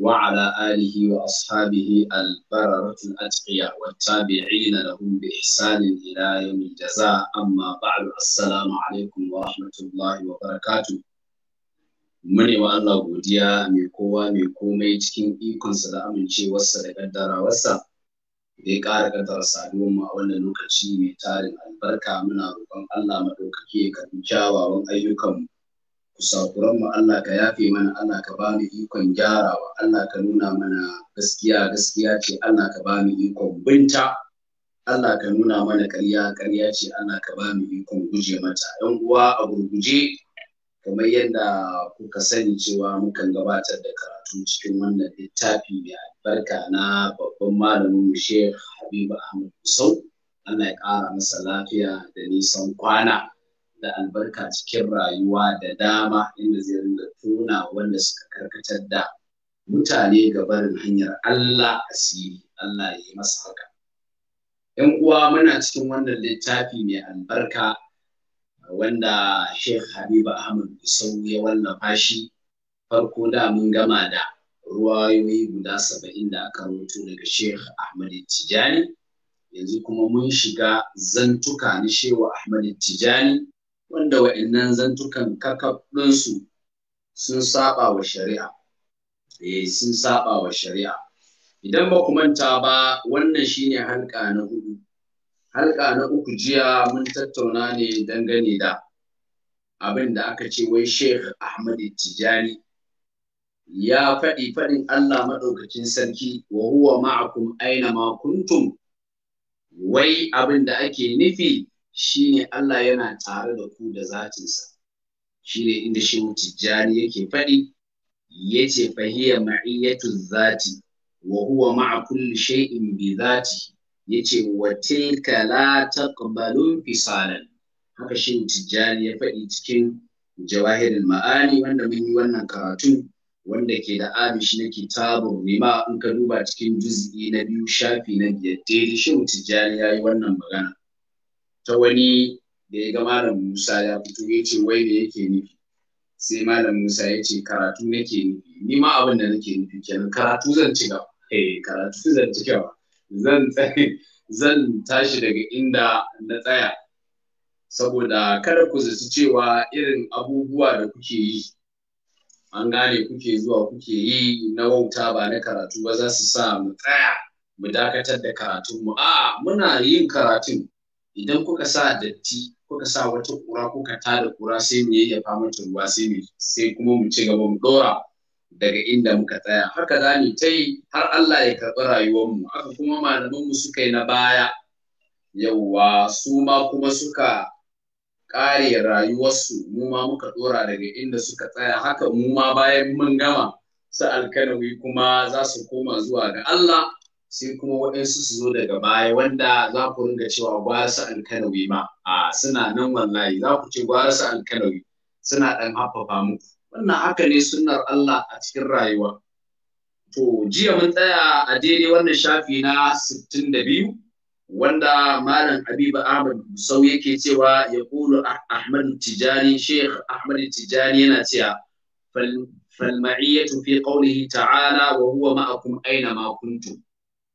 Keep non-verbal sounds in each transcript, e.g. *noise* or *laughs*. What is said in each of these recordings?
وعلى آله وأصحابه البررة الأتقياء والتابعين لهم بإحسان إلى يوم الجزاء أما بعد السلام عليكم ورحمة الله وبركاته mune wa Allah godiya mai kowa mai komai cikin ikonsa da amincewarsa da ƙaddarawarsa da ya ƙara kaddara saduwanmu a wannan lokaci mai tarin albarka muna roƙon Allah maɗaukaki ya karɓi kyawawan ayyukanmu kusakuran mu Allah ka yafe mana Allah ka ba mu ikon gyarawa Allah ka nuna mana gaskiya gaskiya ce Allah ka ba mu ikon binta Allah ka nuna mana ƙarya ƙarya ce Allah ka ba mu ikon guje mata ɗan uwa a gurguje kamar yadda kuka sani cewa mukan gabatar da karatu cikin wannan littafi mai albarka na babban malamin mu Sheikh Habibu Ahmad Usau Allah ya ƙara masa lafiya da nisan kwana da albarka cikin rayuwa da dama inda zai rinda tona wanda suka karkatar da mutane ga barin hanyar Allah asiri Allah ya yi masa haka ‘yan uwa muna cikin wannan littafi mai albarka wanda Sheikh Habiba Ahmad Gusau ya wallafa shi farko da mun gama da ruwayoyi guda saba'in da aka rubuto daga Sheikh Ahmad Tijani yanzu kuma mun shiga zantuka na Shehu Ahmad Tijani wanda wa'annan zantukan kakabinsu sun saba wa shari'a eh sun saba wa shari'a idan ba ku manta ba wannan shine halka na hudu halka na uku jiya mun tattauna ne dangane da abin da aka ce wai Sheikh Ahmad Tijani ya faɗi faɗin Allah maɗaukacin sarki wa huwa ma'akum aina ma kuntum wai abin da ake nufi shine Allah yana tare da ku da zatinsa shine inda shi tijjani yake faɗi yace fahiya ma'iyatu zati wa huwa ma'a kulli shay'in bi zati yace wa tilka la taqbalu fisalan haka Shin tijjani ya faɗi cikin jawahirin ma'ani wanda mun yi wannan karatu wanda ke da shi na kitabun rima in ka duba cikin juz'i na biyu shafi na biyar daily shi tijjani ya yi wannan magana ta wani da ya ga malam Musa ya fito ya ce wai da yake nufi sai malam Musa ya ce karatu nake nufi ni ma abin da nake nufi kenan karatu zan ci gaba eh karatu zan ci gaba zan zan tashi daga inda na tsaya saboda kada ku zaci cewa irin abubuwa da kuke yi an gane kuke zuwa kuke yi na wauta ba na karatu ba za su sa mu tsaya mu dakatar da karatunmu a muna yin karatun idan kuka sa datti kuka sa wata kura kuka tada kura sai mu yayyafa mata ruwa sai mu sai kuma mu ci gaba mu dora daga inda muka tsaya haka za mu ta yi har Allah ya karɓi rayuwarmu haka kuma malaman mu suka yi na baya yawwa su ma kuma suka ƙare rayuwarsu mu ma muka dora daga inda suka tsaya haka mu ma bayan mun gama su alkanawi kuma za su koma zuwa ga Allah sai kuma waɗansu su zo daga baya wanda za ku ringa cewa gwara su alkanawi ma a suna nan wallahi za ku ce gwara alkanawi suna ɗan haffafa muku wannan haka ne sunnar Allah a cikin rayuwa to jiya mun tsaya a daidai wannan shafi na 62 wanda malam Habiba Ahmad Musau yake cewa ya kulu Ahmad Tijani Sheikh Ahmad Tijani yana cewa فالمعية في قوله تعالى وهو معكم أينما كنتم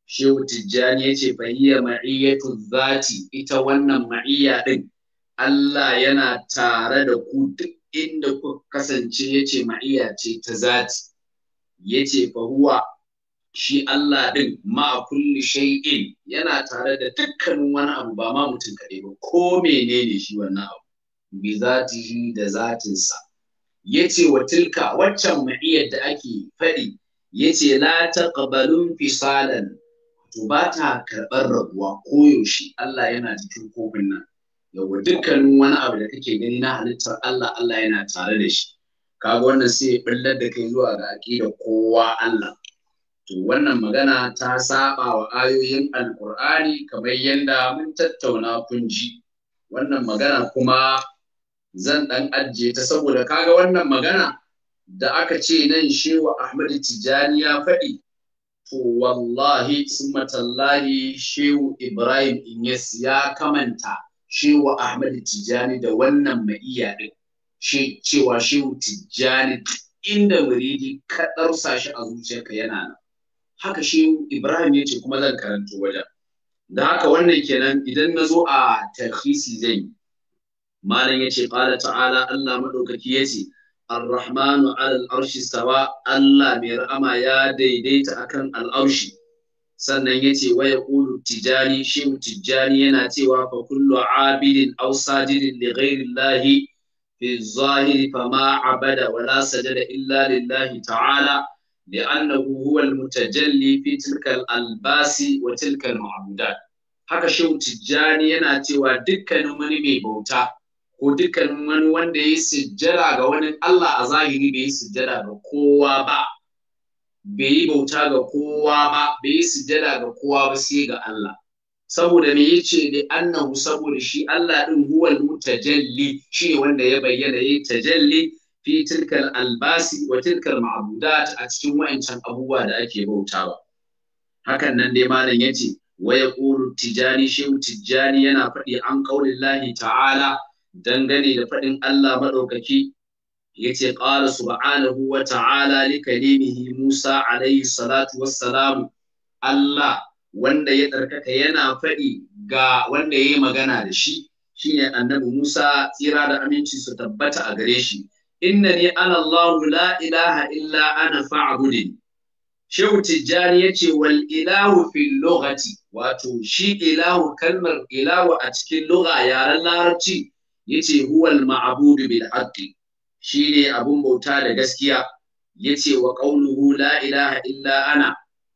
shehu tijjani ya ce fahiya ma'iyyatu zati ita wannan ma'iyya din Allah yana tare da ku duk inda ku kasance ya ce ma'iyya ce ta zati ya ce fahuwa shi Allah din ma kulli shay'in yana tare da dukkanin wani abu ba ma mutum kaɗai ba ko menene shi wannan abu bi zatihi da zatinsa Ya ce wa tilka waccan ma'iyyar da ake faɗi Ya ce la taqbalu fisalan to ba ta karɓar rabuwa koyaushe Allah yana cikin kofin nan yawa dukkanin wani abu da kake gani na halittar Allah Allah yana tare da shi kaga wannan sai billar da kai zuwa ga aqida kowa Allah to wannan magana ta saba wa ayoyin alkur'ani kamar yanda mun tattauna kun ji wannan magana kuma zan dan ajiyeta, ta saboda kaga wannan magana da aka ce nan shewa Ahmadu tijani ya faɗi wallahi summa tallahi shehu ibrahim inyas ya kamanta shehu ahmad tijjani da wannan mai din she cewa shehu tijjani inda muridi ka ɗarsa shi a zuciyarka yana nan haka shehu ibrahim ya ce kuma zan karanto wajen da haka wannan kenan idan nazo a tarhisi zai yi malam ya ce ta'ala allah maɗaukaki ya ce Ar-Rahmanu alal arshi sawa Allah mai rahama ya daidaita akan al'arshi sannan ya ce waya ƙulu tijani shi tijani yana cewa fa kullu abidin aw sajidin li ghairillahi fi zahiri fa ma abada wala sajada illa lillahi ta'ala لأنه هو المتجلي في albasi الألباس وتلك المعبودات haka shehu tijjani yana cewa dukkanin wani mai bauta ko dukkanin wani wanda ya yi sujjada ga wani Allah a zahiri bai yi sujjada ga kowa ba bai yi bauta ga kowa ba bai yi sujjada ga kowa ba sai ga Allah saboda me yace da annahu saboda shi Allah din huwal mutajalli shi wanda ya bayyana yayi tajalli fi tilkal albasi wa tilkal ma'budat a cikin wa'incan abubuwa da ake bautawa hakan nan dai malam yace wa yaqulu Tijjani shehu Tijjani yana faɗi an qaulillahi ta'ala dangane da faɗin Allah maɗaukaki yace ƙara subhanahu wa ta'ala li kalimihi Musa alayhi salatu wassalamu Allah wanda ya ɗarkaka yana faɗi ga wanda yayi magana da shi shine annabi Musa tsira da aminci su tabbata a gare shi innani anallahu Allah la ilaha illa ana fa'budin Shehu Tijjani ya ce wal ilahu fil lughati wato shi ilahu kalmar ilahu a cikin lugha yaren larabci yace huwal ma'budu bil haqqi shine abun bauta da gaskiya yace wa qawluhu la ilaha illa ana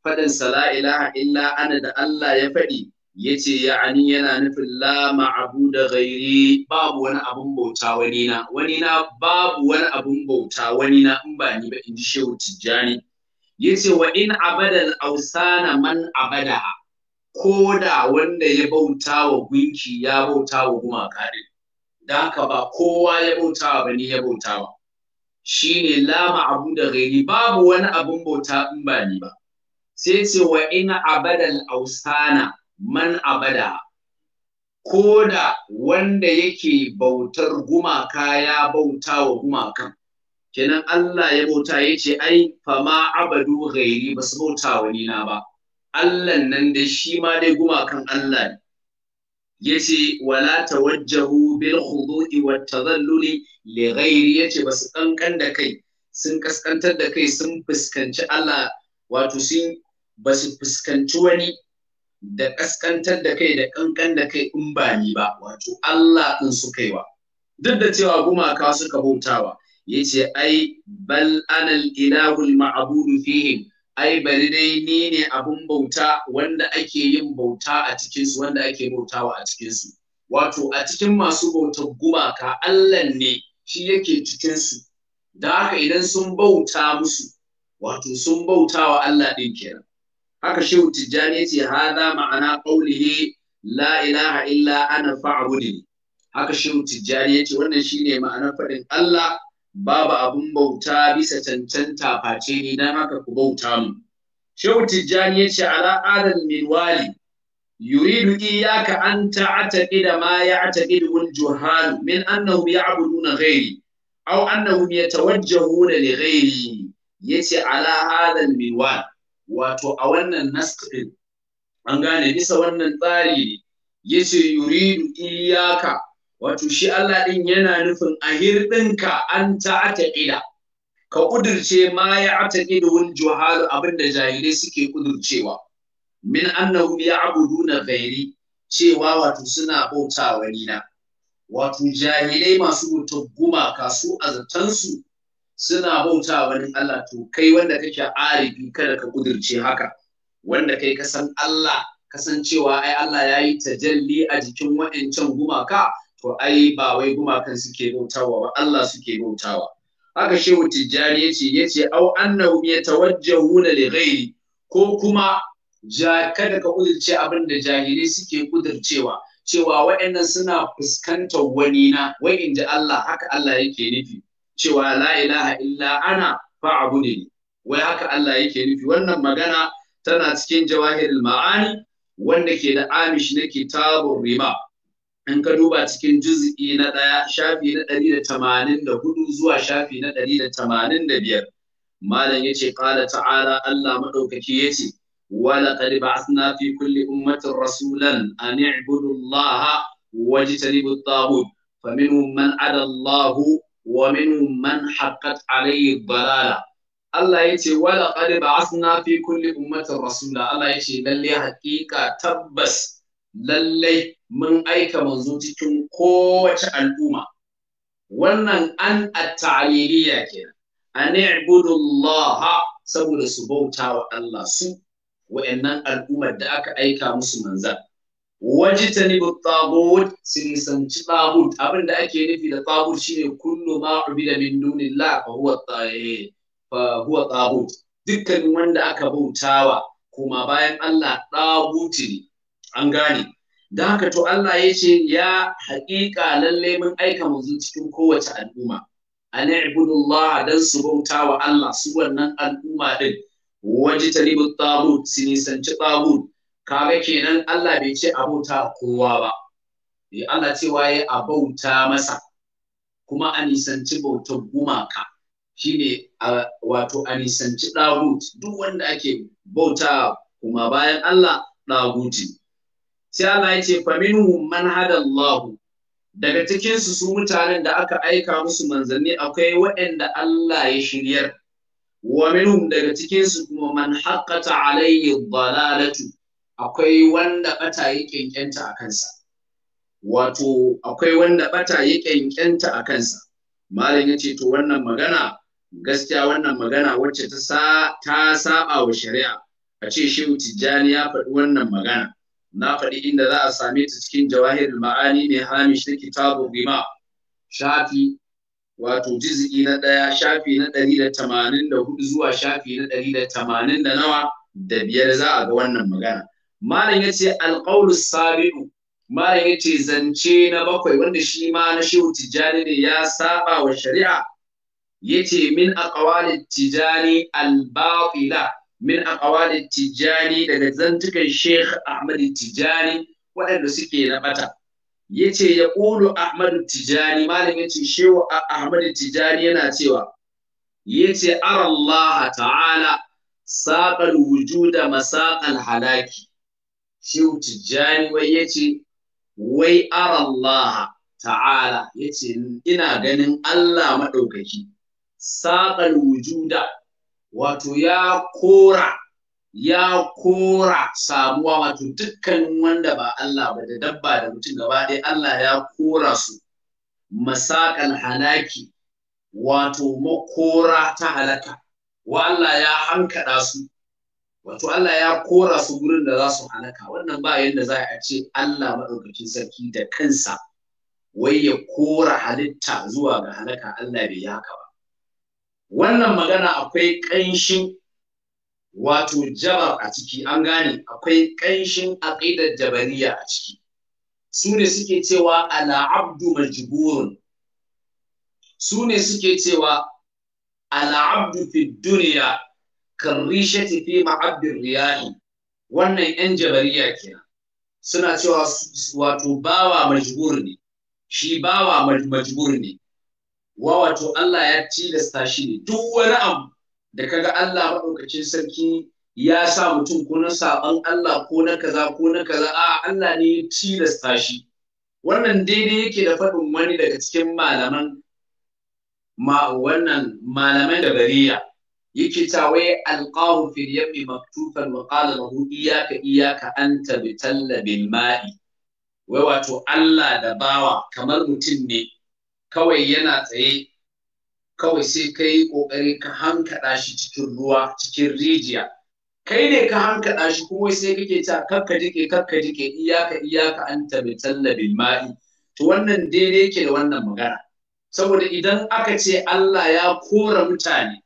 faɗin sa ilaha illa ana da Allah ya faɗi yace ya'ani yana nufin la ma'budu ghairi babu wani abun bauta wani na wani na babu wani abun bauta wani na in ba ni ba in ji shehu tijjani yace wa in abadal ausana man abada ko da wanda ya bauta wa gunki ya bauta wa gumaka din da haka ba kowa ya bauta ba ni ya bauta ba shine Lama abu da babu wani abin bauta in ba ni ba sai ce wa ina abadal ausana man abada ko da wanda yake bautar gumaka ya bauta wa gumakan kenan Allah ya bauta ya ce ai ma abadu ghairi ba su bauta wa na ba Allah nan da shi ma dai gumakan Allah ne yace wala tawajjahu bil khudu'i wat tadalluli li ghairi yace basu kankan da kai sun kaskantar da kai sun fuskanci Allah wato sun basu fuskanci wani da kaskantar da kai da kankan da kai in ba ni ba wato Allah in su kaiwa duk da cewa gumaka suka bautawa yace ai bal anal ilahul ma'budu fihim ai bari dai ni ne abun bauta wanda ake yin bauta a cikinsu wanda ake bautawa a cikinsu wato a cikin masu bautar gumaka Allah ne shi yake cikinsu da haka idan sun bauta musu wato sun bauta wa Allah ɗin kenan haka shehu tijjani ya ce hada ma'ana qaulihi la ilaha illa ana fa'budni haka shehu tijjani ya ce wannan shine ma'anar faɗin Allah babu abun bauta bisa cancanta face ni dan haka ku bauta mu shehu tijjani ya ce ala adal minwali yuridu iyaka an ta'taqida ma ya'taqidu al-juhal min annahum ya'buduna ghairi aw annahum yatawajjahuna li ghairi yace ala hadal minwal wato a wannan nasq an gane bisa wannan tsari ne yace yuridu iyaka wato shi Allah ɗin yana nufin a hirɗinka an ta ƙida ka ƙudurce ma ya juhalu abin abinda jahilai suke ƙudurcewa min abudu na bairi cewa wato suna bauta wani na wato jahilai masu guma gumaka su azatansu suna bauta wani Allah to kai wanda kake arifi kada ka ƙudurce haka wanda kai ka san Allah kasancewa ai Allah ya yi tajalli a jikin waɗancan gumaka to ai ba wai gumakan suke bautawa ba Allah suke bautawa haka shehu tijjani yace yace au annahum yatawajjahuna li ghairi ko kuma ja kada ka kudirce abin da jahilai suke kudircewa cewa waɗannan suna fuskantar wani na wai in ji Allah haka Allah yake nufi cewa la ilaha illa ana ne? wai haka Allah yake nufi wannan magana tana cikin jawahirul ma'ani wanda ke da amish na kitabun Rima. in ka duba cikin juz'i na ɗaya shafi na ɗari da tamanin da hudu zuwa shafi na ɗari da tamanin da biyar malam ya ce ƙala ta'ala Allah maɗaukaki ya ce ba ولقد بعثنا في كل أمة رسولا أن ta ribu واجتنبوا الطاغوت فمنهم من عدا الله ومنهم من حقت عليه الضلالة Allah ya ce wala ba na fi kulli ummatin rasula Allah ya ce lallai haƙiƙa tabbas lallai. mun aika manzo cikin kowace al'umma wannan an at-ta'liliya kenan an i'budu Allah saboda su bauta wa Allah su wayannan al'ummar da aka aika musu manzan wajitani bi tagut sun sanci tagut abin da ake nufi da tagut shine kullu ma ubida min dunillah fa huwa eh, fa huwa tagut dukkan wanda aka bautawa kuma bayan Allah taguti ne an gane don haka to Allah ya ce ya haƙiƙa lallai mun aika manzo cikin kowace al'umma an Allah dan su bauta wa Allah su wannan al'umma din waji talibu tabut su nisanci tabut kaga kenan Allah bai ce a bauta kowa ba eh Allah cewa ya a bauta masa kuma a nisanci bautar gumaka shine wato a nisanci tabut duk wanda ake bauta kuma bayan Allah tabuti sai Allah ya ce fa man hadallahu daga cikin su su mutanen da aka aika musu manzanni akwai waɗanda Allah ya shiryar wa minhum daga cikin su kuma man haqqata alayhi dhalalatu akwai wanda bata ya kenkenta a kansa wato akwai wanda bata ya kenkenta a kansa malam yace to wannan magana gaskiya wannan magana wacce ta sa ta saba wa shari'a a ce shehu tijjani ya faɗi wannan magana na faɗi inda za a same ta cikin jawahir ma'ani mai hamish na kitabun rima shafi wato jizgi na ɗaya shafi na ɗari da tamanin da hudu zuwa shafi na ɗari da tamanin da nawa da biyar za a ga wannan magana malam ya ce alƙawlu Sabiru. malam ya ce zance na bakwai wanda shi ma na shehu tijjani ne ya saba wa shari'a ya ce min a tijjani al-batila min aqwali tijani daga zantukan Sheikh Ahmadu Tijani waɗanda suke na bata yace ya qulu Ahmadu Tijani malam ce Shehu Ahmadu Tijani yana cewa yace ara Allah ta'ala saqal wujuda masaƙar halaki Shehu Tijani wai yace wai Allah ta'ala yace ina ganin Allah maɗaukaki saƙar wujuda wato ya kora ya kora samuwa wato dukkan wanda ba Allah ba da dabba da mutum gaba ɗaya Allah ya kora su masakan halaki wato makora ta halaka wa Allah ya hankada su wato Allah ya kora su gurin da za su halaka wannan ba yadda za a ce Allah maɗaukacin sarki da kansa wai ya kora halitta zuwa ga halaka Allah bai haka ba wannan magana akwai ƙanshin wato jabar a ciki an gane akwai ƙanshin aƙidar jabariya a ciki su ne suke cewa ala abdu majburun su ne suke cewa ala abdu fi duniya kan rishati fi ma'abdin wannan yan jabariya kenan suna cewa wato bawa majbur ne shi bawa majbur ne wa wato Allah ya tilasta shi ne duk wani abu da kaga Allah maɗaukacin sarki ya sa mutum ko na saban Allah ko na kaza ko na kaza a Allah ne ya tilasta shi wannan daidai yake da faɗin wani daga cikin malaman ma wannan malamai da bariya yake ta wai alqahu fil mai maktufan wa qala lahu iyyaka iyyaka an tabtalla bil ma'i wai wato Allah da bawa kamar mutum ne kawai yana tsaye kawai sai ka yi ƙoƙari ka hankaɗa shi cikin ruwa cikin rijiya kai ne ka hankaɗa shi kuma sai kake ta kakka jike kakka jike iyaka iyaka an tabi tallabin ma'i to wannan daidai yake da wannan magana saboda idan aka ce Allah ya kora mutane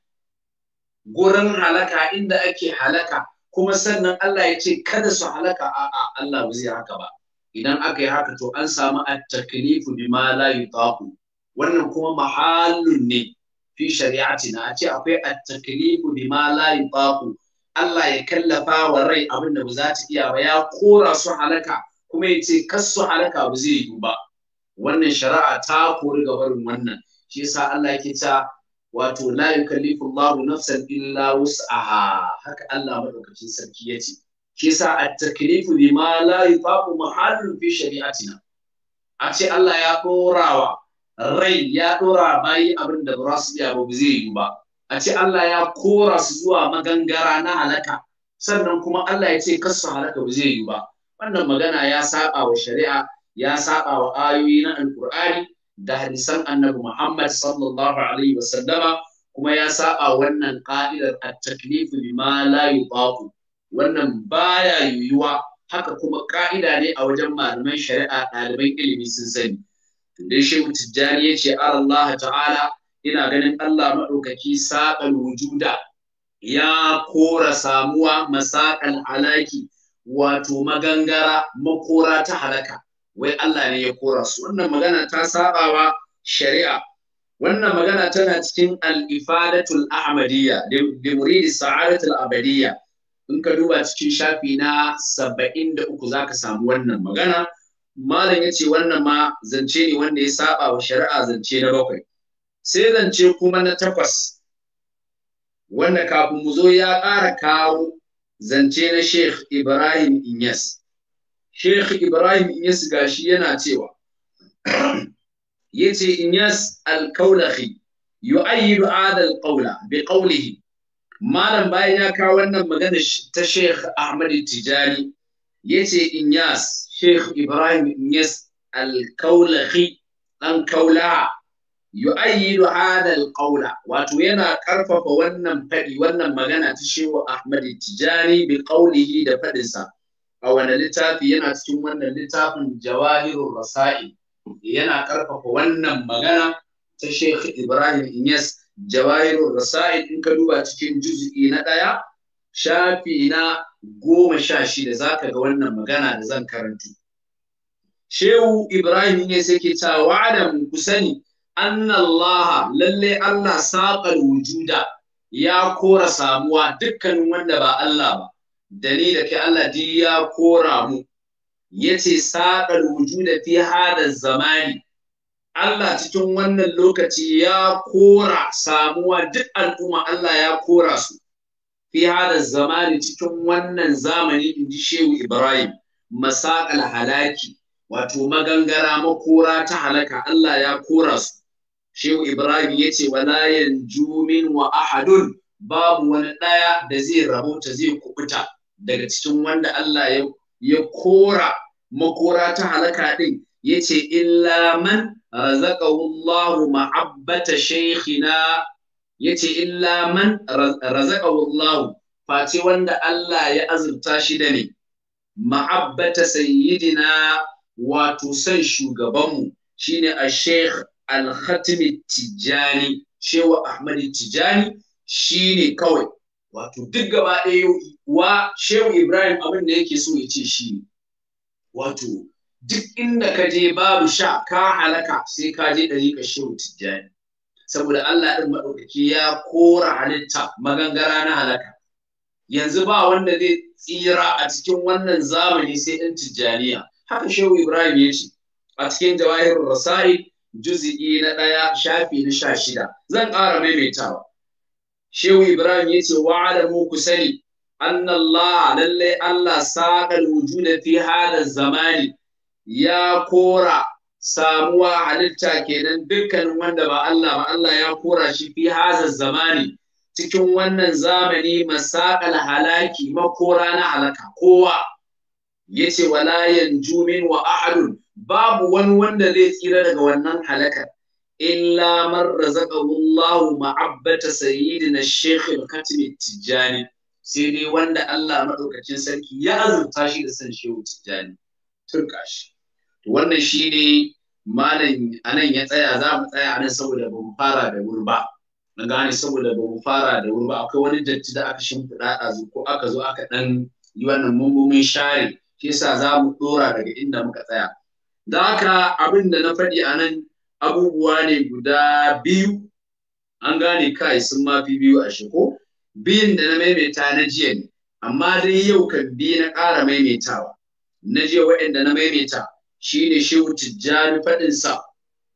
gurin halaka inda ake halaka kuma sannan Allah ya ce kada su halaka a'a Allah ba zai haka ba idan aka yi haka to an samu at-taklifu bima la yutaqu wannan kuma mahallun ne fi shari'atina a ce akwai at-taklifu bima la baku. Allah ya kallafa wa rai abin da za ta iya ba ya kora su halaka kuma ya ce kas su halaka ba zai yi ba wannan shari'a ta kori ga barin wannan shi yasa Allah yake ta wato la yukallifu Allahu nafsan illa wus'aha haka Allah madaukakin sarki yace shi yasa at-taklifu bima la baku mahallun fi shari'atina a ce Allah ya korawa rai ya ɗora bayi abin da ba su iya ba zai yi ba a ce Allah ya kora su zuwa magangara na halaka sannan kuma Allah ya ce kasu halaka ba zai yi ba wannan magana ya saba wa shari'a ya saba wa ayoyi na alkur'ani da hadisan annabi Muhammad sallallahu alaihi sallama kuma ya saba wannan ka'idar at-taklifu bima la yutaqu wannan baya yiwuwa haka kuma ka'ida ne a wajen malaman shari'a ɗaliban ilimi sun sani dai shehu tijjani ya ce Allah ta'ala ina ganin Allah maɗaukaki saƙal wujuda ya kora samuwa masaƙal halaki wato magangara makora ta halaka wai Allah ne ya kora su wannan magana ta saɓawa shari'a wannan magana tana cikin al-ifadatul ahmadiyya da muridi sa'adatul abadiyya in ka duba cikin shafi na 73 zaka samu wannan magana malam ya ce wannan ma zance ne wanda ya saba wa shari'a zance na bakwai sai zance kuma na takwas wanda kafin mu zo ya ƙara kawo zance na sheikh ibrahim inyas sheikh ibrahim inyas gashi yana cewa *clears throat* yace inyas alkaulahi yu'ayyidu adal qawla bi qawlihi malam bayan ya kawo wannan magana ta sheikh ahmad tijani yace inyas Sheikh Ibrahim Yes al-Kaulahi dan Kaula yu'ayyidu hada wato yana ƙarfafa wannan faɗi, wannan magana ta Shehu Ahmad Tijani bi qawlihi da faɗinsa. a wannan littafi yana cikin wannan littafin Jawahirur Rasail yana ƙarfafa wannan magana ta Sheikh Ibrahim Inyes Jawahirun Rasa'i, in ka duba cikin juz'i na ɗaya shafi na goma sha shida za ka ga wannan magana da zan karantu. Shehu Ibrahim ne sai ke cewa mu ku sani annallaha lalle Allah saƙar wujuda ya kora samuwa dukkanin wanda ba Allah ba. Da ni da ke Allah di ya kora mu. Ya ce saƙar wujuda fi hada zamani. Allah cikin wannan lokaci ya kora samuwa duk al'umma Allah ya kora su. fi hada zamani cikin wannan zamani in ji shehu ibrahim masaqal halaki wato magangara makora ta halaka Allah ya kora su shehu ibrahim ya ce wala yanju min wa ahadun babu wani ɗaya da zai ta zai kubuta daga cikin wanda Allah ya kora makora ta halaka ɗin ya ce illa man razaqahu Allahu ma'abbata shaykhina Ya ce illa man razaka Allah face wanda Allah ya azurta shi da ne ma'abbata sayyidina wato san shugabanmu shine a sheikh al-khatim tijani shewa ahmad tijani shine kawai wato duk gaba ɗaya wa shehu ibrahim abin da yake so ya ce shi wato duk inda ka je babu sha ka halaka sai ka je ka shehu tijjani saboda Allah ɗin maɗaukaki ya kora halitta magangara na halaka yanzu ba wanda zai tsira a cikin wannan zamani sai ɗan tijjaniya haka shehu ibrahim ya ce a cikin jawahir rasari juzi'i na ɗaya shafi na sha shida zan ƙara maimaitawa shehu ibrahim ya ce mu ku sani أن الله Allah الله ساق الوجود في هذا الزمان يا كورا samuwa halitta kenan dukkanin wanda ba Allah ba Allah ya kora shi fi hazar zamani cikin wannan zamani masakal halaki makora na halaka kowa yace "Wa layan jumin wa ahadun babu wani wanda zai tsira daga wannan halakar illa man razaqahu Allah ma'abbata sayyidina Sheikh al-Khatib Tijani sai dai wanda Allah madaukakin sarki ya azurta shi da san Shehu Tijani turka wannan shi ne malam anan ya tsaya za mu tsaya anan saboda ba mu fara da wuri ba na gane saboda ba mu fara da wuri ba akwai wani datti da aka shimfiɗa a ko aka zo aka ɗan yi wannan mummumin share ke sa za mu ɗora daga inda muka tsaya da haka abin da na faɗi anan abubuwa ne guda biyu an gane kai sun mafi biyu a shiko biyun da na maimaita na jiya ne amma dai yau kan bi na ƙara maimaitawa na jiya waɗanda na maimaita Shi shine shehu tijjani faɗinsa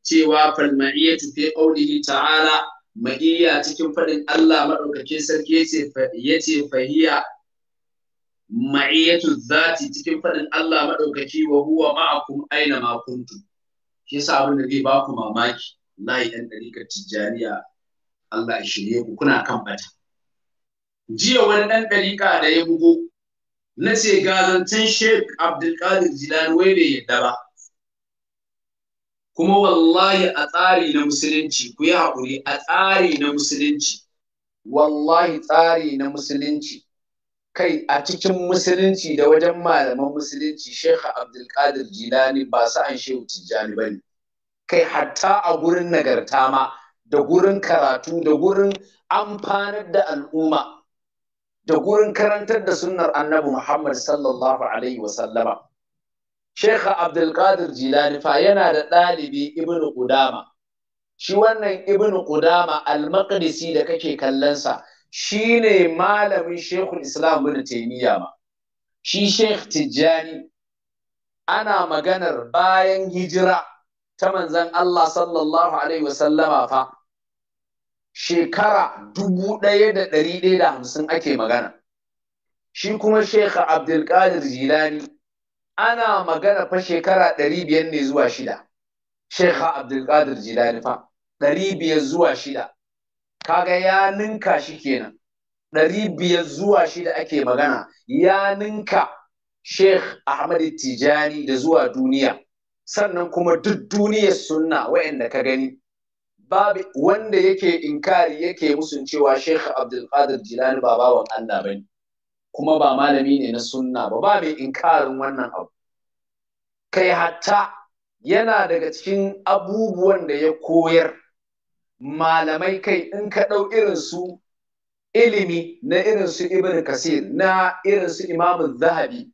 cewa falma'iyatu fi qaulihi ta'ala ma'iyya cikin faɗin Allah maɗaukake sarki yace ce fahiya ma'iyatu zati cikin faɗin Allah maɗaukaki wa huwa ma'akum aina ma kuntum shi yasa abin da zai baku mamaki layi ɗan ɗarikar tijjaniya Allah ya shirye ku kuna kan bata jiya wani ɗan ɗarika da ya bugo na ce gazantan Sheikh Abdulkadir Jilani wai bai yadda ba. Kuma wallahi a tsari na musulunci, ku yi haƙuri a tsari na musulunci, wallahi tsari na musulunci, kai a cikin musulunci da wajen malaman musulunci Sheikh Abdulkadir Jilani ba su Shehu Tijjani ba ne. Kai hatta a gurin nagarta ma, da gurin karatu, da gurin amfanar da al'umma. da gurin karantar da sunnar annabi Muhammad sallallahu alaihi wasallama. Sheikh Abdulkadir Jilani fa yana da ɗalibi Ibn Qudama. Shi wannan Ibn Qudama al-Maqdisi da kake kallonsa shi ne malamin Sheikhul Islam Ibn Taymiyyah ma. Shi Sheikh Tijjani ana maganar bayan hijira ta manzon Allah sallallahu alaihi wasallama fa shekara dubu ɗaya da ɗari ɗaya da hamsin ake magana shi kuma Sheikha abdulkadir jilani ana magana fa shekara ɗari biyar ne zuwa shida Sheikha abdulkadir jilani fa ɗari biyar zuwa shida kaga ya ninka shi kenan ɗari biyar zuwa shida ake magana ya ninka Sheikh Ahmad Tijani da zuwa duniya sannan kuma duk duniyar sunna wa'anda ka gani babu wanda yake inkari yake musun cewa Sheikh Abdul Qadir Jilani ba bawan Allah bane kuma ba malami ne na sunna ba ba mai inkarin wannan abu kai hatta yana daga cikin abubuwan da ya koyar malamai kai in ka ɗau irin su ilimi na irin su Ibn Kasir na irin su Imam Zahabi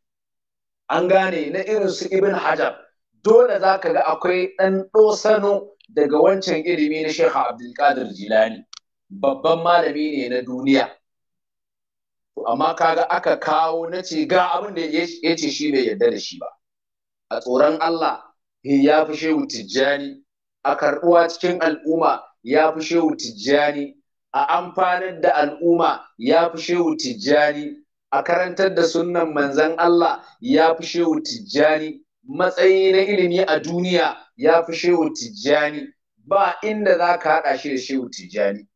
an gane na irin su Ibn Hajar dole za ka ga akwai ɗan ɗosano daga wancan ilimi na Sheikh Abdulkadir Jilani babban malami ne na duniya amma kaga aka kawo na ce ga abin da ya ce shi bai yarda da shi ba a tsoron Allah ya fi shehu tijjani a karɓuwa cikin al'umma ya fi shehu tijjani a amfanar da al'umma ya fi shehu tijjani a karantar da sunnan manzan Allah ya fi shehu tijjani matsayi na ilimi a duniya ya fi shehu tijjani ba inda za ka haɗa shi da shehu tijjani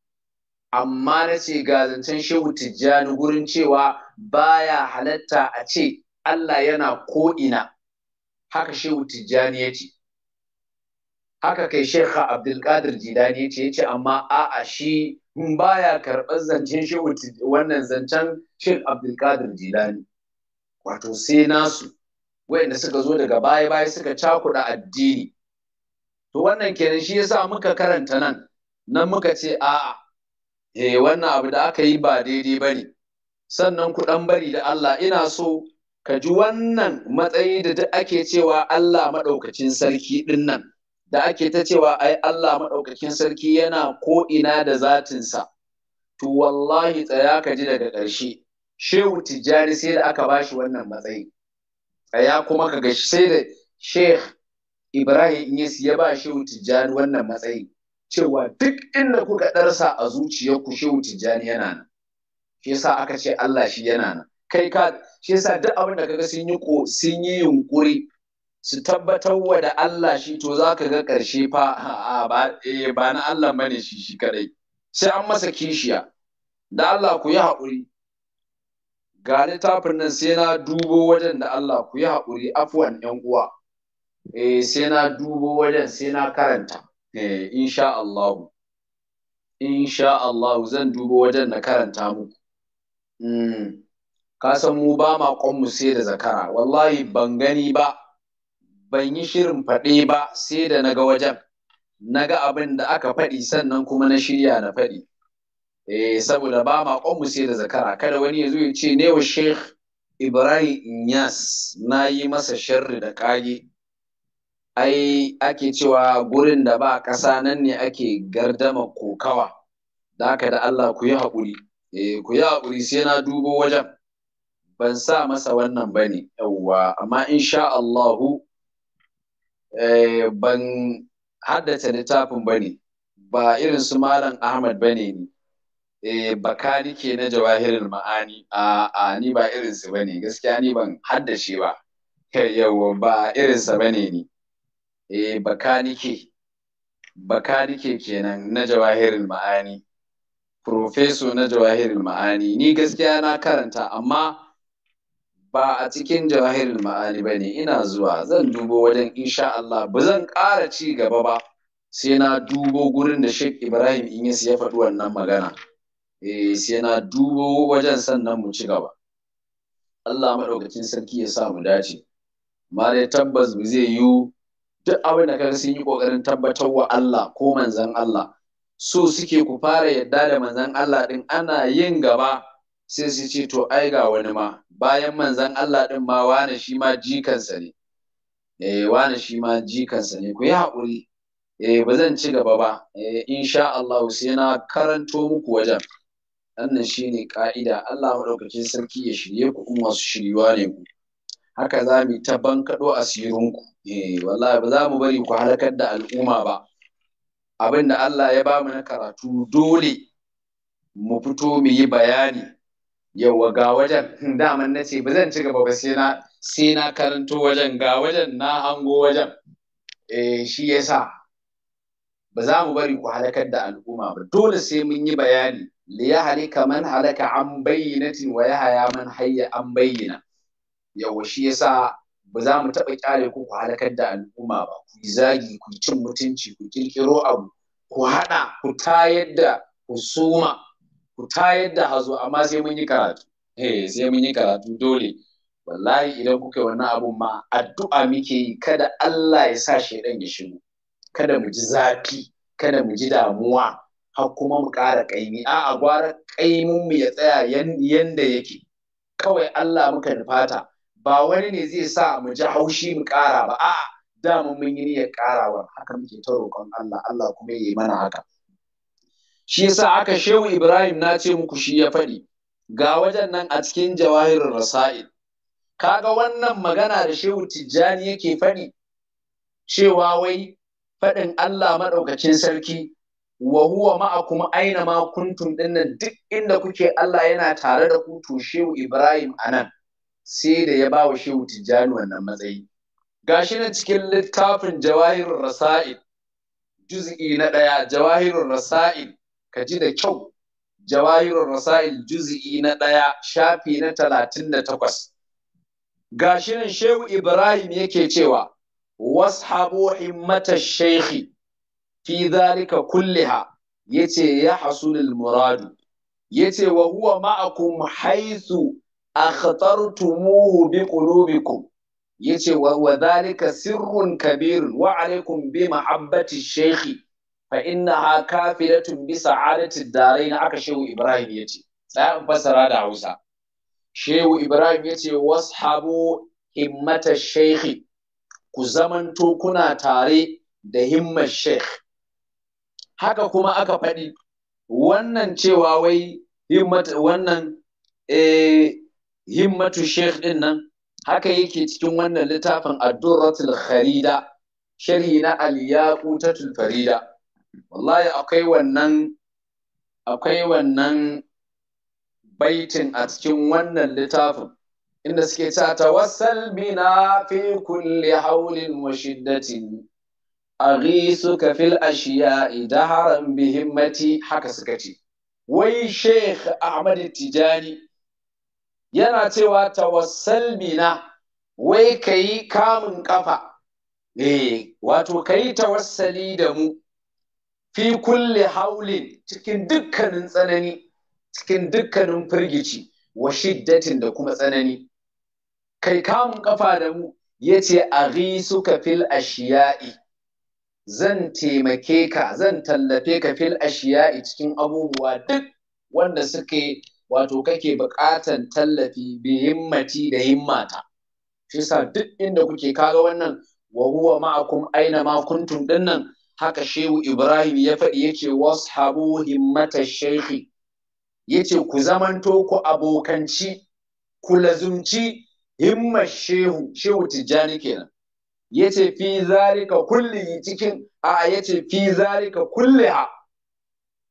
amma na ce ga zancen shehu tijjani gurin cewa baya halatta a ce Allah yana ko'ina haka shehu tijjani ya ce haka kai shekha abdulkadir jidani ya ce ya ce amma a'a shi baya karɓar zancen shehu wannan zancen shekh abdulkadir jidani. wato sai nasu da suka zo daga baya baya suka cakuɗa addini to wannan kenan shi yasa muka karanta nan nan muka ce a'a E, wannan abu da aka yi ba daidai bane sannan ku dan bari da Allah ina so ka ji wannan matsayi da duk ake cewa Allah maɗaukacin sarki ɗin nan da ake ta cewa ai Allah maɗaukakin sarki yana ko ina da zatinsa to wallahi tsaya ka ji daga ƙarshe shehu tijjani sai da aka bashi wannan matsayi tsaya kuma ka ga sai da sheikh ibrahim yes ya ba shehu tijjani wannan matsayi cewa duk inda kuka ɗarsa a zuciyarku shehu tijjani yana nan shi yasa aka ce Allah shi yana nan kai ka shi yasa duk abin da kaga sun yi ko sun yi yunkuri su tabbatar wa da Allah shi to za ka ga ƙarshe fa a ba eh ba na Allah bane shi shi kadai sai an masa kishiya da Allah ku yi haƙuri ga littafin nan sai na dubo wajen da Allah ku yi haƙuri afuwan ‘yan uwa, eh, sai na dubo wajen sai na karanta, eh, insha Allah, insha Allah zan dubo wajen na karanta muku. Mm. Ka san mu ba ma mu sai da zakara, wallahi ban gani ba, ban yi shirin faɗe ba sai da naga wajen, Naga abin da aka faɗi sannan kuma na shirya na faɗi. eh saboda ba ma mu sai da zakara kada wani ya zo ya ce ne wa sheikh ibrahim inyas na yi masa sharri da kage ai ake cewa gurin da ba ƙasa nan ne ake gardama kokawa da haka da Allah ku yi haƙuri eh ku yi haƙuri sai na dubo wajen ban sa masa wannan bane yawwa amma insha Allahu eh ban haddace littafin bane ba irin su malam Ahmad bane ni eh bakanike na jawahirin ma'ani a ni ba irinsa ba ne, gaskiya ni ban haddace ba yawa ba irinsa ba bane ni eh bakanike bakanike kenan na jawahirin ma'ani profeso na jawahirin ma'ani ni gaskiya na karanta amma ba a cikin jawahirin ma'ani ba ne ina zuwa zan dubo wajen insha Allah ba zan ƙara ci gaba ba sai na dubo gurin da Sheikh Ibrahim in yi siya faɗi nan magana eh sai na dubo wajen sannan mu ci gaba Allah maɗaukacin sarki ya sa mu dace Ma dai tabbas ba zai yiwu duk abin da kaga sun yi ƙoƙarin tabbatar wa Allah ko manzan Allah so suke ku fara yadda da manzan Allah ɗin ana yin gaba sai su ce to ai ga wani ma bayan manzan Allah ɗin ma wane shi ma jikansa ne eh wane shi ma jikansa ne ku yi haƙuri eh ba zan ci gaba ba eh insha Allah sai na karanto muku wajen wannan ne ƙa'ida. Allah maɗaukacin sarki ya shirye ku in masu shiryuwa ne ku haka za mu ta bankaɗo asirinku eh wallahi ba za mu bari ku halakar da al'umma ba abin da Allah ya ba mu na karatu dole mu fito mu yi bayani yawa ga wajen hmm, daman na ce ba zan ci gaba ba sai na sai na karanto wajen ga wajen na hango wajen eh shi yasa ba za mu bari ku halakar da al'umma ba dole sai mun yi bayani liyahlika man halaka an bayyinatin wa yahaya man hayya an bayyana yawa shi yasa ba za mu taɓa ƙyale ku ku halakar da al'umma ba ku zagi ku cin mutunci ku ƙirƙiro abu ku haɗa ku tayar da husuma ku tayar da hazo amma sai mun yi karatu eh sai mun yi karatu dole wallahi idan kuka yi wannan abun ma addu'a muke yi kada Allah ya sa shedan ya shigo kada mu ji zafi kada mu ji damuwa har kuma mu ƙara ƙaimi A'a, gwara ƙaimin mu ya tsaya yanda yake kawai Allah muka nufata ba wani ne zai sa mu ji haushi mu ƙara ba a da mun yi niyyar ƙarawa haka muke ta roƙon Allah Allah kuma ya yi mana haka shi yasa aka shehu Ibrahim na ce muku shi ya faɗi ga wajen nan a cikin jawahirin rasa'il ga wannan magana da shehu Tijjani yake faɗi cewa wai faɗin Allah maɗaukacin sarki wa huwa ma'akum aina ma kuntum dinnan duk inda kuke Allah yana tare da ku to shehu Ibrahim anan sai da ya bawa shehu Tijjani wannan matsayi gashi na cikin littafin Jawahirur Rasail juz'i na ɗaya Jawahirur Rasail Kaji da kyau Jawahirur Rasail juz'i na ɗaya shafi na talatin da takwas gashi nan shehu Ibrahim yake cewa washabu mata shaykhi fi dhalika kulliha yace ya hasulul muradu yace wa huwa ma'akum haythu akhtartumuhu bi qulubikum yace wa dhalika sirrun kabirun wa alaikum bi mahabbati shaykhi fa innaha kafilatun bi sa'adati darain aka shehu ibrahim yace sai an fasara da Hausa shehu ibrahim yace washabu himmata shaykhi ku zamanto kuna tare da himmar sheikh haka kuma aka faɗi wannan cewa wai wannan eh, himmatu sheikh din nan haka yake cikin wannan littafin ad-durratul kharida sharhi na al-yaqutatul farida wallahi akwai wannan akwai wannan baitin a cikin wannan littafin inda suke ta tawassal bina fi kulli haulin wa shiddatin suka fil ashiya'i daharan bihimmati haka suka ce wai sheikh ahmad tijani yana cewa tawassal na. wai kayi kamun kafa eh wato kayi tawassali da mu fi kulle haulin cikin dukkanin tsanani cikin dukkanin firgici wa shiddatin da kuma tsanani kai kamun kafa da mu yace suka fil ashiya'i zan taimake ka zan tallafe ka fil ashiya cikin abubuwa duk wanda suke wato kake buƙatan tallafi bi himmati da himmata shi sa duk inda kuke kaga wannan wa huwa ma'akum aina ma kuntum dinnan haka shehu ibrahim ya faɗi yace washabu himmata shaykhi yace ku zamanto ku abokanci ku lazumci himmar shehu shehu tijjani kenan yace fi zalika kulli cikin a yace fi zalika kulliha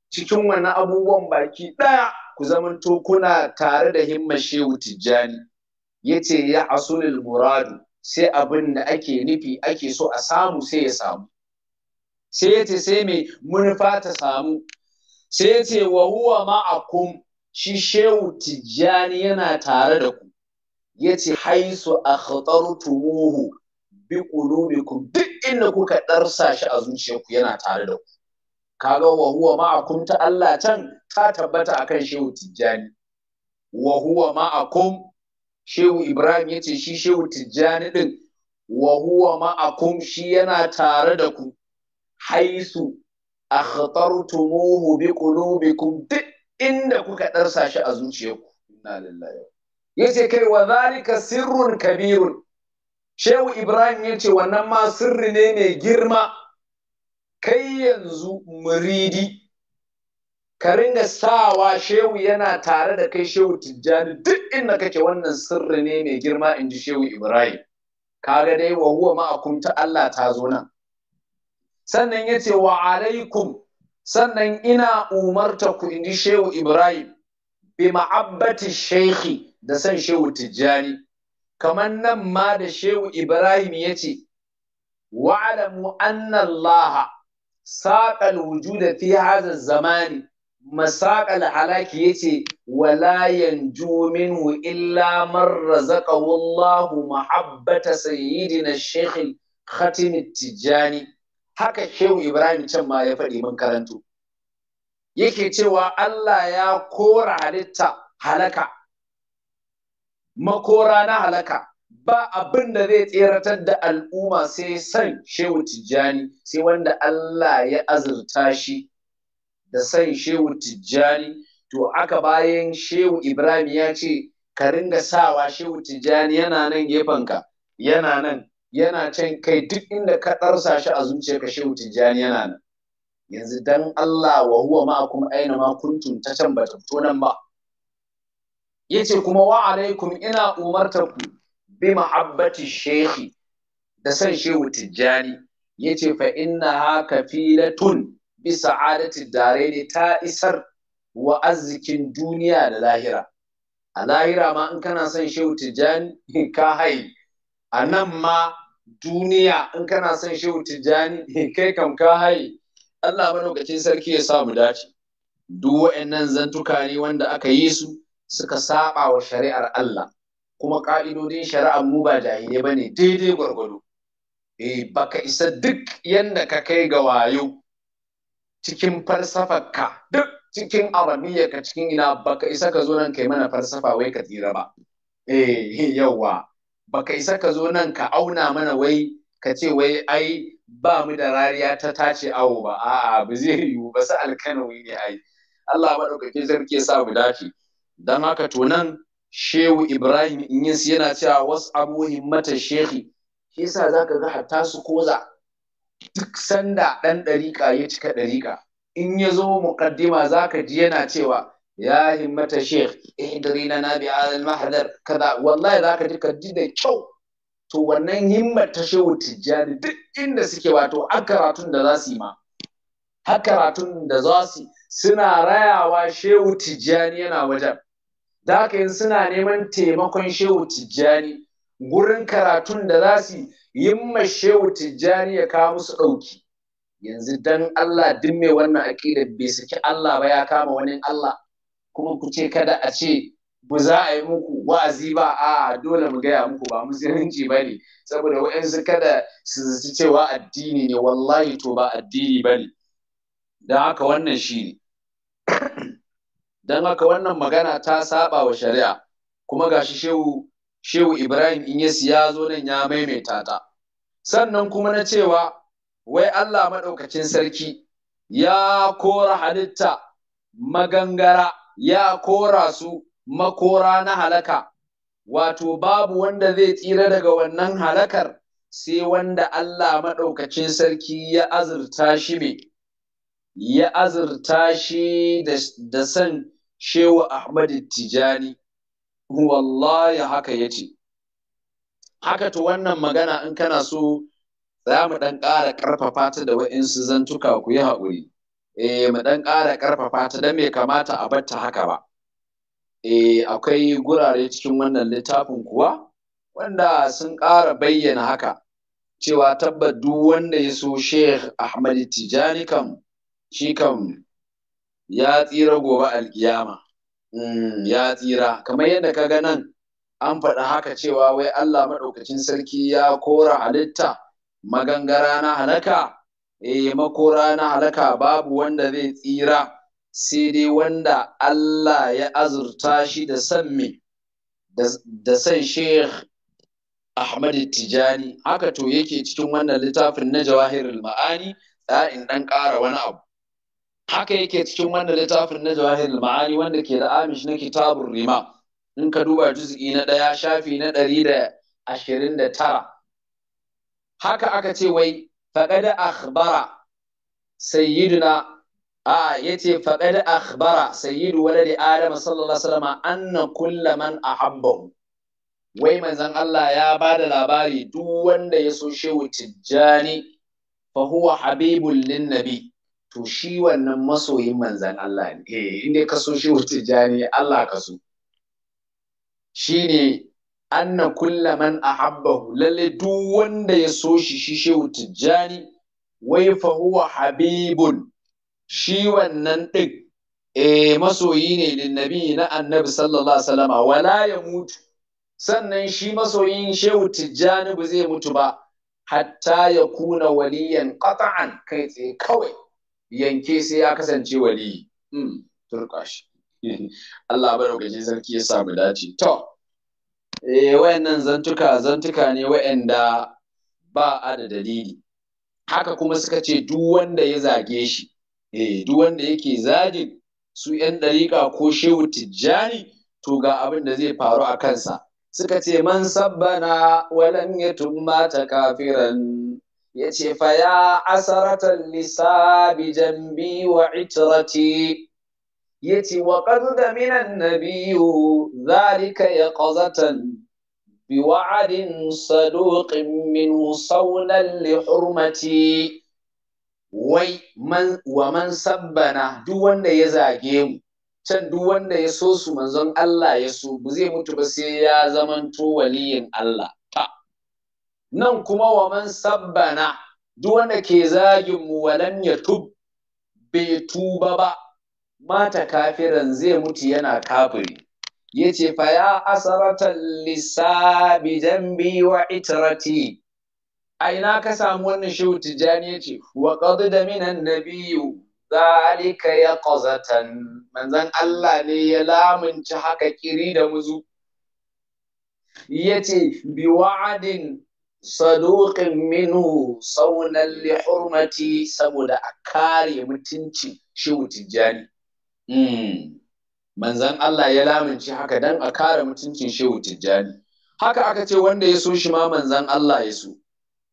cikin wannan abubuwan baki daya ku to kuna tare da himma shehu tijjani yace ya asulul muradu sai abin da ake nufi ake so a samu sai ya samu sai yace sai me mun ta samu sai yace wa huwa ma'akum shi shehu tijjani yana tare da ku yace haisu akhtartumuhu bi qulubikum duk inda kuka ɗarsa shi a zuciyarku yana tare da ku kaga wa huwa ma'akum ta Allah can ta tabbata akan shehu tijjani wa huwa ma'akum shehu Ibrahim yace shi shehu tijjani ɗin wa huwa ma'akum shi yana tare da ku haisu akhtartumuhu bi qulubikum duk inda kuka ɗarsa shi a zuciyarku inna lillahi yace kai wa zalika sirrun kabirun Shehu Ibrahim ya ce wannan ma sirri ne mai girma, kai yanzu muridi, ka ringa sawa shehu yana tare da kai shehu tijjani duk inda kake wannan sirri ne mai girma in ji shehu Ibrahim. Kaga dai wa huwa ma'akum Allah ta zo nan. Sannan ya ce wa alaikum sannan ina umarta ku in ji shehu Ibrahim bi ma'abbati shehi da san shehu tijjani. kamar nan ma da shehu Ibrahim ya ce, wa'alamu anna laha, saƙal wujuda fi hazar zamani masaƙal halaki ya ce, wala jomin minhu illa man razaqahu wallahu mahabbata sayyidina Sheikh Khatim Tijjani haka Shehu Ibrahim can ma ya faɗi mun karanto yake cewa Allah ya kora halitta halaka makora na halaka ba abin da zai tseratar da al'umma sai san shehu tijjani sai wanda Allah ya azurta shi da san shehu tijjani to aka bayan shehu Ibrahim ya ce ka ringa sawa shehu tijjani yana nan gefenka yana nan yana can kai duk inda ka ɗarsa shi a zuciyarka shehu tijjani yana nan yanzu dan Allah wa huwa ma'akum aina ma kuntum ta can ba ta fito nan ba yace kuma wa alaikum ina umartar ku bi mahabbati shehi da san shehu tijjani yace fa inna ha kafilatun bi sa'adati daraini ta isar wa arzikin duniya da lahira a lahira ma in kana son shehu tijjani *laughs* ka hai a nan ma duniya in kana son shehu tijjani *laughs* kai kam ka hai Allah lokacin sarki ya samu dace duk wa'annan zantuka ne wanda aka yi su suka saba wa shari'ar Allah kuma ƙa'idodin shari'ar mu ba jahilai ba ne daidai gwargwado eh baka isa duk yanda ka kai ga wayo cikin falsafarka duk cikin ka cikin ina baka isa ka zo nan kai mana falsafa wai ka tsira ba eh yawa baka isa ka zo nan ka auna mana wai ka ce wai ai ba mu da rariya ta tace awo ba a'a ba zai yiwu ba su alkanawi ne ai Allah maɗaukake zarki ya sa mu dace dan haka to shehu ibrahim inyis yana cewa wasu abu himmata shehi shi yasa zaka ga hatta su koza duk sanda ɗan ɗariƙa ya cika ɗariƙa in ya zo muƙaddima za ka ji yana cewa ya himmata sheikh ihdari na nabi alal mahadar kaza wallahi za ka ji ka ji da kyau to wannan himmar ta shehu tijjani duk inda suke wato a karatun da za su yi ma har da za su suna rayawa shehu tijjani yana wajen da haka yin suna neman taimakon shehu tijjani gurin karatun da za su yi ma shehu tijjani ya kawo musu ɗauki yanzu dan Allah duk mai wannan aƙida bai saki Allah ba ya kama wani Allah kuma ku ce kada a ce bu za a yi muku wa'azi ba a dole mu gaya muku ba mu musulunci ba ne saboda wa'yansu kada su zaci cewa addini ne wallahi to ba addini ba ne don haka wannan shi ne don haka wannan magana ta saba wa shari'a kuma gashi shehu shehu ibrahim in yasi ya zo nan ya maimaita ta sannan kuma na cewa wai allah maɗaukacin sarki ya kora halitta magangara ya kora su makora na halaka wato babu wanda zai tsira daga wannan halakar sai wanda Allah maɗaukacin sarki ya azurta shi mai ya azurta shi da san shewa Ahmad Tijani wallahi haka ya ce. haka to wannan magana in kana so za mu ɗan ƙara ƙarfafa ta da wa'insu zantuka ku yi haƙuri e mu ɗan ƙara ƙarfafa ta don me kamata a bata haka ba E, akwai gurare cikin wannan littafin kuwa wanda sun ƙara bayyana haka cewa tabbat duk wanda ya so Sheikh Ahmad Tijani kam shi kam ya tsira gobe alkiyama hmm. ya tsira kamar yadda ka ga nan an faɗa haka cewa wai Allah maɗaukacin sarki ya kora halitta magangara na halaka eh makora na halaka babu wanda zai tsira sai dai wanda Allah ya azurta shi da san me da san Sheikh Ahmad Tijani haka to yake cikin wannan littafin na Jawahirul Ma'ani da in dan ƙara wani abu haka yake cikin wannan littafin na jawahir ma'ani wanda ke da amish na kitabun rima in ka duba juz'i na ɗaya shafi na ɗari da ashirin da tara haka aka ce wai faɗaɗa akhbara sayyiduna a ya ce faɗaɗa akhbara sayyidu Wani da adama sallallahu alaihi wasallam anna kulla man ahabbahu wai manzan Allah ya ba da labari duk wanda ya so shehu tijjani fa huwa habibul lin nabi to shi wannan masoyin manzan Allah ne eh inda ka so shi jani Allah ka so ne anna kulla man ahabbahu lalle duk wanda ya so shi shi wuce tijjani wai fa huwa habibun shi wannan din eh masoyi ne din nabi na annabi sallallahu alaihi wasallama wala ya mutu sannan shi masoyin shehu tijjani ba zai mutu ba hatta ya kuna waliyan qata'an kai tsaye kawai yanke sai ya kasance wali hmm, turka shi *laughs* Allah bar gaji sarki ya samu dace to eh wayannan zantuka zantuka ne wayanda ba a da dalili haka kuma suka ce duk wanda ya zage shi eh duk wanda yake zagin su yan dariƙa ko shehu tijjani to ga abin da zai faru a kansa suka ce man sabbana walan yatum mata kafiran ya ce fa ya asaratan nisa bi jambi wa itirati ya ce wa da minan nabiyu zalika ƙazatan bi wa'adin saduqin min musawnan li hurmati wai wa man sabbana duk wanda ya zage mu can duk wanda ya so su manzon Allah ya su ba zai mutu ba sai ya zamanto waliyin Allah nan kuma wa man sabbana duk wanda ke zagin mu walan ya tub bai tuba ba mata kafiran zai mutu yana kafiri yace fa ya asaratan lisabi jambi wa itrati a ina ka samu wannan shehu tijjani yace wa qad da minan nabiyyu zalika ya ƙazatan manzon Allah ne ya lamunci haka kiri da muzu yace bi wa'adin saduqin minhu saunan li saboda a kare mutuncin shehu tijjani hmm. manzan Allah ya lamunci haka dan a kare mutuncin shehu tijjani haka aka ce wanda ya so shi ma manzan Allah ya so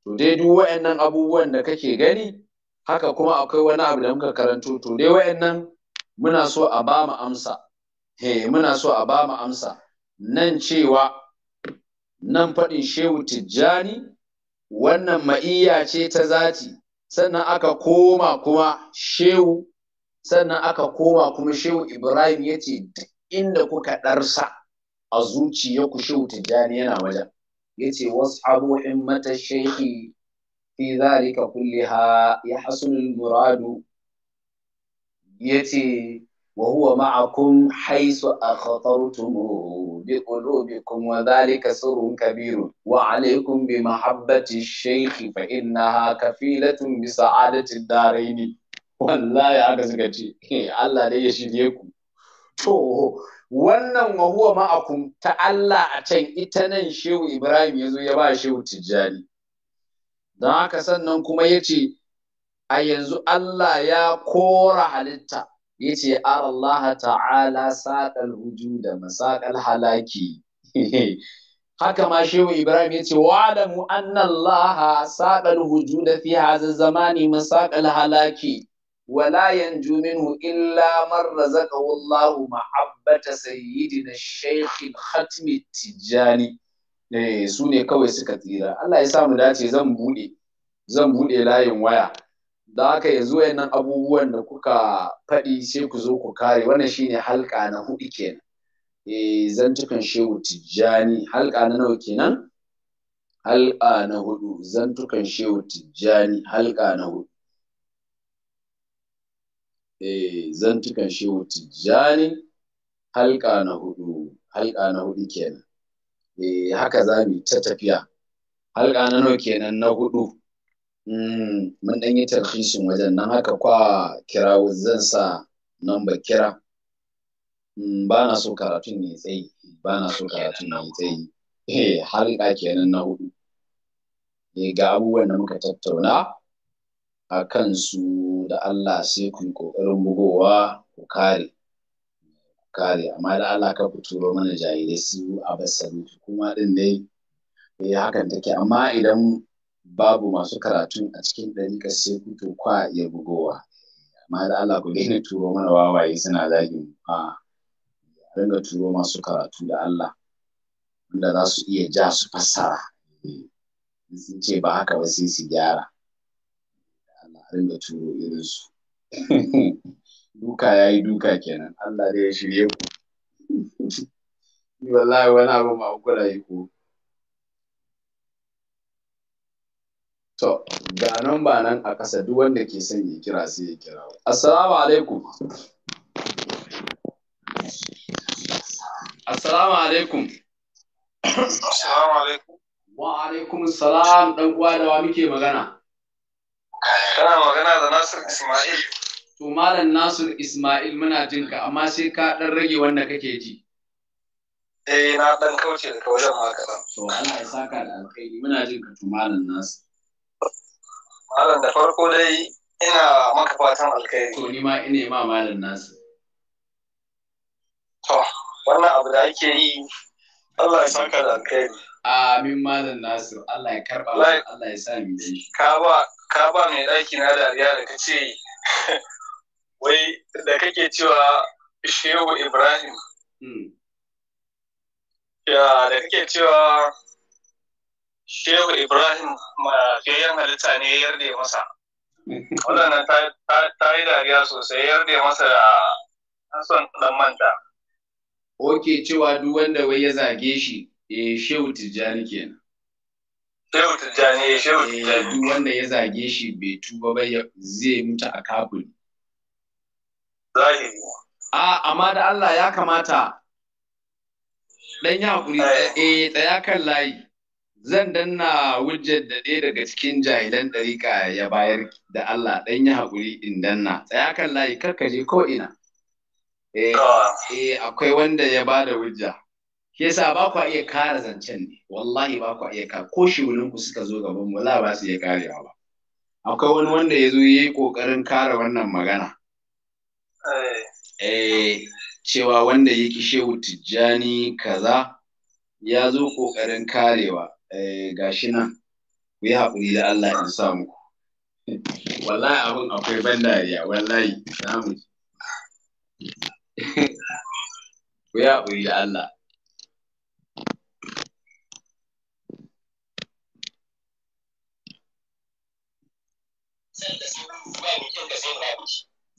to dai duk wayannan abubuwan da kake gani haka kuma akwai wani abu da muka karanto to dai wayannan muna so a ba he muna so a ba amsa nan cewa nan faɗin shehu tijjani wannan ma'iyya ce ta zati sannan aka koma kuma shehu sannan aka koma kuma shehu ibrahim ya ce inda kuka ɗarsa a zuciyarku shehu tijjani yana wajen ya ce wasu abubuwan mata shehi fi zalika kulliha ya Hasunin muradu ya ce وهو معكم حيث أخطرتموه بقلوبكم وذلك سر كبير وعليكم بمحبة الشيخ فإنها كفيلة بسعادة الدارين والله يا كزكتي الله لا يشيديكم to wannan wa huwa ma'akum ta Allah a can ita nan shehu Ibrahim ya zo ya ba shehu tijjani don haka sannan kuma ya ce a yanzu Allah ya kora halitta yace Allah ta'ala saqal wujuda masaqal halaki *laughs* haka ma shehu Ibrahim yace wa'lamu anna Allah saqal wujuda fi hadha zamani masaqal halaki yanju yanzu illa man من رزقه mahabbata sayyidina shaykh al الختم tijani eh su kawai suka tsira Allah ya samu dace zan bude zan bude layin waya da haka yanzu nan abubuwan da kuka faɗi sai ku zo ku kare wannan shine halka na hudu kenan eh zantukan shehu tijjani halka na nawa kenan halka na hudu zantukan shehu tijjani halka na hudu eh zantukan shehu tijjani halka na hudu halka na hudu kenan eh haka za mu ta tafiya halka na nawa kenan na hudu Mm, mun ɗan yi tarhishin wajen nan haka kwa kirawo zan sa nan ba kira mm, ba na so karatun ne tsayi ba na so karatun ne tsayi eh, har kenan na hudu eh ga abubuwan da muka tattauna a kansu da Allah sai ku yi kokarin bugowa ku kare kare amma da Allah ka fito mana jahilai su a basalu kuma din dai eh hakan take amma idan babu masu karatun a cikin ka sai kuto kwa ya bugowa amma da Allah ku daina turo mana wawaye suna zagin a ringa turo masu karatu da Allah wanda za su iya ja su fassara sun ce ba haka ba sai su gyara Allah ringa turo su. *laughs* duka ya yi duka kenan Allah da ya shirye ku *laughs* wallahi wani abu ma ku ko To, ga nan ba nan a ƙasa duk wanda ke son ya kira sai ya kira. Assalamu alaikum. Assalamu alaikum. Assalamu alaikum. Wa alaikum salam dan uwa da wa muke magana. Kana magana da Nasir Ismail. To malam Nasir Ismail muna jin ka amma sai ka dan rage wanda kake ji. Eh na dan kauce daga wajen haka. To Allah ya saka da alkhairi muna jin ka to malam Nasir. Malam da farko dai ina maka fatan alkhairi. To ni ma ina ma malam nasu. To wannan abu da ake yi Allah ya saka da alkhairi. Amin malam nasu Allah ya karba Allah ya sa mu dai. Ka ba ka ba mai daki na dariya da kace *laughs* wai da kake cewa Shehu Ibrahim. Hmm. Ya da kake cewa shehu ibrahim fiyayyen halitta ne ya yarda masa wannan ta yi dariya sosai ya yarda masa da son ɗan manta oke cewa duk wanda wai ya zage shi e shehu tijjani kenan shehu tijjani eh shehu eh, tijjani duk wanda ya zage shi bai tuba ba zai mutu a kafin zahiri a amma da Allah ya kamata dan ya hakuri ɗaya eh. tsaya kan layi zan danna wujjar da ɗaya daga cikin jahilan ɗariƙa ya bayar da Allah ɗan yi haƙuri in danna tsaya kan layi je ko ina eh, eh akwai wanda ya ba da wujja sa ba kwa iya kara zancen ne wallahi ba kwa iya ka ko shiwunin ku suka zo gaban mu ba su iya karewa ba akwai wani wanda ya zo ya yi ƙoƙarin kara wannan magana eh. eh cewa wanda ya ki shehu tijjani kaza ya zo ƙoƙarin karewa Eh, gashi nan ku yi haƙuri da Allah in sa muku wallahi abin akwai ban dariya wallahi namu *laughs* ku yi haƙuri da Allah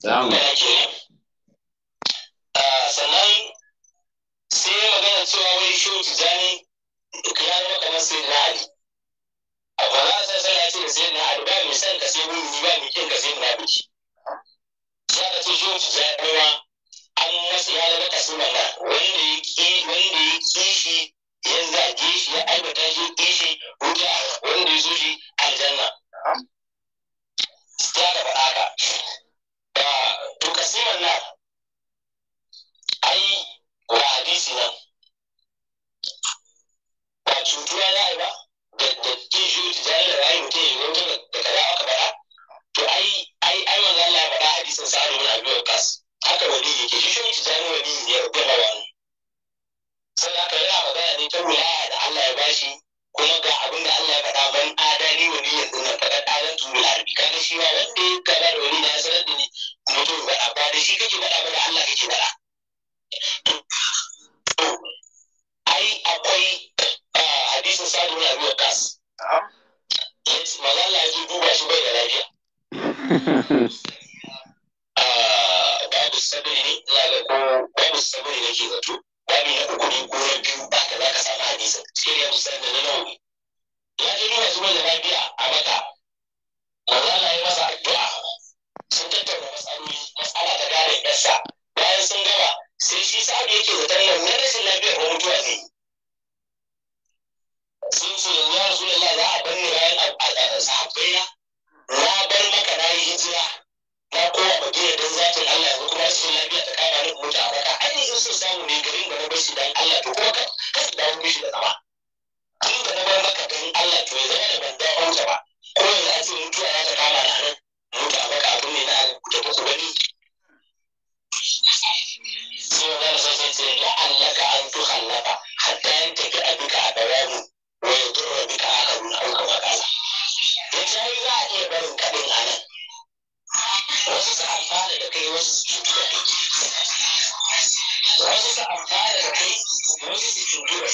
Zamu. Ah, sannan sai magana cewa wai shi zane. ya zama kamar sai na ali a kwana a sassan ya ce da sai na ali ba mai san ka sai wuri ba mai kin ka sai na biki ya ka ce shi wuce ya kuma an masa ya zama kasu mana wanda ya ki wanda ya ki shi ya zage shi ya aibata shi ki shi wuta wanda ya so shi aljanna ya ka faɗa ka to kasiman nan ai wa hadisi nan ba cutuwa za a yi ba da da tishu da jari da rayu mutum ya wanda da kaza aka faɗa to ai ai ai manzo Allah ya faɗa hadisin sa'ad ibn Abi Waqqas haka wani yake shi shi tijani wani ne ya rubuta wani sai aka yi magana ne ta wilaya da Allah ya bashi kuma ga abin da Allah ya faɗa ban adani wani yanzu na faɗa ɗalan turu harbi kaga shi ma wanda ya gaba da wani na ya sanar da ni mutum ba ba da shi kake faɗa ba da Allah kake faɗa ai akwai hadisin sa'ad bin abi waqas malala ya duba shi bai da lafiya *laughs* ah, babu sabiri ne ina ga ko babu sabiri nake zato babu na uku ne ko na biyu ba ka za ka samu hadisin sai ya musa da na nawa ya je duba shi bai da lafiya a maka malala ya masa addu'a sun tattauna matsaloli matsala ta gane yasa bayan sun gama sai shi sa'ad yake zaton nan na rashin lafiyar ko mutuwa ne. ce yanzu ya rasu za a bar ni bayan sahabbai na na bar maka na yi hijira na kowa madina don zatin Allah yanzu kuma rashin lafiya ta kama ni mutu a baka ai in so samu ne garin da na bar shi dan Allah to kuma ka su dawo shi da zama tun da na bar maka don Allah to ya zama da ban dawo auta ba ko yanzu a ce mutuwa ya ta kama da nan mutu a baka abin ne na da ku gani sai wani rasu sai ce la'allaka an tu tuhallaka hatta yantafi abuka a dawamu mai turbabi ka haka mun an gama kala ya ce ai za a iya barin kaɗin a nan wasu su amfana da kai wasu su cutu da kai wasu su amfana da kai wasu su cutu da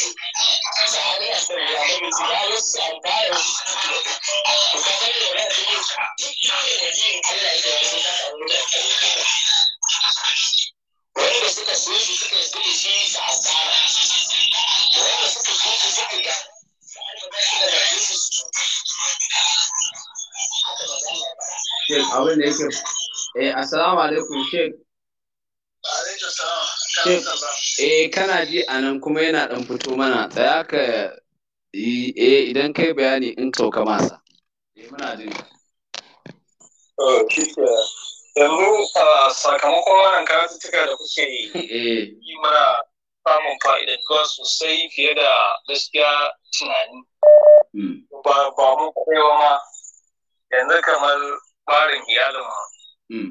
kai sahabi a sun ya mai su ya wasu su amfana wasu su cutu da kai ku kasar da wani a cikin ka duk yau da zai Sheikh abin da yake eh assalamu alaikum Sheikh Eh kana ji a nan kuma yana ɗan fito mana tsaya ka eh idan kai bayani in sauka masa. Eh muna jin. Yanzu sakamakon wannan karatuttuka da kuke yi *laughs* eh. mana samun fa'idantuwa sosai fiye da gaskiya tunani. Hmm. Ba mu koyo ma yanzu kamar barin iyalin mu hmm.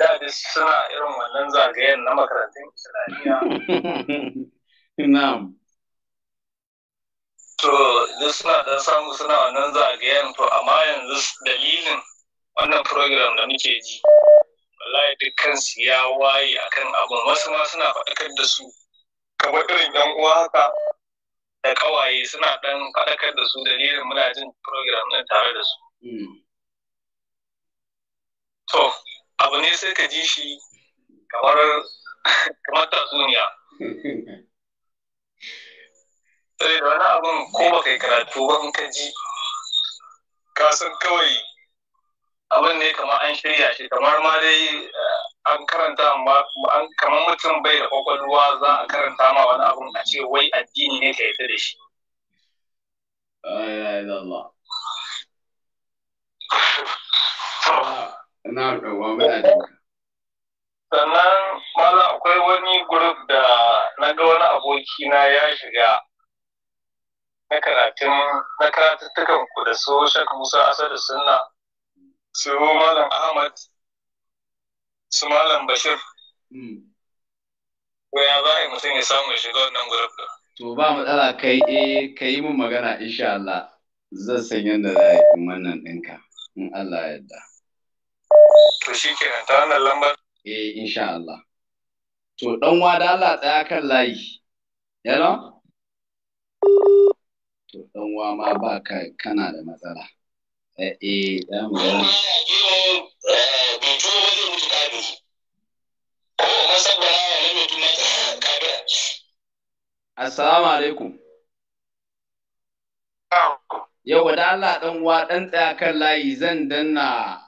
da da suna irin wannan zagayen na makarantun islamiyya *laughs* na'am to duk suna da samu suna wannan zagayen to amma yanzu dalilin wannan program da muke ji wallahi dukkan su ya waye akan abin wasu ma suna faɗakar da su kamar irin yan uwa haka da kawaye suna ɗan faɗakar da su dalilin muna jin program nan tare da su hmm. to abu ne sai ka ji shi kamar kamar tatsuniya sai da wani abin ko ba kai karatu ba in ka ji ka san kawai abin ne kamar an shirya shi kamar ma dai eh, an karanta amma kamar mutum bai da kwakwalwa za a karanta ma wani abin a ce wai addini ne ka yarda da shi Allah. na ɗauwa muna jinka sannan mala akwai wani grup da na ga wani aboki na ya shiga na karatun na karatuttukan ku da su shak musa asadu sunna su malam ahmad su malam bashir ko hmm. ya za a yi mutum ya samu shiga wannan grup da to ba matsala kai e ka yi min magana insha Allah zan san yadda za a yi wannan dinka. in Allah ya yarda to shi kenan ta wannan lambar eh insha Allah to dan da Allah tsaya kan layi yana to dan ma ba ka kana da matsala eh eh da mu ga eh, Assalamu alaikum. Yau da Allah ɗan uwa ɗan tsaya kan layi zan danna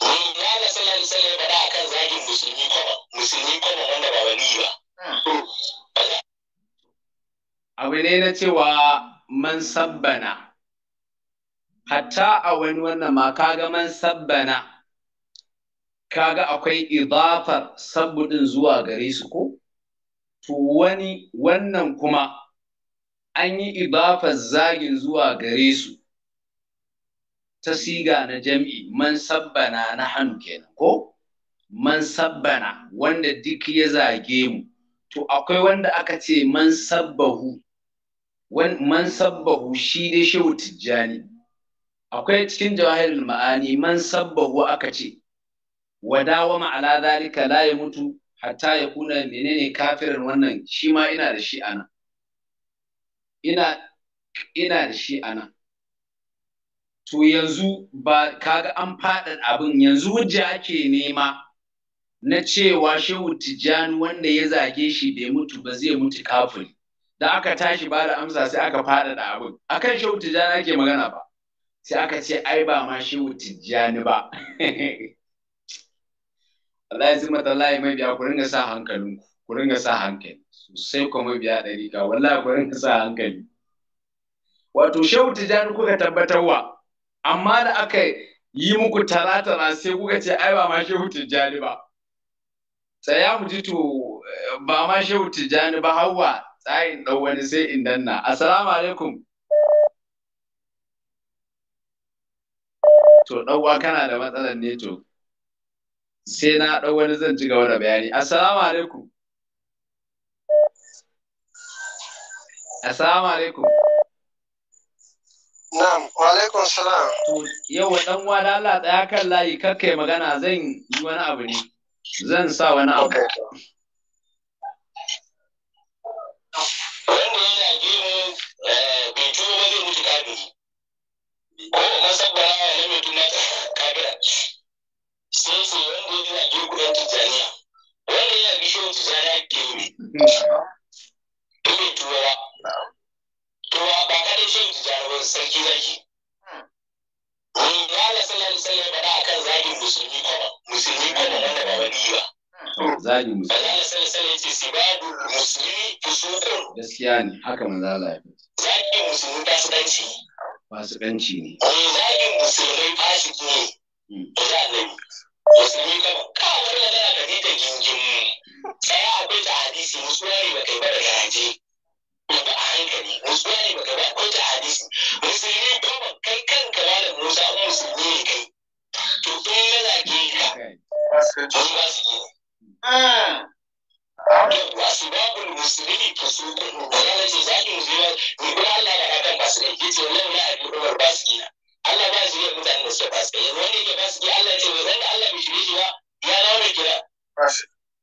Manzala sallallahu alaihi wasallam ya faɗa akan zagin musulmi kwaba, musulmi kwaba wanda ba wani ba. Abu ne na cewa man sabbana. Hatta a wani wannan ma kaga man sabbana. Kaga akwai idafar sabbudin zuwa gare su ko? To wani wannan kuma an yi idafar zagin zuwa gare su. ta siga na jam'i man sabbana na hannu kenan ko man sabbana wanda duk ya zage mu to akwai wanda aka ce man sabbahu man sabbahu shi dai shehu tijjani akwai cikin jawahirul ma'ani man sabbahu aka ce Wadawa ala zalika la ya mutu hatta ya kuna menene kafirin wannan shi ma ina da shi ana ina da shi ana to yanzu ba kaga an faɗa abin yanzu wujja ake nema na cewa shehu tijjani wanda ya zage shi bai mutu ba zai mutu kafin da aka tashi ba da amsa sai aka da abin akan shehu tijjani ake magana ba sai aka ce ai ba ma shehu tijjani ba *laughs* Allah ya zima tallahi mabiya ku ringa sa hankalin ku ku ringa sa hankali sosai ku biya dari ka wallahi ku ringa sa hankali wato shehu tijjani kuka tabbatarwa amma da aka yi muku talatara sai kuka ce ai ba ma shehu tijjani ba tsaya mu ji to eh, ba ma shehu tijjani ba hawa tsayin ɗan wani sai in danna assalamu alaikum to ɗauwa kana da matsalar ne to. sai na ɗau wani zan ci gaba da bayani assalamu alaikum assalamu alaikum Na'am, wa alaikum salam. Yau dan uwa da Allah tsaya kan layi kakkai magana zan yi wani abu ne. Zan sa wani abu. Wanda yana eh, zai mutu Ko ya na mai tuna kafira. Sai sai wanda yana Wanda yana ke yi. ya hmm. tuwo ba. ruwa ba kadai shehi tijjani ba sarki zaki Mala sallallahu alaihi wasallam bada akan zagin musulmi kuma musulmi kuma wanda ba wani ba. Zagin musulmi. Allah sallallahu alaihi wasallam yace sibadu muslimi fusukun. Gaskiya ne haka manzo Allah ya faɗi. Zagin musulmi su kanci ne. Eh zagin musulmai fasiki ne. Hmm. Ina annabi. Musulmi ka ka wannan da ka ta gingin. Tsaya akwai ta hadisi musulmi ba kai ba da gaje. kuma ba a hankali musulmi ba gaba ko ta hadisi musulmi kuma kai kanka malam musa an musulmi ne kai to in ya zage ka to ba su yi yawwa asbabul musulmi fa su kuma wala ce zage musulmi ne kuma Allah ya kakan ba su da yace wallahi ya abi umar ba su yi Allah ba su yi mutanen da suke ba su yi wanda yake ba su yi Allah ce wanda Allah bai shirye shi ba ya laura kira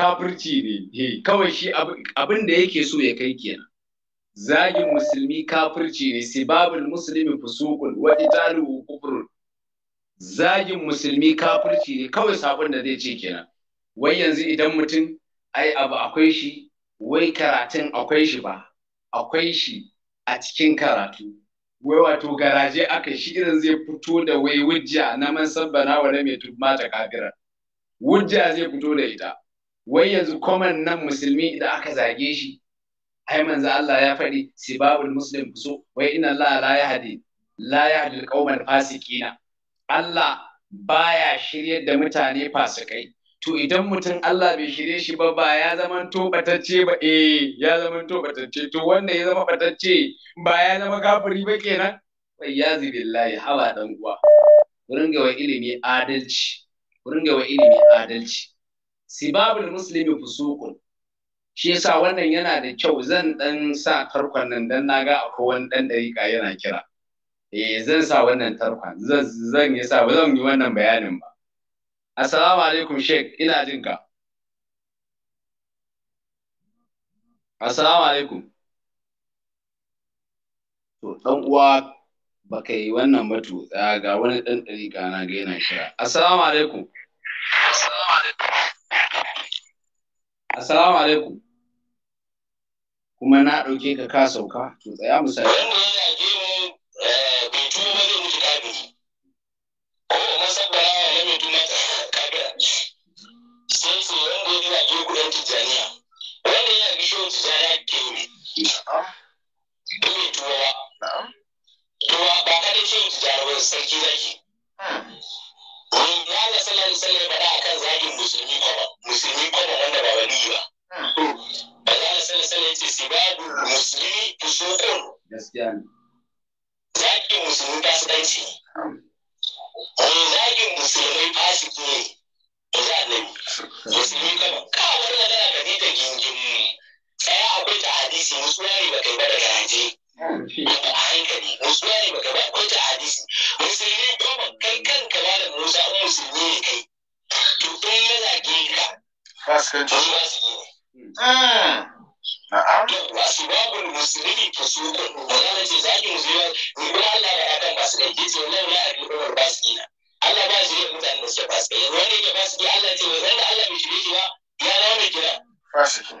kafirci ne eh, kawai shi abin da yake so ya kai kenan zagin musulmi kafirci ne sibabul musulmi fusuqul wa qitaluhu kufrun zagin musulmi kafirci ne kawai sabon da zai ce kenan wai yanzu idan mutum ai abu akwai shi wai karatun akwai shi ba akwai shi a cikin karatu wai wato garaje aka shi irin zai fito da wai wujja na man sabbana wa mai tumma ta kafira wujja zai fito da ita wai yanzu kwaman nan musulmi idan aka zage shi ai manzo Allah ya faɗi sibabul muslim so wai inna Allah la hadi la hadi alqauman fasiqina Allah baya shirye da mutane fasikai to idan mutum Allah bai shirye shi ba ba ya zama to batacce ba eh ya zama to batacce to wanda ya zama batacce ba ya zama kafiri ba kenan bai ya billahi hawa dan uwa ku ringa wa ilimi adalci ku ringa wa ilimi adalci sibabul muslimi fusuqun shi yasa wannan yana da kyau zan dan sa tarkon nan dan naga akwai wani dan dariƙa yana kira eh zan sa wannan tarkon zan zan yasa ba zan yi wannan bayanin ba assalamu alaikum sheik ina jin ka assalamu alaikum to dan uwa baka yi wannan ba to ga wani dan dariƙa na ga yana kira assalamu alaikum assalamu alaikum Assalamu alaikum. Kuma na ɗauke ka ka sauka, to tsaya mu eh, Sai sai wanda ya ke yi. ba. ba sarki zaki. Hmm. manzo Allah sallallahu alaihi wasallam ya faɗa akan zagin musulmi kwaba musulmi kwaba wanda ba wani ba Ba manzo Allah sallallahu alaihi wasallam ya ce sibabu muslimi fusukun gaskiya ne zagin musulmi ce. Wani zagin musulmai fasiki ne manzo Allah musulmi kwaba ka wannan da ka ta gingin tsaya akwai ta hadisi musulmi ba kai ba da gaje hankali gaskiya ne baka ba ko ta hadisi musulmi kuma kai kanka malam Musa in musulmi ne kai to in na zage ka kaskanci na'am wa asbabul muslimi za wala ce zaki musulmi ni ba Allah kan kai ce umar na Allah ba mutanen da suke kai Allah ce wanda Allah shirye shi ba ya kira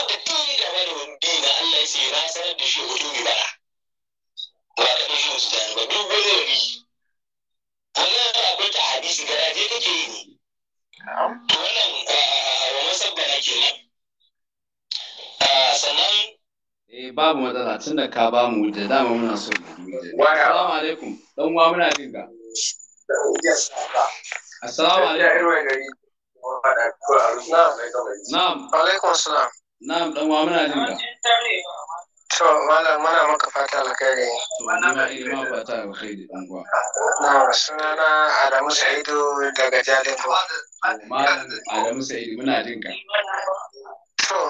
wanda duk yi gaba da wanda na Allah ya ce na sanar da shi hoto mai bara ba da ɗan shi musu ba duk wani wani wannan akwai ta hadisi gara je kake yi ne to wannan ke masabbana A sannan Eh babu matsala tun da ka ba mu da dama muna so Assalamu alaikum. Dan uwa muna jin ka. Assalamu alaikum. Na'am. Alaikum assalam. Na'am dan wa muna jin ka. To Mallam muna maka fata alkhairi. To muna yi fata alkhairi dan uwa. Na'am sunana Adamu Sa'idu daga Jalingo. Mallam Adamu Sa'idu muna jin ka. To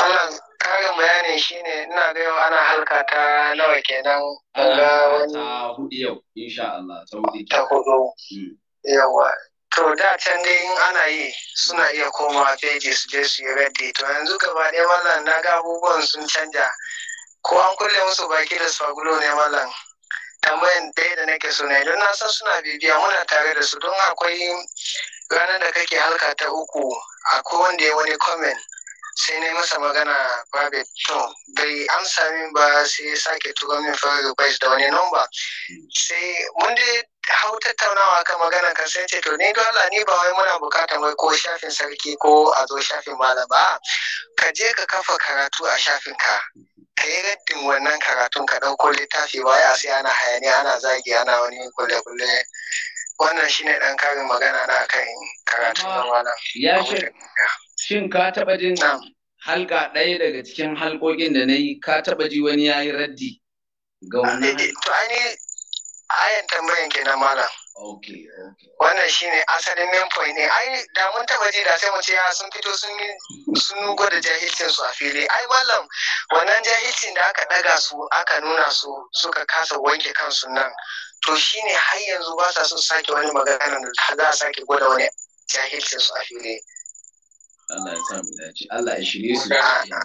malam karin bayani shine ina ga yau ana halka ta nawa kenan. Ana ta hudu yau insha Allah ta hudu. Ta hudu. Hmm. Yawa to da can dai in ana yi suna iya koma feji su je su yi raddi to yanzu gaba ɗaya mallam na ga abubuwan sun canja ko an kulle musu baki da sfagulo ne mallam tambayan ɗaya da nake so ne don na suna bibiya muna tare da su don akwai ranar da kake halka ta uku akwai wanda ya wani comment sai na masa magana babe to bai amsa min ba sai sake tura min fara da wani number sai mun dai hau tattaunawa kan magana kan sun ce to ni dole ni ba wai muna bukatan wai ko shafin sarki ko a zo shafin malaba ka je ka kafa karatu a shafin ka ka yi raddin wannan karatun ka ɗauko littafi ba a sai ana hayaniya ana zagi ana wani kulle-kulle wannan shine ɗan karin magana na kan karatun na malam. Ya shin ka taɓa jin halka ɗaya daga cikin halkokin da na yi ka taɓa ji wani ya yi raddi ga wannan. Eh, eh, ayan tambayan kenan malam wannan shi a asalin main point ne ai da mun taba ji da sai mu ce ya sun fito sun yi sun gwada jahilcin su a fili ai malam wannan jahilcin da aka daga su aka nuna su suka kasa wanke kansu nan to shi ne har yanzu ba sa son sake wani magana da za a sake gwada wani jahilcin su a fili Allah ya samu dace Allah ya shirye su amin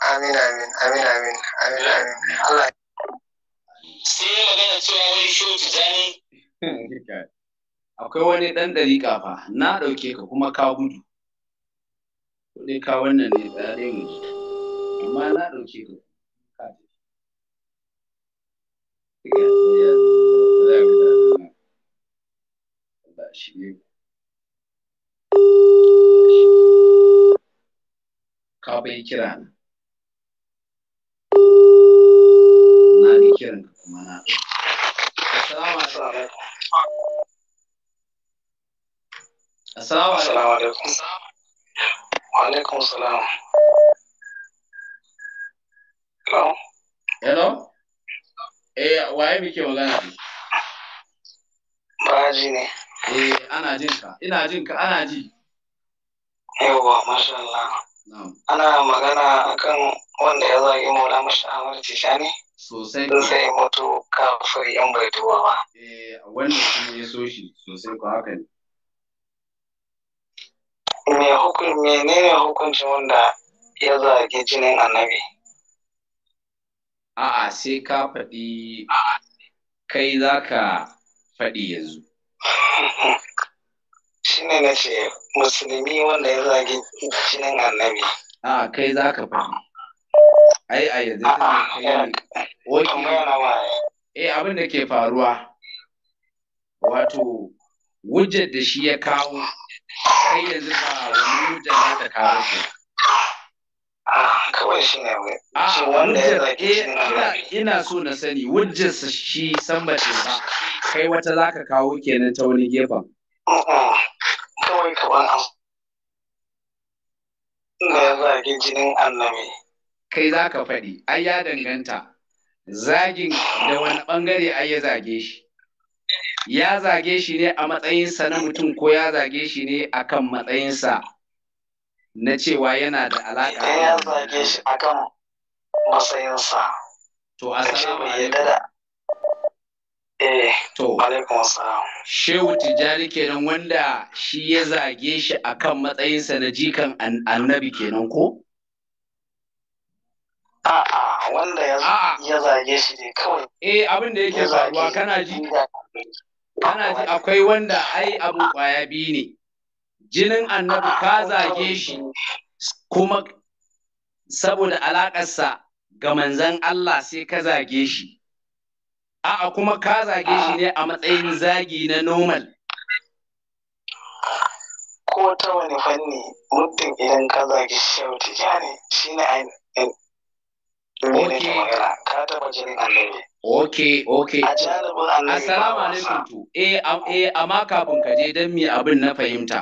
amin amin amin amin amin Allah sai ya magana cewa wani shehu tijani hmm, akwai wani ɗan ɗariƙa fa na ɗauke ka kuma ka gudu kuɗi ka wannan ne tsare mu amma na ɗauke ka ka bai kira na na ni kiran ka mana assalamu alaikum assalamu alaikum wa alaikum salam hello hello eh waye muke magana baji ne eh ana jinka ina jinka ana ji yawwa masha Allah ana magana akan wanda ya zagi mola mashi tisha ne sosai don sai mutu kafin yan bai tuwa ba eh wannan ya so shi sosai ko haka ne me hukun menene hukuncin wanda ya zagi jinin annabi a'a sai ka faɗi kai za ka faɗi yanzu *laughs* Shi ne na ce musulmi wanda ya zagi jinin annabi a kai za ka faɗi ai a yanzu tana kai eh abin da ke faruwa wato wujar da shi ya kawo kai yanzu ba wani wujar da ta kawo shi kawai shi ne wanda ya zagi eh, jinin annabi ina so na sani wujar shi san ba kai wata za ka kawo kenan ta wani gefen akwai kaban an da ya zagi jinin annabi kai za ka faɗi ai ya danganta zagin da wani ɓangare ai ya zage shi ya zage shi ne a matsayinsa na mutum ko ya zage shi ne a kan matsayinsa na cewa yana da alaƙa ya zage shi a kan matsayinsa to a ya dada. Eh, to, Shehu Tijjani kenan wanda shi ya zage shi akan matsayinsa na jikan annabi kenan ko? A'a, wanda ya zage shi ne kawai. Eh, abin da yake faruwa kana ji. Kana ji akwai wanda ai abu kwaya biyu ne. Jinin annabi ka zage shi kuma saboda alakarsa ga manzan Allah sai ka zage shi. A'a kuma ka zage shi ne a matsayin zagi na normal. Ko ta wani fanni muddin idan ka zage shi yau tija ne shi ne ainihin. Ka taba jinin annabi. Ok, ok. Assalamu alaikum to. Eh, eh, amma kafin ka je don me abin na fahimta.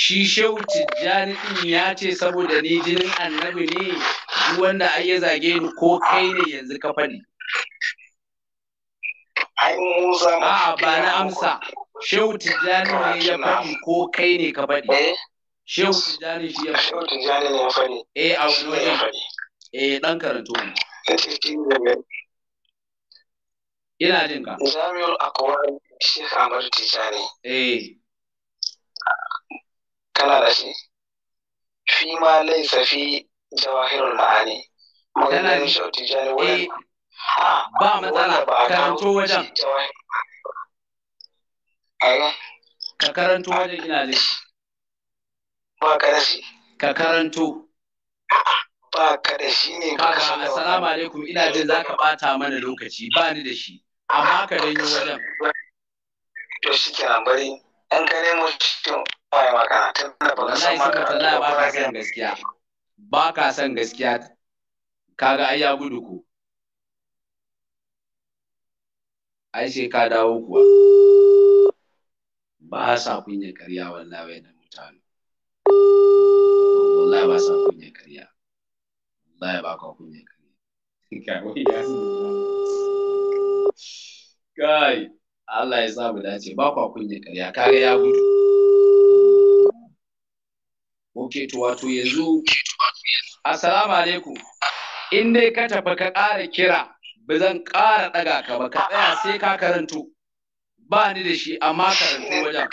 Shi Shehu Tijjani din ya ce saboda ni jinin annabi ne wanda ai ya zage ni ko kai ne yanzu ka faɗi. ai mu a'a ba na amsa shehu tijjani ne ya faɗi ko kai ne ka faɗi eh? shehu tijjani shi ya ne ya faɗi eh a wani wajen eh dan karanto mu ina jin ka jami'ul akwai amadu tijjani eh kana da shi fi ma laisa fi jawahirul ma'ani shehu tijjani wani eh, ba matsala ka karanto wajen ka karanto wajen ina ne ba ka da shi ka karanto ba ka da shi ne ba ka da assalamu alaikum ina jin za ka bata mana lokaci ba ni da shi amma ka da yi wajen to shi kenan bari ɗan ka nemo shi ba ya maka tun da ba ka san maka ba ka san gaskiya ba ka san gaskiya kaga ai ya gudu ku ai sai ka dawo kuwa ba sa kunya karya wallahi wayannan mutane wallahi ba sa kunya karya wallahi ba ka kunya karya kai Allah ya sa mu dace ba kwa kunya karya kaga ya gudu ok to wato yanzu assalamu alaikum in dai ka tafi ka ƙara kira ba zan ƙara ɗaga ka ba ka tsaya sai ka karanto ba ni da shi amma karanto wajen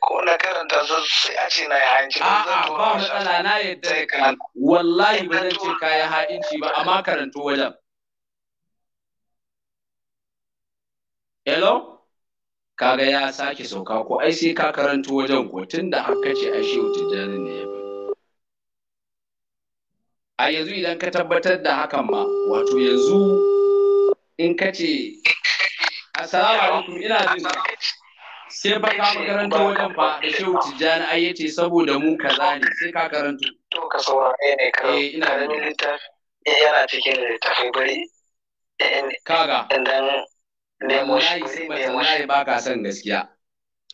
ko na karanta su sai a ce na yi ha'inci a'a ba matsala na yadda ka wallahi ba zan ce ka yi ha'inci ba amma karanto wajen hello kaga ya sake sauka ko ai sai ka karanto wajen ko tunda haka ce ai shehu tijjani a yanzu idan ka tabbatar da hakan ma wato yanzu in ka ce assalamu alaikum ina jin sai ba ka karanta wajen ba da shehu tijjani ai yace saboda mu kaza ne sai ka karanta to ka saurare ne ka eh ina da littafi eh, yana cikin littafi bari eh, kaga dan nemo shi nemo shi ba ka san gaskiya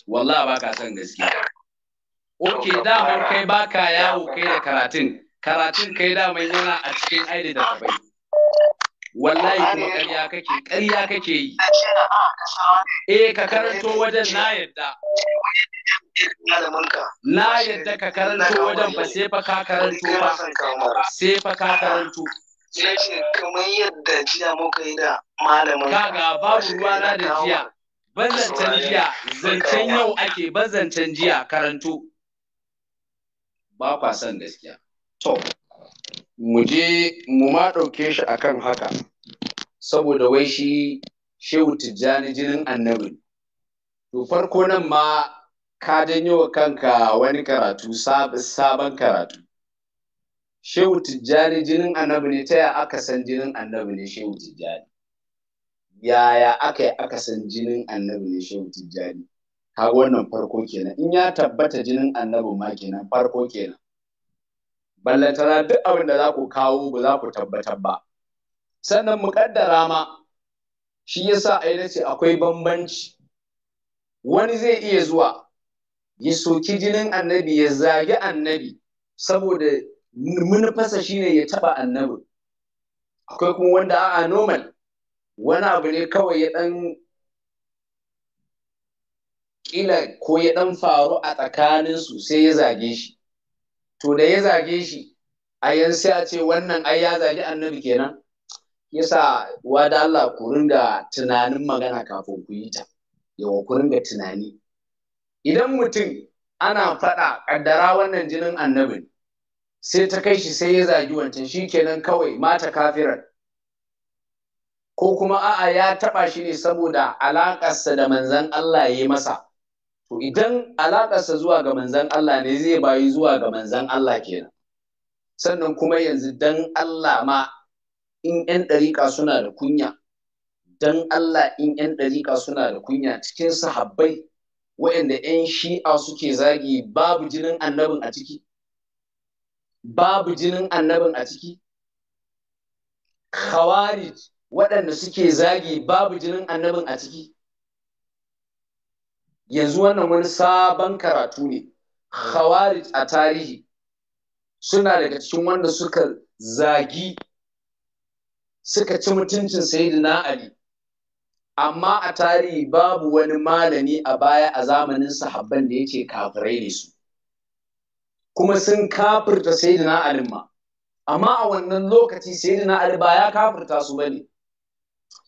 wallahi ba ka san gaskiya Oke, da kai baka yawo kai da karatun, karatun kai daman yana a cikin aini da tabai wallahi kuma ƙarya kake ƙarya kake yi eh ka karanto wajen na yadda na yadda ka karanto wajen ba sai fa ka karanto ba sai fa ka karanto kamar yadda jiya da malamin kaga babu ruwa na da jiya bazancan jiya zancen yau ake bazancan jiya karanto ba kwa son gaskiya To, mu je mu ma ɗauke shi a kan haka, saboda wai shi shehu tijjani jinin annabi. To farko nan ma ka janyo wa kanka wani karatu, sabon karatu. Shehu tijjani jinin annabi ne ta yaya aka san jinin annabi ne shehu tijjani. Yaya aka yi aka san jinin annabi ne shehu tijjani. Ka wannan farko kenan. In ya tabbata jinin annabi ma kenan farko kenan. ballantana duk abin da za ku kawo ba za ku tabbatar ba sannan mu kaddara ma shi yasa ai ce akwai bambanci wani zai iya zuwa ya soki jinin annabi ya zagi annabi saboda manufarsa shine ya taba annabi akwai kuma wanda a normal wani abu ne kawai ya dan kila ko ya dan faru a tsakaninsu sai ya zage shi to da ya zage shi a yanzu a ce wannan ai ya zagi annabi kenan yasa wa da Allah ku ringa tunanin magana kafin ku yi ta yawa ku ringa tunani idan mutum ana faɗa ƙaddara wannan jinin annabi, sai ta kai shi sai ya zagi wancan shi kenan kawai mata kafiran ko kuma a'a ya taɓa shi ne saboda alaƙarsa da manzan Allah ya yi masa to idan alaƙarsa zuwa ga manzan Allah ne zai bayi zuwa ga manzan Allah kenan sannan kuma yanzu dan Allah ma in 'yan ɗariƙa suna da kunya dan Allah in 'yan ɗariƙa suna da kunya cikin sahabbai waɗanda 'yan shi'a suke zagi babu jinin annabin a ciki babu jinin annabin a ciki khawarij waɗanda suke zagi babu jinin annabin a ciki yanzu wannan wani sabon karatu ne khawarij a tarihi suna daga cikin wanda suka zagi suka ci mutuncin sayyidina ali amma a tarihi babu wani malami a baya a zamanin sahabban da yake kafirai ne su kuma sun kafirta sayyidina ali ma amma a wannan lokaci sayyidina ali ba ya kafirta su bane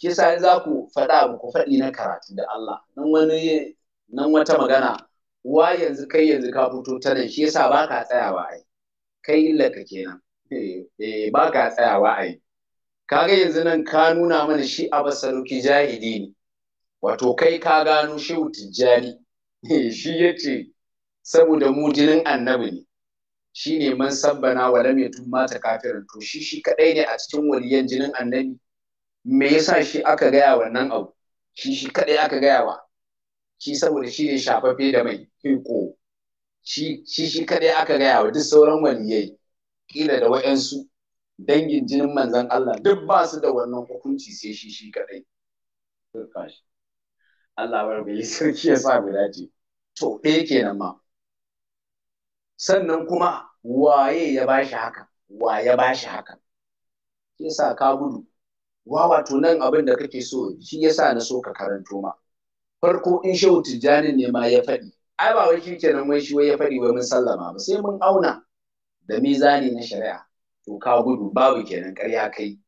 kisa za ku faɗa ku faɗi na karatu da Allah nan wani nan wata magana wa yanzu kai yanzu ka fito ta nan shi yasa baka tsayawa ai kai illa ka kenan eh, eh baka tsayawa ai kaga yanzu nan ka nuna mana shi abasaruki jahili ne wato kai ka gano eh, shi tijjani shi yace saboda mu jinin annabi ne shi ne man sabbana wa lam yatum mata kafirin to shi shi kadai ne a cikin waliyan jinin annabi me yasa shi aka gaya wannan abu shi shi kadai aka gaya wa shi saboda shi ne shafaffe da mai fiko shi shi kadai aka gaya wa duk sauran wani yayi kila da wa'yansu dangin jinin manzan Allah duk ba su da wannan hukunci sai shi shi kadai Allah bar bai sarki ya sa mu dace to ɗaya kenan ma sannan kuma waye ya bashi haka wa ya bashi haka yasa ka gudu wa wato nan abin da kake so shi yasa na so ka karanto ma farko in shehu tijjani ne ma ya faɗi ai ba wai kenan wai shi wai ya faɗi wai mun sallama ba sai mun auna da mizani na shari'a to ka gudu babu kenan ƙarya kai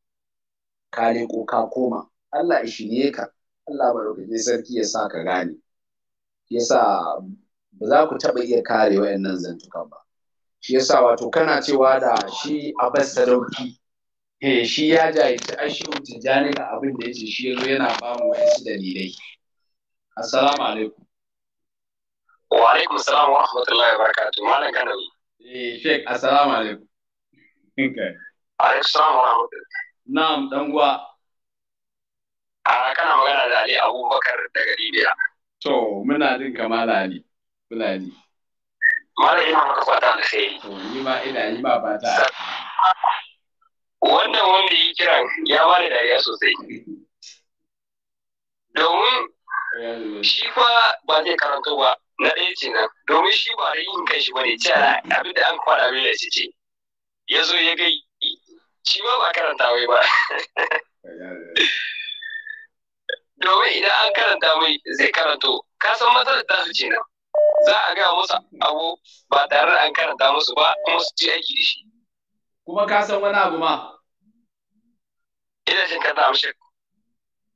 ka leko ka koma Allah ya shirye ka Allah sarki ya sa ka gane yasa ba za ku taɓa iya kare wayannan zantukan ba shi yasa wato kana cewa da shi Abbas Sadauki eh shi ya jahilci ashiru tijjani da abin da ce shi yazo yana ba mu wasu dalilai Assalamu alaikum. Wa alaikum salam wa rahmatullahi wa barakatuh. Malam Kanawi. Eh, Sheikh, assalamu alaikum. Okay. Alaikum salam wa rahmatullahi. Na'am, dan uwa. A kana magana da Ali Abubakar daga Libya. To, muna jin kamar Ali. Muna ji. Malam ina maka fata da sai. To, ni ma ina yi ba fata. Wannan wanda yi kiran ya bani dariya sosai. *laughs* shi fa ba zai karanto ba na ɗaya ce nan domin shi ba da yin kai shi bane cewa abin da an fara mai da ce ya zo ya gai shi ma ba karanta mai ba domin idan an karanta mai zai karanto ka san matsalar ta su ce nan za a ga musu abu ba tare da an karanta musu ba kuma su ci aiki da shi kuma ka san wani abu ma ina jin ka ta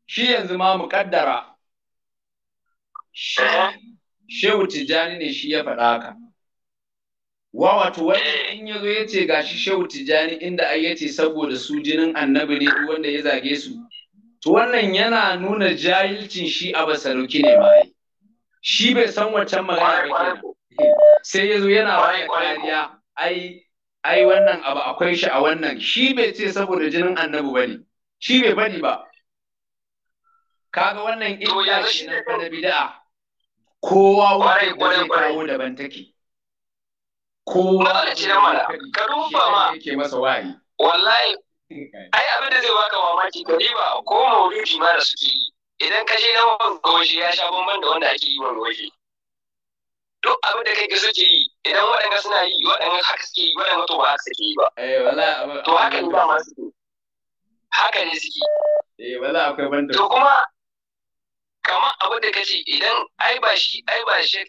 shi yanzu ma mu kaddara Shehu Tijjani ne shi ya faɗa haka. Wa wato wani in ya zo ya ce ga shi Shehu Tijjani inda ai ya ce saboda su jinin annabi ne wanda ya zage su. To wannan yana nuna jahilcin shi a basaruki ne ma Shi bai san wancan magana ba ke. Sai ya zo yana bayan kariya ai ai wannan abu akwai shi a wannan shi bai ce saboda jinin annabi ba ne. Shi bai bani ba. Kaga wannan illa shi na bid'a. kowa wani gwanin kawo daban take kowa ce mana ka duba ma yake masa wayi wallahi *laughs* ai abin da zai baka mamaki ka riba ko maulidi ma da suke yi idan ka shi na wanga waje ya sha bamban da wanda ake yi wa waje duk abin da kai ka suke yi idan waɗanda suna yi waɗanda haka suke yi waɗanda to ba haka suke yi ba eh, to haka ne ba ma suke haka ne suke eh, to kuma kamar abin da kace idan ai ba shi ai ba shi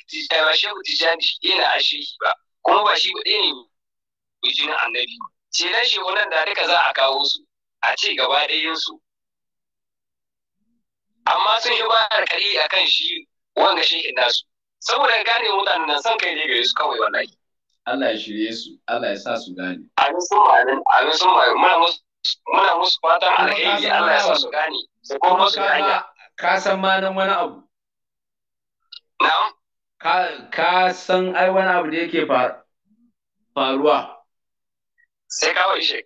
tijani eh, yana a shehi ba kuma ba shi ɗaya ne mai annabi ce dan shi wannan da duka za a kawo su a ce gaba ɗayansu amma sun yi ba kare a kan shi wanga shehin nasu saboda gane mutanen nan san kai ne gare su kawai wallahi Allah ya shirye su Allah ya sa su gane abin sun ma'anin abin sun ma'anin muna musu fatan alheri Allah ya sa su gane su kuma su gane ka san ma nan wani abu ka san ai wani abu da yake faruwa sai kawo shek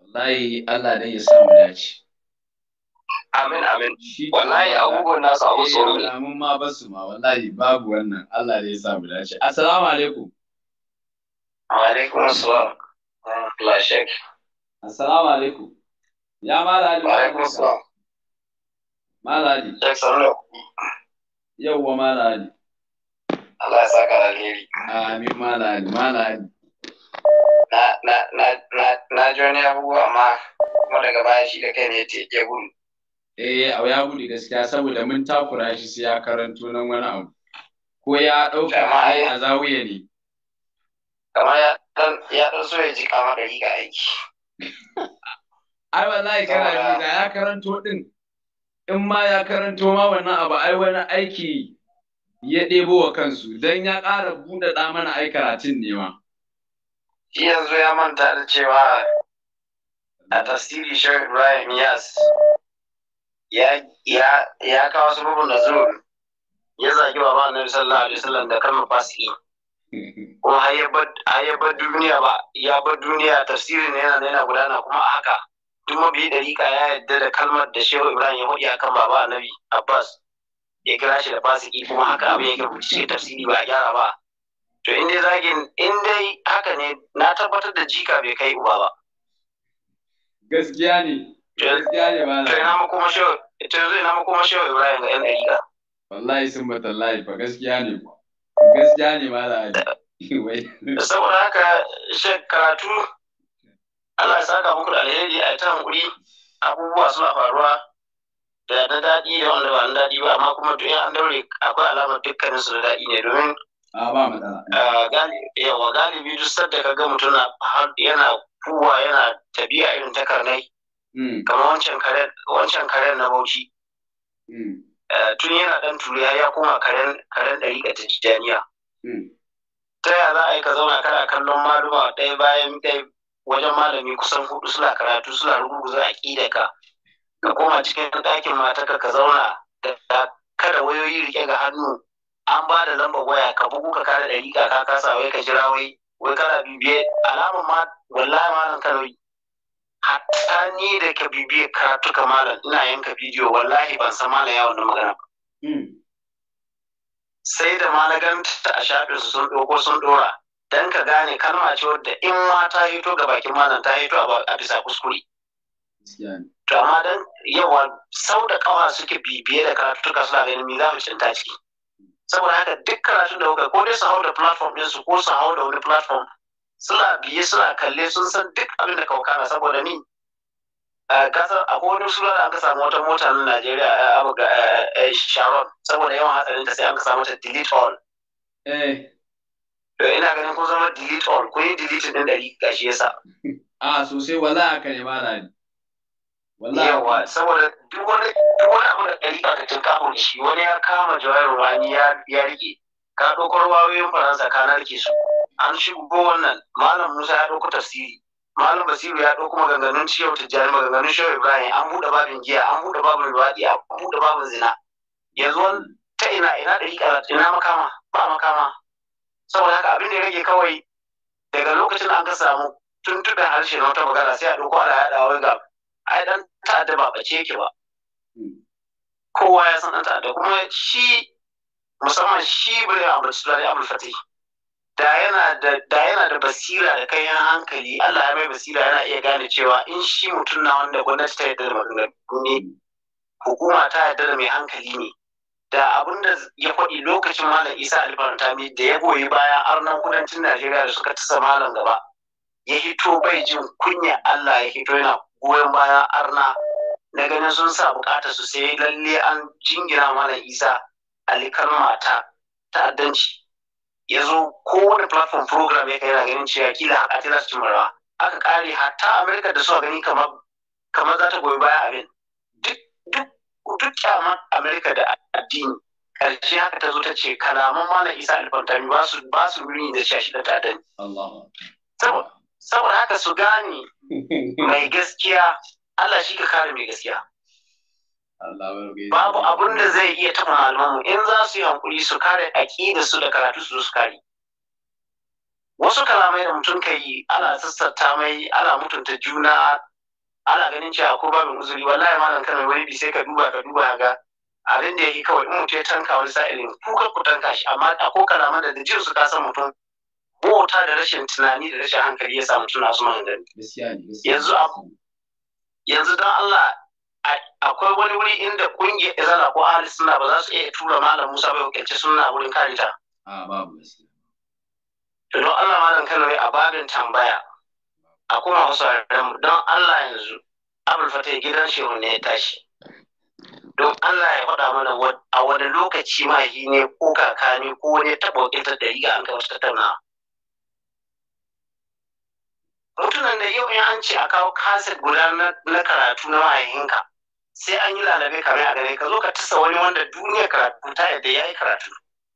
wallahi Allah ne ya samu dace amin amin wallahi abubuwan na samu eh, tsoro ne alamun ma su ma wallahi babu wannan Allah ne ya samu dace assalamu alaikum wa alaikum assalam la shek assalamu alaikum ya mala alaikum assalam Malali. Sheikh Sarlo. Yawwa Malali. Allah ya saka alheri. Amin Malali, Malali. Na na na na na ji wani abubuwa amma kuma daga baya shi da kai ne ya gudu. Eh, abu ya gudu gaskiya saboda mun takura shi sai ya karanto nan wani abu. Ko ya ɗauka a zawiya ne. Kamar ya ɗan so ya ji kama da riga aiki. *laughs* Ai wallahi kana da ya karanto ɗin in ma ya karanto ma wannan abu ai wani aiki ya ɗebo wa kansu don ya ƙara buɗaɗa mana ai karatun ne ma. yanzu ya manta da cewa a tasiri shar ibrahim yas ya kawo sababin da zuwa ya zagi wa na sallallahu alaihi wasallam da kalmar fasiki *laughs* kuma har ya bar duniya ba ya bar duniya ne yana yana gudana kuma a haka biyu da rika ya yarda da kalmar da shehu ibrahim ya hudi akan baba annabi abbas ya kira shi da fasiki kuma haka abin ya rubuce shi tafsiri ba a gyara ba to in dai zagin in dai haka ne na tabbatar da jika bai kai uba ba gaskiya ne gaskiya ne ba to ina kuma shehu to yanzu ina kuma shehu ibrahim ga yan dariƙa wallahi sun bata layi ba gaskiya ne ba gaskiya ne ma da *laughs* saboda haka shek karatu Allah ya saka muku da alheri a ta hankuri abubuwa suna faruwa da na daɗi da wanda ba na daɗi ba amma kuma duk an daure akwai alamar dukkanin su na daɗi ne domin yawa galibi duk sadda ka ga mutum yana kuwa yana tabiya irin ta karnai hmm. kamar wancan karen na bauchi hmm. tun yana ɗan turiya ya koma karen ɗari ga tijjaniya hmm. ta yaya za a yi ka zauna kana kallon maluma ɗaya bayan ɗaya wajen malami kusan hudu suna karatu suna za a ƙi da ka ka koma cikin ɗakin matarka ka zauna da kada wayoyi rike ga hannu an ba da lambar waya ka bugu ka kada ɗari ka kasa wai ka jira wai wai kana bibiye alamar ma wallahi malam kanoyi hatta ni da ka bibiye ka malam ina yanka bidiyo wallahi ban san malam ya wannan magana hmm. sai da malaganta a shafin su sun ɗauko sun ɗora dan ka gane kalma ce wadda in ma ta hito ga bakin malam ta hito a bisa kuskure to amma dan yawa sau da kawa suke bibiye da karatuka suna ganin mi za mu cinta ciki saboda haka duk karatun da kuka ko dai su hau da platform din su ko su hau da wani platform suna biye suna kalle sun san duk abin da kauka na saboda ni kasar a wani sura da aka samu wata mota na Najeriya abu ga Sharon saboda yawan hatsarin ta sai aka samu ta delete all eh. don ina ganin kun zama delete all kun yi delete din ɗari gashi yasa a sosai wala aka ne mala ne wala yawa saboda duk wani duk wani abu da ɗari ka tun kafin shi wani ya kama jawai rumani ya ya rike ka ɗauko ruwayoyin faransa ka narke su an shigo wannan malam musa ya ɗauko tafsiri malam basiru ya ɗauko maganganun ciyar tijjani maganganun shehu ibrahim an buɗe babin giya an buɗe babin luwaɗi an buɗe babin zina yanzu ta ina ina ɗari ina makama ba makama saboda haka abin da ya rage kawai daga lokacin an ka samu tuntuɓe harshe na wata magana sai a ɗauko ana yaɗa wai ga ai ɗan ta'adda ba ɓace yake ba hmm. kowa ya san ɗan ta'adda kuma shi musamman shi bai ambaci tulare abul fatih da yana da da yana da basira da kayan hankali Allah ya mai basira yana iya gane cewa in shi mutum na wanda gwamnati ta yarda da maganganu ne hukuma ta yarda da mai hankali ne da abin da ya faɗi lokacin malam isa alfarantami da ya goyi bayan arnan kudancin najeriya da suka tasa malam gaba ya hito bai jin kunya allah ya hito yana goyon bayan arna na ganin sun sa bukatar su sai lalle an jingina malam isa alikalma ta ta'addanci ya zo kowane platform program ya kai yana ganin cewa kila a tilas cimarawa aka kare hatta Amurka da a gani kamar za ta goyi baya abin duk kyaman Amerika da addini ƙarshe haka ta zo ta ce kalaman malam Isa Alfantami ba su ba su nuni da shashi da tadani. Saboda haka su gane *laughs* mai gaskiya Allah shi ka kare mai gaskiya. Babu abun da zai iya taɓa malamu in za su yi hankuri su kare aƙida su da karatu su su kare. Wasu kalamai da mutum ka yi ana sassata mai ana mutunta juna ana ganin cewa ko babu uzuri wallahi malam kana wani bi sai ka duba ka duba ga abin da yake kawai in mutum ya tanka wani sa'ilin ku ku tanka shi amma a ko kalaman da jin su ka san mutum Bota da rashin tunani da rashin hankali ya sa mutum na su maganganu yanzu yanzu don Allah akwai wani wuri inda kungiyar izala ko ahli suna ba za su iya tura malam Musa bai wakilci suna wurin karita a babu gaskiya to don Allah malam wai a babin tambaya akwai masu mu don Allah yanzu abul ya gidan shehu ne ya tashi don Allah ya faɗa mana a wani lokaci ma mahi ne ko kakani ko wani taɓa wakiltar da riga an kai wasu tattaunawa mutunan da yau in an ce a kawo kaset guda na karatu na mahaihinka sai an yi lalabe kamar a gare ka zo ka tasa wani wanda duniya karatu ta yadda ya yi karatu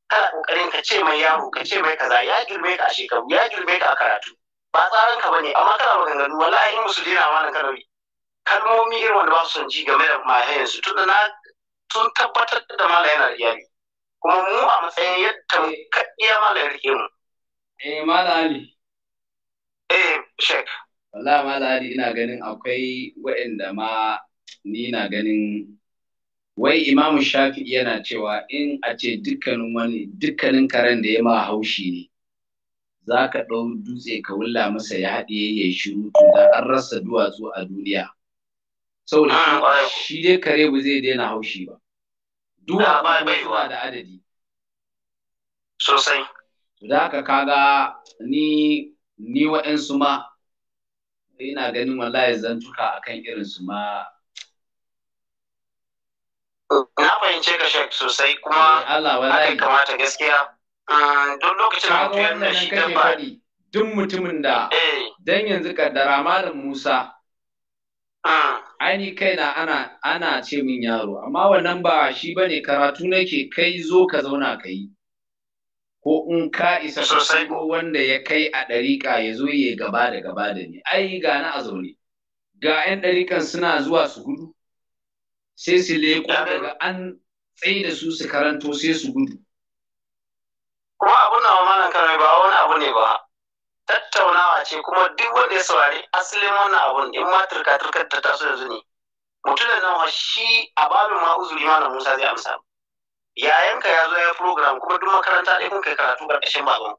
kana ƙoƙarin ka ce mai yaro ka ce mai kaza ya girme ka a shekaru ya girme ka a karatu ba tsarin ka bane amma kana maganganu wallahi in musu dina malam kanawi kalmomi irin wanda ba su son ji game da mahayan su tunda na sun tabbatar da malam yana da iyali kuma mu a matsayin yadda mu kaɗiya malam rike mu eh malam ali eh shek wallahi malam ali ina ganin akwai waɗanda ma ni na ganin wai imamu shafi'i yana cewa in a ce dukkanin wani dukkanin karen da ya ma haushi ne za ka ɗau dutse ka wulla masa ya haɗe ya yi shiru to da an rasa duwatsu a duniya saboda ah, shi dai kare ba zai daina haushi ba duwa ba bai da adadi sosai da haka kaga ni ni waɗansu ma ina ganin wallahi zantuka akan irin su ma na fahimce ka shek sosai kuma eh, Allah wallahi kamata gaskiya don lokacin a tuyar shi dan duk mutumin da eh. dan yanzu kaddara malam Musa ah. Aini kai na ana ana ce min yaro amma wannan ba shi bane karatu nake kai zo ka zauna ka yi ko in ka isa sosai ko wanda ya kai a ɗarika ya zo ya gaba da gaba da ni ai ga na a zaune ga 'yan ɗariƙan suna zuwa su gudu sai su leko daga an tsaye da su su karanto sai su gudu kuma abin nan malam karai ba wani abu ne ba tattaunawa ce kuma duk wanda ya saurari asalin wannan abun in ma turka turkar ta taso yanzu ne mutumin nan shi a babin ma uzuri malam Musa zai amsa yayanka ya zo ya program kuma duk makaranta ɗaya kun kai karatu ƙarƙashin baban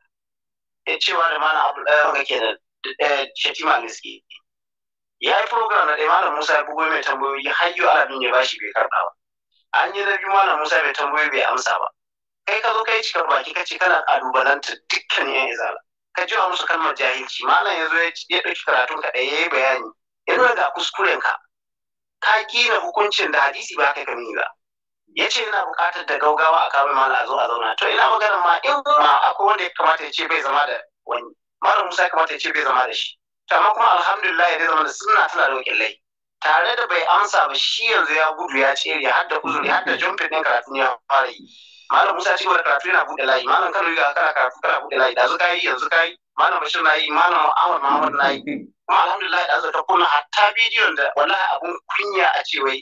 ya ce cewa da malam abu Ɗaya ga kenan eh, Shatima gaske. ya yi program na ɗaya malam Musa ya bugo mai tambayoyi har yau alamin ya bashi bai karɓa ba an yi na biyu malam Musa bai tambayoyi bai amsa ba kai ka zo kai cikar baki ka ce kana kalubalanta dukkan yan izala ka jiwa musu kalmar jahilci malam ya zo ya ɗauki karatun ka ɗaya ya yi bayani ya nuna ga kuskuren ka ka gina hukuncin da hadisi ba kai kami ba ya ce yana buƙatar da gaugawa a kama malam a zo a zauna to ina maganar ma in ma akwai wanda ya kamata ya ce bai zama da wani malam musa ya kamata ya ce bai zama da shi to amma kuma alhamdulillah ya zama da suna tana da lai tare da bai amsa ba shi yanzu ya gudu ya tsere ya hadda uzuri ya hadda jumfin ɗin karatun ya fara yi malam musa cewa karatu yana buɗe layi malam kano yi kana karatu kana buɗe layi da zuka yi yanzu ka yi malam bashir na yi malam ahmad muhammad na yi *laughs* kuma alhamdulillah da zuka kuna hatta bidiyon da wallahi abun kunya a ce wai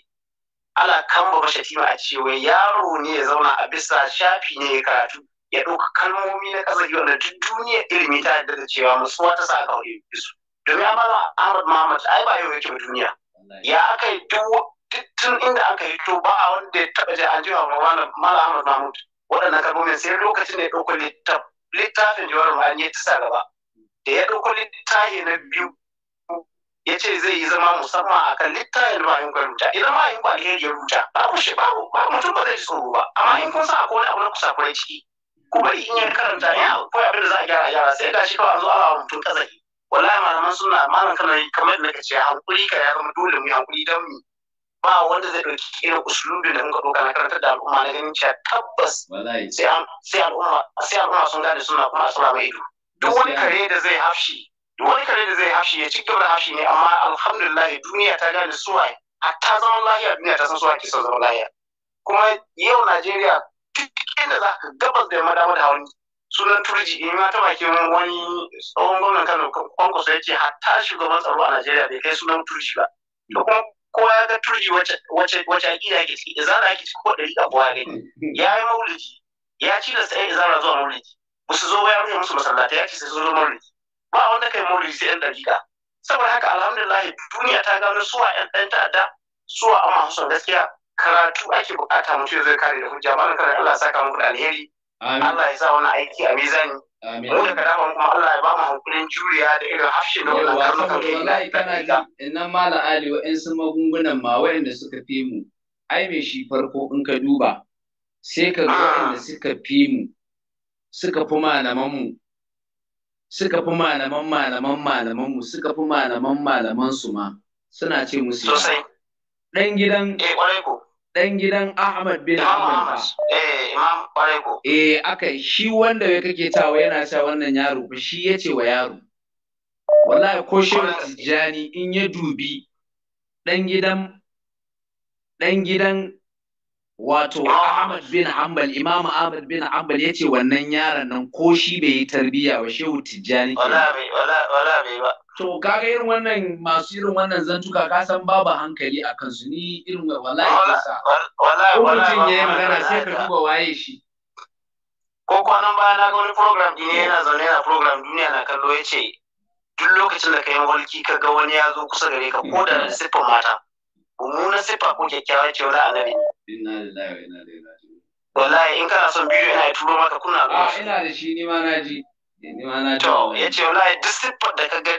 ala kamba tima a ce wai yaro ne ya zauna a bisa shafi ne ya karatu ya ɗauka kalmomi na yi wanda duk duniya ilimi ta yadda da cewa musuwa ta sa aka hore su domin amma ahmad muhammad ai ba yau yake duniya ya aka yi duk duk tun inda aka yi to ba a wanda ya taɓa jiya, an jiwa malam ahmad mahmud waɗannan kalmomin sai lokacin da ya ɗauko littafin jawar ma'an ya tisa gaba da ya ɗauko littafi na biyu ya ce zai yi zama musamman a kan littafin ma'ayin kwa rubuta idan ma'ayin kwa alheri ya rubuta babu shi babu ba mutum ba zai ji tsoro ba amma in kun sa a wani abu na kusakurai ciki kuma in yi karanta ya akwai abin da za a gyara a gyara sai ga shi kawai a zo a mutum kazafi wallahi malaman suna malam kana kamar da nake ce hankuri ka ya zama dole mu hankuri don mu ba wanda zai ɗauki irin usulubi da muka ɗauka na karantar da al'umma na ganin cewa tabbas sai al'umma sun gane suna kuma suna mai ido duk wani kare da zai hafshi duk wani kare da zai hafshi ya ci gaba da hafshi ne amma alhamdulillah duniya ta gane a hatta zaman lahiya duniya ta san suwa ke son zaman lahiya kuma yau Najeriya duk inda za ka gabas da yamma dama da hawan sunan turji in eh, ma ta bakin wani tsohon gwamnan Kano kwankwaso ya ce hatta shugaban tsaro a Najeriya bai kai sunan turji ba. Da kuma Kowa ya ga turji wace wace aƙida yake ciki izana yake ciki ko ɗari abuwa ya gani ya yi maulidi ya ci da sai izana zuwa maulidi musu zo ya rufe musu masallata ya ci sai zo maulidi ba wanda kai maulidi sai ɗan saboda haka alhamdulillah duniya ta gano suwa ɗan ɗan ta'adda suwa a masu gaskiya karatu ake buƙata mutum zai kare da hujja ba kare Allah ya saka muku da alheri Allah ya sa wani aiki a mizani Amin. Wanda ka dafa kuma Allah ya hankulin juriya da irin da mala Ali wa'insu magungunan ma waɗanda suka fi mu. Ai me shi farko in ka duba sai ka ga ah. waɗanda suka fi mu suka fi malaman mu suka fi malaman malaman malaman mu suka fi malaman malaman su ma suna ce musu. Sosai. Ɗan gidan. Eh ƙwarai ko. dan gidan Ahmad bin Ahmad. Eh, Imam Kwareko. Eh, aka shi wanda ya kake tawa yana sa wannan yaro, ba shi ya ce wa yaro. Wallahi ko shi Tijjani in ya dubi dan gidan dan gidan wato Ahmad bin Hanbal, Imam Ahmad bin Hanbal ya wannan yaron nan ko shi bai yi tarbiyya wa Shehu Tijjani. Wallahi wallahi wala ba. to kaga irin wannan masu irin wannan zantuka ka san babu hankali a kansu ni irin wallahi kasa ko mutum ya yi magana sai ka duba waye shi ko kwanan baya na ga wani program din yana zaune yana program duniya na kallo ya ce duk lokacin da ka yi walki ka ga wani ya zo kusa gare ka ko da na siffar mata na siffa ko kyakkyawa ce wani annabi Wala wallahi in kana son bidiyo ina turo maka kuna a ah, ina da shi ni ma na ji wala ya ce, wala wallahi duk siffar da ka ga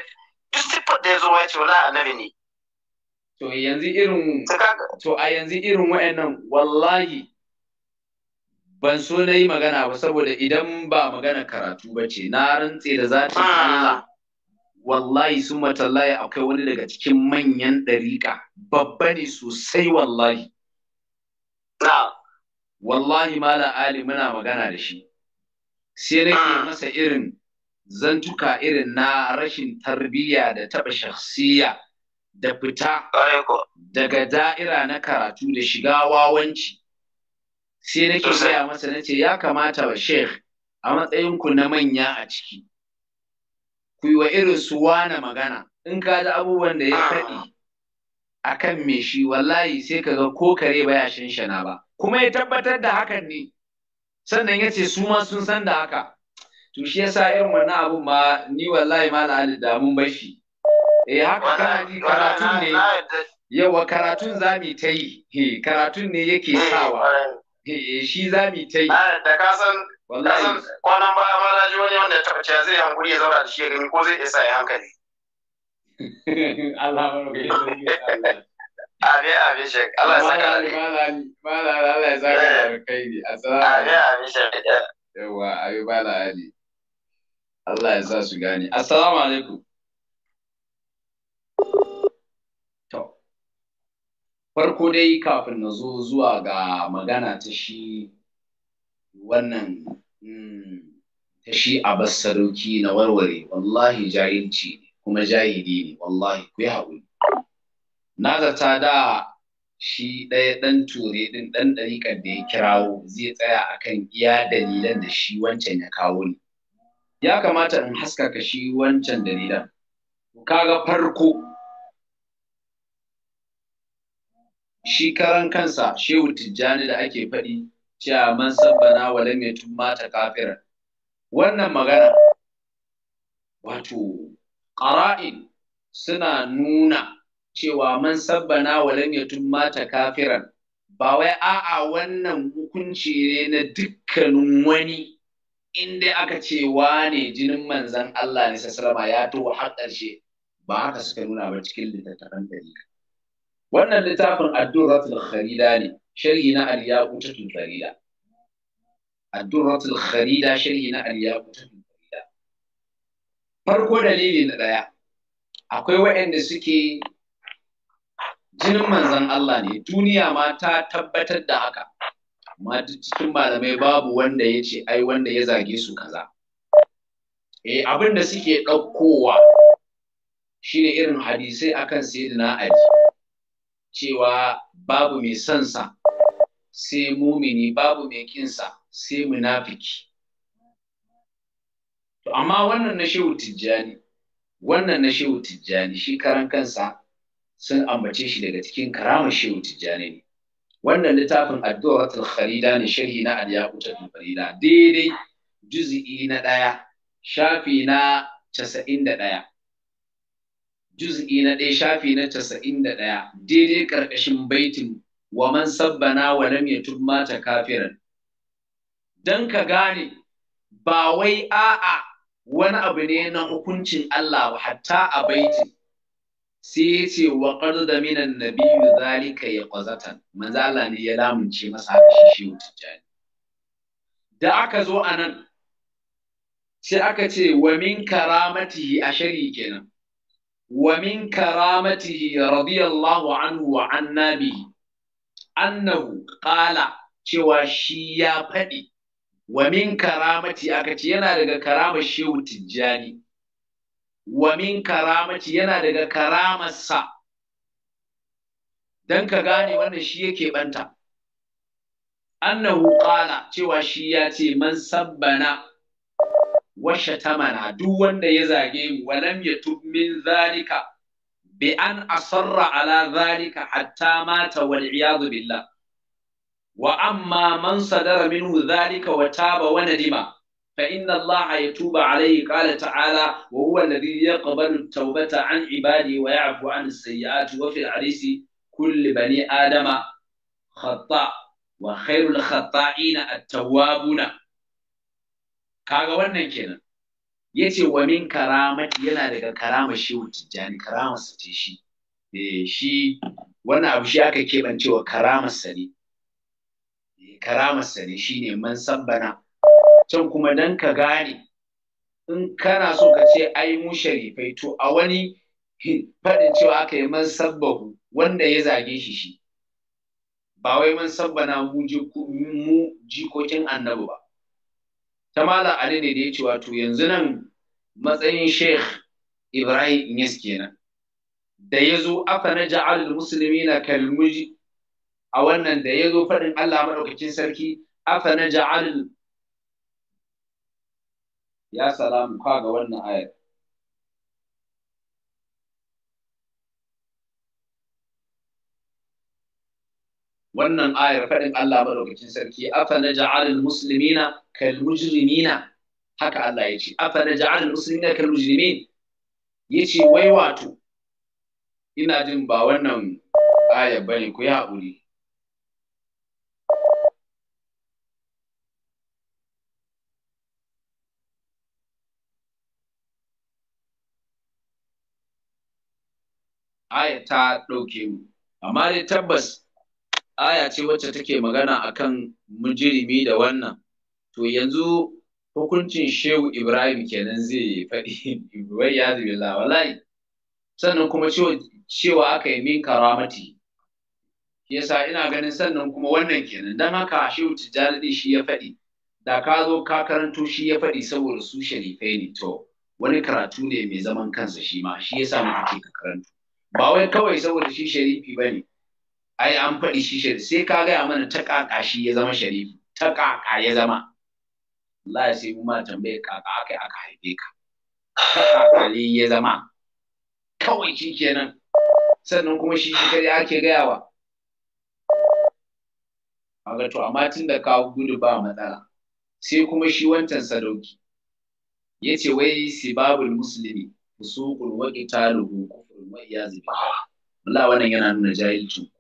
siffar da ya zo wala annabi ne to a yanzu irin wa'annan wallahi ban so na yi magana ba saboda idan ba magana karatu ba ce na rantse da zatin ah. Allah wallahi sun matallaye akwai wani daga cikin manyan ɗariƙa babba ne sosai wallahi wallahi mala ali muna magana da shi sai nake ah. masa irin zantuka irin na rashin tarbiyya da taɓa shakhsiya da fita daga da'ira na karatu da shiga wawanci sai nake saya masa na ce ya kamata wa sheikh a matsayinku na manya a ciki ku yi wa irin su wane magana in ka ji abubuwan da ya ah. faɗi a kan me shi wallahi sai ka ga ko kare ba ya shanshana ba kuma ya tabbatar da hakan ne sannan ya ce su ma sun san da haka to shi yasa irin wannan abun ma ni wallahi ma na da mun bashi eh haka kana ji karatun ne yawa karatun zami ta yi karatun ne yake eh, sawa shi zami ta yi da ka san wallahi kwanan baya ma da wani wanda ya tabbace zai hankuri ya zauna da shi ya gani ko zai isa ya hankali *laughs* Allah rubuta ya zai Abi abi shek. Allah ya saka malami malami Allah ya saka ni kai ne. Assalamu alaikum. Abi abi shek. Yawa abi bala Ali. Allah ya sa su gane. Assalamu alaikum. To, farko dai kafin na zo zuwa ga magana ta shi wannan mm, ta shi a na warware, wallahi jahilci ne, kuma jahili ne, wallahi ku yi haƙuri. Na zata da shi ɗaya ɗan ture ɗin ɗan ɗariƙar da ya kirawo zai tsaya akan iya dalilan da shi wancan ya kawo ne. ya kamata in haskaka shi wancan dalilan kaga farko shi karan kansa shehu tijjani da ake faɗi cewa man sabbana wa lam yatum mata kafiran wannan magana wato ƙara'in suna nuna cewa man sabbana wa lam yatum mata kafiran ba wai a'a wannan hukunci ne na dukkanin wani in dai aka ce wane jinin manzan Allah ne sassalama ya to har ƙarshe ba haka suka nuna ba cikin littattafan dalila wannan littafin Ratul kharida ne sharhi na Aliya Kutatun kharida Ratul kharida sharhi na Aliya Kutatun kharida farko dalili na ɗaya, akwai waɗanda suke jinin manzan Allah ne duniya ma ta tabbatar da haka amma duk cikin malamai babu wanda ya ce ai wanda ya zage su kaza eh abin da suke ɗaukowa ne irin hadisai akan sayyidina ali cewa babu mai sansa sai mumini babu mai kinsa sai munafiki to amma wannan na shehu tijjani wannan na shehu tijjani shi karan kansa sun ambace shi daga cikin karamar shehu tijjani ne wannan littafin addu'atul kharida ne sharhi na al-yaqutul kharida daidai juz'i na daya, shafi na 91 juz'i na ɗaya shafi na 91 daidai ƙarƙashin baitin wa man sabbana wa lam yatub mata kafiran dan ka gane ba wai a'a wani abu ne na hukuncin Allah hatta a baitin sai ya ce wa da minan nabiyyu zalika yaqazatan manzo Manzala ne ya lamunce masa haka shi shi da aka zo anan sai aka ce wa min karamatihi ashari kenan wa min karamatihi radiyallahu anhu wa anna annahu qala cewa shi ya faɗi wa min karamati aka ce yana daga karamar shehu tijjani wa min karamaci yana daga karamarsa dan ka gane wanda shi yake banta annahu qala cewa shi ya ce man sabbana wa shatamana duk wanda ya zage mu wa lam yatub min zalika bi an asarra ala zalika hatta mata wal iyad billah wa amma man sadara minhu zalika wa taba wa nadima فإن الله يتوب عليه قال تعالى وهو الذي يقبل التوبة عن عباده ويعفو عن السيئات وفي الحديث كل بني آدم خطاء وخير الخطائين التوابون kaga wannan kenan yace wa min karamati yana daga karama shi tijjani karama sa ce shi eh shi wannan abu shi aka kebancewa karamar karama-sani. Eh, karamar sa ne shine man sabbana can kuma dan ka gane in kana so ka ce ai mu sharifai to a wani faɗin cewa aka yi man sabbahu wanda ya zage shi shi ba wai man sabbana mu jikokin annabi ba ta mala ali ne da ya ce wato yanzu nan matsayin sheikh ibrahim inyas kenan da ya zo afa na ja'alul musulmi na kalmuji a wannan da ya zo faɗin allah maɗaukakin sarki afa na ja'alul ya salamu ka ga wannan ayar wannan ayar faɗin Allah madaukakin sarki afa naj'alul muslimina kal mujrimina haka Allah ya ce afa naj'alul muslimina kal mujrimin ce wai wato ina jin ba wannan ayar bane ku yi haƙuri aya ta ɗauke mu amma dai tabbas aya ce wacce take magana akan mujirimi da wannan to yanzu hukuncin shehu ibrahim kenan zai faɗi *laughs* wai ya zube wallahi sannan kuma cewa aka yi min karamati yasa ina ganin sannan kuma wannan kenan don haka shehu tijjani shi ya faɗi da ka zo ka karanto shi ya faɗi saboda su sharifai ne to wani karatu ne mai zaman kansa shi ma shi yasa muka ke ka karanto ba wai kawai saboda shi sharifi ba ne ai an faɗi shi sharifi sai ka gaya mana ta ƙaƙa shi ya zama sharifi ta ƙaƙa ya zama Allah ya sai mu ma tambaye ƙaƙa akai aka haife ka ta ƙaƙa ne ya zama kawai shi kenan sannan kuma shi shi kare ake gayawa kaga to amma tun da ka gudu ba matsala sai kuma shi wancan sadauki yace wai sibabul muslimi fusuqul wa qitaluhu wa iyazu billah wallahi wannan yana nuna jahilcin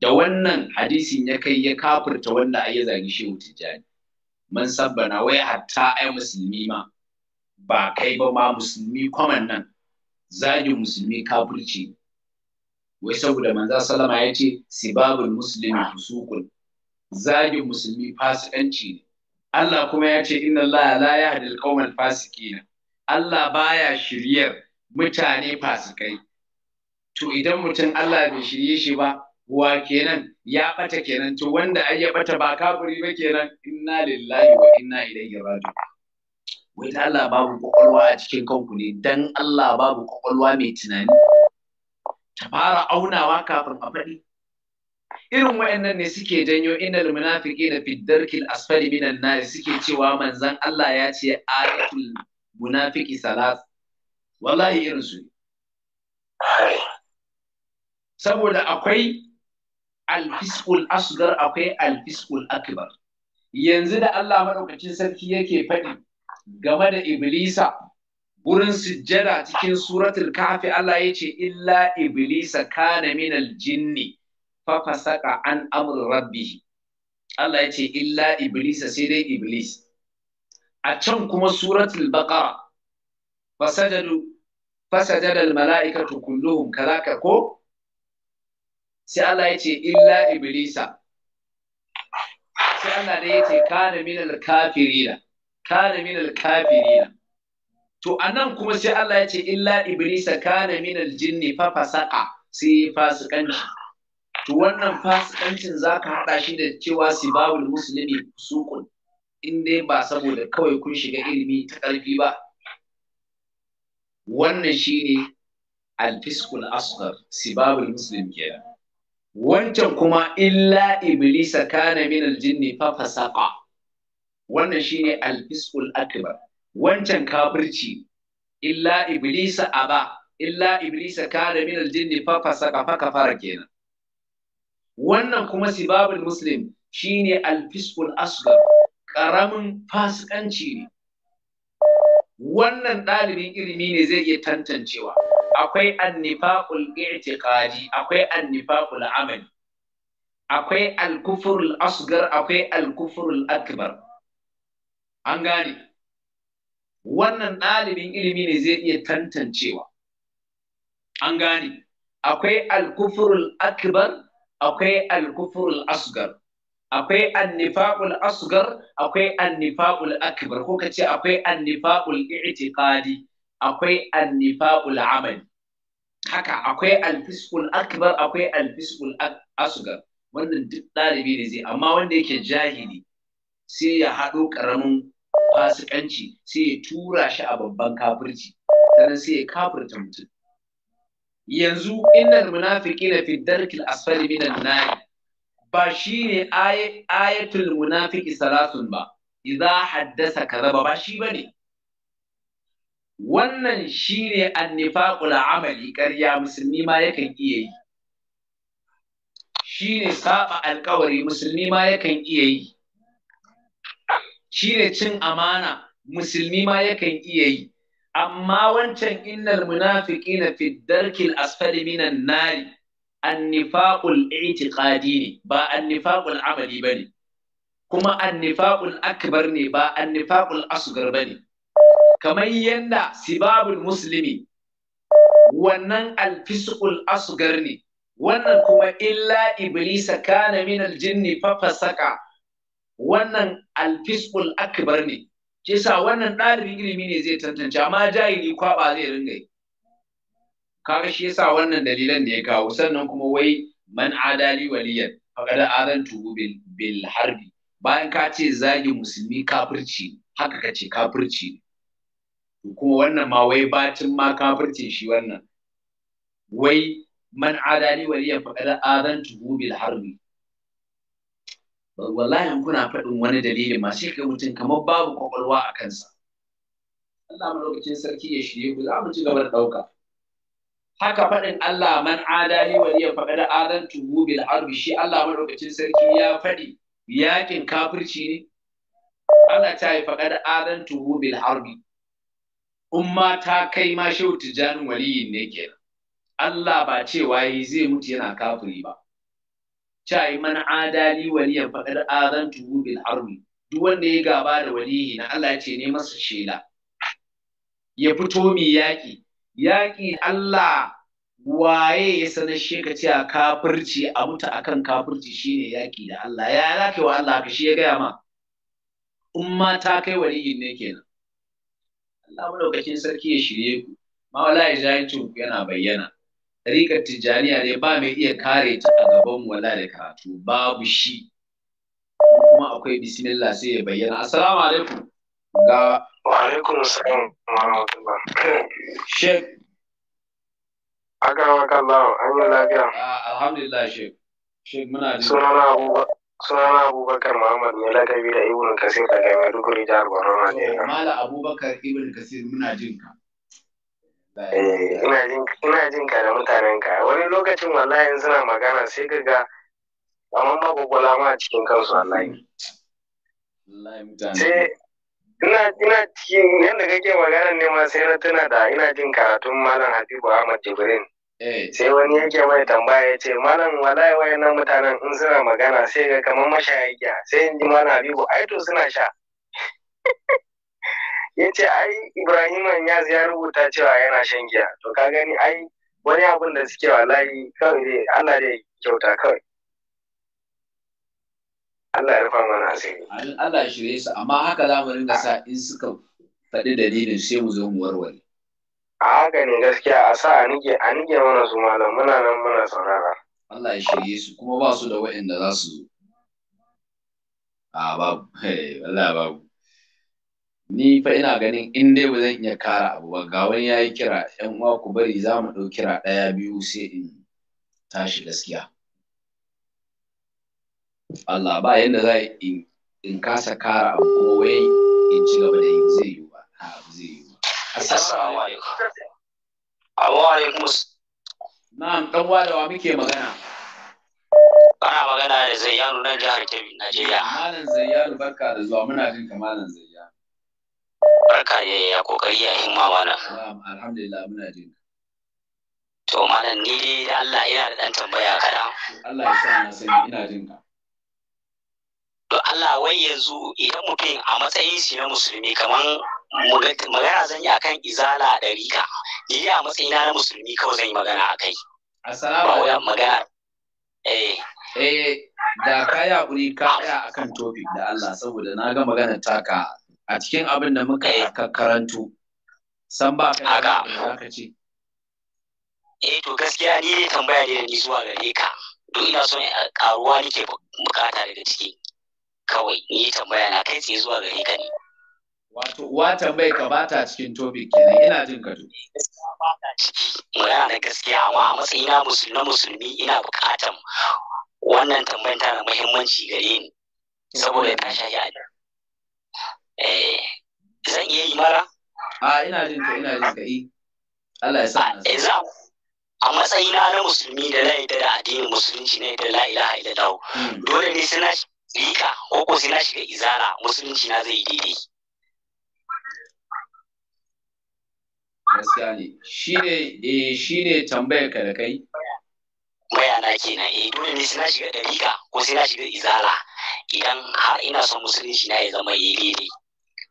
da wannan hadisin ya kai ya kafirta wanda ai ya zagi shehu tijjani man sabbana wai hatta ai musulmi ma ba kai ba ma musulmi kwaman nan zagin musulmi kafirci wai saboda manza salama ya ce sibabul muslimi fusukun zagin musulmi fasikanci ne Allah kuma ya ce inna Allah la yahdi qawmal fasiqina Allah baya shiryar mutane fasikai to idan mutum Allah bai shirye shi ba wa kenan ya bata kenan to wanda ai ya bata ba kafiri ba kenan inna lillahi wa inna ilaihi raji'un wai ta Allah babu kwakwalwa a cikin kanku ne dan Allah babu kwakwalwa mai tunani ta fara aunawa kafin a faɗi irin waɗannan ne suke janyo innal munafiqina fi darkil asfali minan nar suke cewa manzon Allah ya ce ayatul munafiki salas wallahi irin saboda akwai alfiskul asgar akwai alfiskul akbar yanzu da Allah madaukakin sarki yake faɗi game da iblisa gurin sujjada cikin suratul kafi Allah yace illa iblisa kana minal jinni fa fasaka an amr rabbih Allah ya illa iblisa sai dai iblis a can kuma suratul baqara fasajadu fasajada almala'ikatu kulluhum kazaka ko sai Allah ya ce illa iblisa sai Allah ne ya ce kana minal kafirina kana minal kafirina to anan kuma sai Allah ya ce illa iblisa kana minal jinni fa fasaqa sai fasikanci to wannan fasikancin zaka hada shi da cewa sibabul muslimi sukun in dai ba saboda kawai kun shiga ilimi ta ƙarfi ba wannan shine al-fiskul asghar sibabul muslim kenan wancan kuma illa iblisa kana min al-jinni fa fasaqa wannan shine al-fiskul akbar wancan kafirci illa iblisa aba illa iblisa kana min al-jinni fa fasaqa fa kafara kenan wannan kuma sibabul muslim shine al-fiskul asghar karamin fasikanci ne wannan ɗalibin ilimi ne zai iya tantancewa akwai annifaqul i'tiqadi akwai annifaqul amali akwai alkufurul asgar akwai alkufurul akbar an gane wannan ɗalibin ilimi ne zai iya tantancewa an gane akwai alkufurul akbar akwai alkufurul asgar akwai annifaul asgar akwai annifaqul akbar ko ka ce akwai annifaqul i'tiqadi akwai annifaqul amal haka akwai alfiskul akbar akwai alfiskul asgar wannan duk ɗalibi ne zai amma wanda yake jahili sai ya haɗo ƙaramin fasikanci sai ya tura shi a babban kafirci sannan sai ya kafirta mutum yanzu innal munafiqina fi darkil asfali minan nar ba shi ne ayatul munafiki salasun ba iza haddasa kadhaba ba shi wannan shi ne annifaqul amali ƙarya musulmi ma yakan iya yi shi ne saba alkawari musulmi ma yakan iya yi shi ne cin amana musulmi ma yakan iya yi amma wancan innal munafiqina fi darkil asfali minan nari annifaqul i'tiqadi ne ba annifaqul amali bane kuma annifaqul akbar ne ba annifaqul asghar bane kamar yanda sibabul muslimi wannan alfisqul asghar ne wannan kuma illa iblisa kana min aljinni fa wannan alfisqul akbar ne shi wannan ɗalibin ilimi ne zai tantance amma jahili kwaba zai ringa yi kaga shi yasa wannan dalilan da ya kawo sannan kuma wai man adali waliyan faqad adantu bil bil harbi bayan ka ce zagi musulmi kafirci haka ka ce kafirci kuma wannan ma wai bacin ma kafircin shi wannan wai man adali waliyan faqad adantu bil harbi wallahi kuna faɗin wani dalili ma sai kai mutum kamar babu kwakwalwa a kansa Allah malokacin sarki ya shirye ku za mu ci gaba da ɗauka haka faɗin Allah man adali waliyan faɗa da adan tuhu bil harbi shi Allah madaukakin sarki ya faɗi yakin kafirci ne Allah ta yi faɗa da adan tuhu bil harbi umma ta kai ma shehu tijanin waliyin ne kenan Allah ba cewa yi zai mutu yana kafiri ba ta yi man adali waliyan faɗa da adan tuhu bil harbi duk wanda ya gaba da waliyi na Allah ce ne masa shela ya fito mi yaƙi yaƙi Allah waye ya sanar shi ka ce a kafirci a mutu akan kafirci shine yaƙi da Allah ya zaka wa Allah ka shi ya gaya ma in ma ta kai waliyin ne kenan Allah lokacin sarki ya shirye ku ma wala ya cin ku yana bayyana tarikar tijjaniya ne ba mai iya kare ta a gaban wala da karatu babu shi kuma akwai bismillah sai ya bayyana assalamu alaikum ga Wa alaikum salam wa rahmatullah. *clears throat* Sheikh. Aka maka Allah, an yi lafiya. Ah, alhamdulillah Sheikh. Sheikh muna da Sunana Abubakar. Abubakar Muhammad mai lakabi da Ibn Kasir daga Maiduguri jihar Borno ne. Eh, Mala Abubakar Ibn Kasir muna jin ka. Eh, ina jin ka da mutanen ka. Wani lokacin wallahi suna magana sai ka ga amma magwagwala ma cikin kansu wallahi. Wallahi mutane. ina ina cikin yadda kake magana ne ma sai na tuna da ina jin karatun malam Habibu Ahmad Jibrin eh. sai wani yake mai tambaya ya ce malam wallahi wayannan mutanen in suna magana sai ga kamar giya. sai in ji malam Habibu ai to suna sha *laughs* ya ce ai Ibrahim ya ya rubuta cewa yana shan giya to ka gani ai wani abun da suke wallahi kawai Allah dai kyauta kawai Allah ya fama mana asiri Allah ya shirye su amma haka za mu ringa sa in suka faɗi dalilin sai mu zo mu warware a haka ne gaskiya a sa a nige a nige mana su malam muna nan muna saurara Allah ya shirye su kuma ba su da waɗanda za su zo a babu Allah babu ni fa ina ganin in dai ba zan iya kara abu ba ga wani yi kira yan uwa ku bari za mu ɗau kira ɗaya biyu sai in tashi gaskiya Allah ba yanda za in in kasa kara a kowai in ci gaba da yin zai yi ba ha zai yi ba assalamu alaikum wa alaikum na'am dan da wa muke magana kana magana da Zayyanu nan jihar Kebbi Najeriya malam Zayyanu barka da zuwa muna jin ka malam Zayyanu barka ne ya kokari ya himma mana na'am alhamdulillah muna jin ka to malam ni dai da Allah ina da dan tambaya kada Allah ya sa na sani ina jin ka to Allah wai yanzu idan mutum a matsayin shi na musulmi kaman magana zan yi akan izala da rika, ni a matsayina na musulmi kawai zan yi magana a kai ba alaikum magana eh eh da ka yi haƙuri ka tsaya akan topic da Allah saboda na ga magana taka a cikin abin da muka eh. karantu, san ba ka da ka ce eh to gaskiya ni ne tambaya ne da ni zuwa gare ka duk ina son karuwa eh, nake bukata daga ciki kawai ni tambaya na kai tsaye zuwa gare ka ne wato uwa tambayi ka bata cikin topic kenan ina jin ka to Ina na gaskiya amma a matsayi na musulmi ina bukatan wannan tambayan tana da muhimmanci gare ni saboda ta shafi a eh zan iya yi mara a ina jin ka ina jin ka yi eh. Allah ya sa na eh, a matsayina na musulmi da na da addinin musulunci na da la'ila ha'ila illallah hmm. dole ne suna na Rika ko ko sai na shiga izara musulunci na zai daidai. Gaskiya ne, shi ne eh, tambayar ka da kai? Bayana kenan, eh dole ne sai na shiga ɗarika ko sai na shiga izara idan har ina son musulunci na ya zama ya daidai.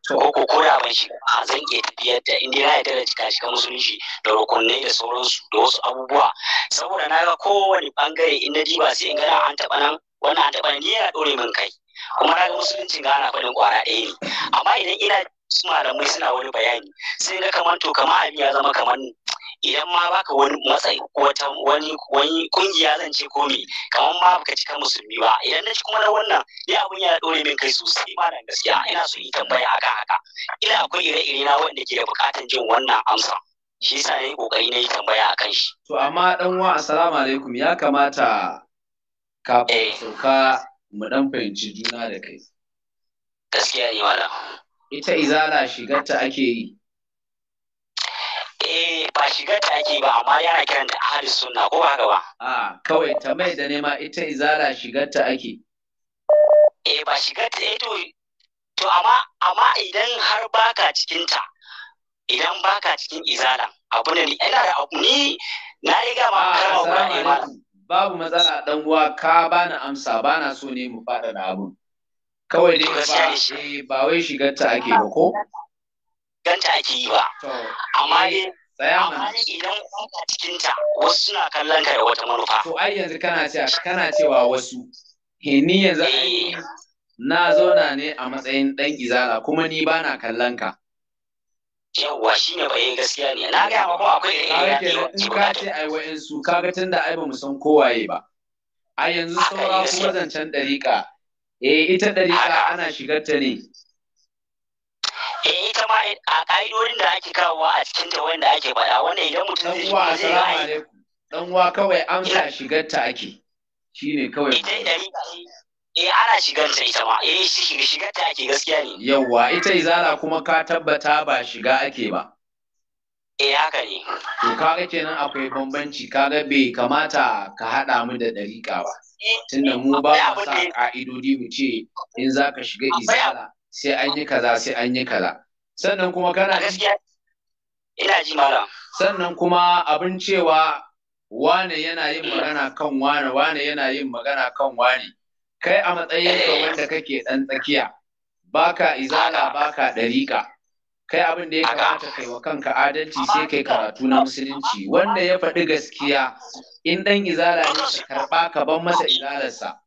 Ko ko ko da ban shiga ba zan iya tafiyar da inda na yarda da ta shiga musulunci da rukunai da sauransu da wasu abubuwa saboda na ga kowane bangare in na diba sai in gana an taɓa nan wannan an taɓa ni yana ɗore min kai kuma na ga musuluncin ga ana faɗin ƙwara ɗaya ne amma idan ina su malamai suna wani bayani sai ga kamar to kamar abin ya zama kamar idan ma baka wani matsayi ko wata wani wani kungiya zan ce komi kamar ma baka cika musulmi ba idan na ci kuma na wannan ni abun ya ɗore min kai sosai ba nan gaskiya ina so yi tambaya akan haka ina akwai ire-ire na wanda ke da bukatan jin wannan amsa shi yasa ne ƙoƙari na yi tambaya akan shi to amma ɗan wa assalamu alaikum ya kamata kafin ka eh. mu dan fahimci juna da kai gaskiya ne wala ita izala shigarta ake yi eh ba shigarta ake ba amma yana kiran da ahli sunna ko haka ba a kawai ta mai da nema ita izala shigarta ake eh ba shigarta eh to to amma amma idan har baka cikin ta idan baka cikin izala abu ne ni ina da abu ni na riga ma karama ne ma babu matsala dan uwa ka bani amsa bana so ne mu faɗa da abun kawai dai ba eh, ba wai shigar ta ake ba ko ganta ake yi ba amma dai amma idan ka cikin ta wasu suna kallon ka da wata manufa to ai yanzu kana cewa kana cewa wasu eh, ni yanzu eh. na zauna ne a matsayin dan izala kuma ni bana kallon ka yawwa shi ne bai eh, gaskiya ne na gaya ba akwai irin in ka ce ai wa'insu Ka ga tunda ai ba mu san kowaye ba a yanzu saura kuma zancen ɗariƙa eh ita ɗariƙa ana shigar ta ne eh ita ma a ƙa'idodin da ake kawowa a cikin ta wanda ake faɗa wanda idan mutum zai shiga zai ga dan wa kawai amsa shigar ta ake shine kawai ita ɗariƙa eh ana shiganta ita ma eh shi shiganta ake gaskiya ne yawwa ita izala kuma ka tabbata ba shiga ake ba eh haka ne to kaga kenan akwai bambanci kaga bai kamata ka haɗa mu da ɗariƙa ba eh, tunda mu ba mu sa ka'idodi mu ce in za ka shiga izala sai an yi kaza sai an yi kaza sannan kuma kana gaskiya ina ji malam sannan kuma abin cewa wane yana yin magana kan wane wane yana yin magana kan wane kai a matsayin ka wanda kake ɗan tsakiya baka izala baka ɗariƙa kai abin da ya kamata kai wa kanka adalci sai kai karatu na musulunci wanda ya faɗi gaskiya in ɗan izala ne ka karɓa ka ban masa izalarsa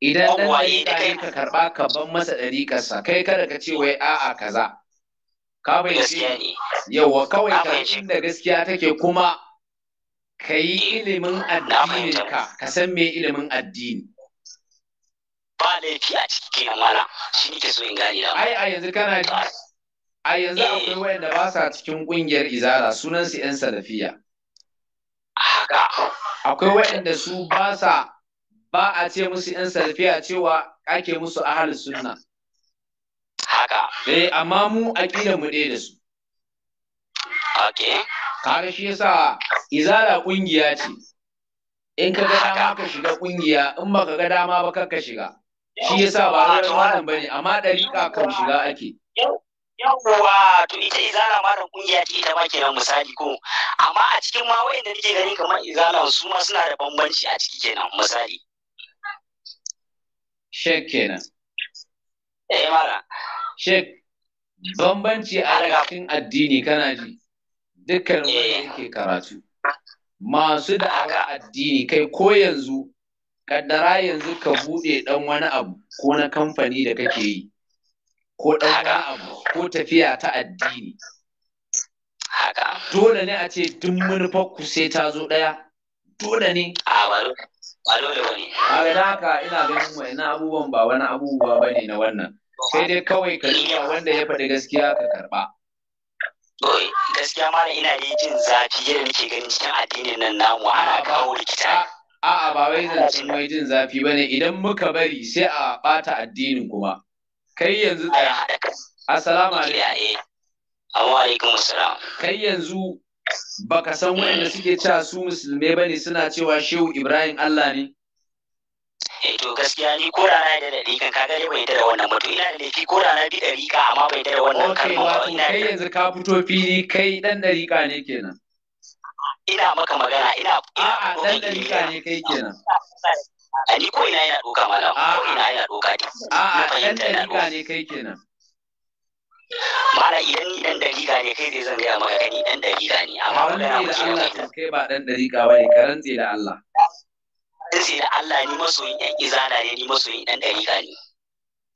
idan ɗan ka ne ka karɓa ka ban masa ɗariƙarsa kai kada ka ce wai a'a kaza ka bai ce yawa kawai ka da gaskiya take kuma ka yi ilimin addinin ka ka san me ilimin addini ba laifi a cikin kenan shi nake so in gani da ai a yanzu kana a yanzu eh. akwai wayanda ba sa cikin kungiyar Izara sunan su yan salafiya haka akwai wayanda su ba sa ba a ce musu yan salafiya cewa ake musu ahlus sunna haka eh amma mu aqida mu ɗaya da su oke kaga shi yasa Izara kungiya ce in ka ga dama ka shiga kungiya in ba ka ga dama ba ka shiga shi yasa ba ranar malam bane amma dalika kan shiga ake yawwa to ita izala ma da kungiya ce ita ma kenan misali ko amma a cikin ma da nake gani kamar izala su ma suna da bambanci a ciki kenan misali shek kenan eh mara shek bambanci a cikin addini kana ji dukkan wanda eh. yake karatu masu da addini kai ko yanzu kaddara yanzu ka buɗe ɗan wani abu ko na kamfani da kake yi ko ɗan abu ko tafiya ta addini dole ne a ce duk manufar ku sai ta zo ɗaya dole ne a da haka ina ganin wa na abubuwan ba wani abubuwa ba ne na wannan sai dai kawai ka duba wanda ya faɗi gaskiya ka karɓa gaskiya mana ina yi jin zafi yadda nake ganin cikin addinin nan namu ana kawo rikita a'a ba wai zancen wai jin zafi ba ne idan muka bari sai a ɓata addinin kuma kai yanzu assalamu alaikum kai yanzu baka san wanda suke cewa su musulmai bane suna cewa shehu ibrahim allah ne eh to gaskiya ni ko rana da dari kan kaga bai da wannan mutu ina da laifi ko rana bi dari amma bai da wannan kalma ba ina kai yanzu ka fito fili kai dan dari ne kenan ina maka magana ina ina dan ina ne kai kenan a ni ko ina yana doka malam ko ina yana doka ne. a dan dalika ne kai kenan mala idan ni dan dalika ne kai zai zan ga maka ni dan dalika ne amma magana mu ce kai ba dan dalika bane karantse da Allah dan sai da Allah ni masoyin yan izana ne ni masoyin dan dalika ne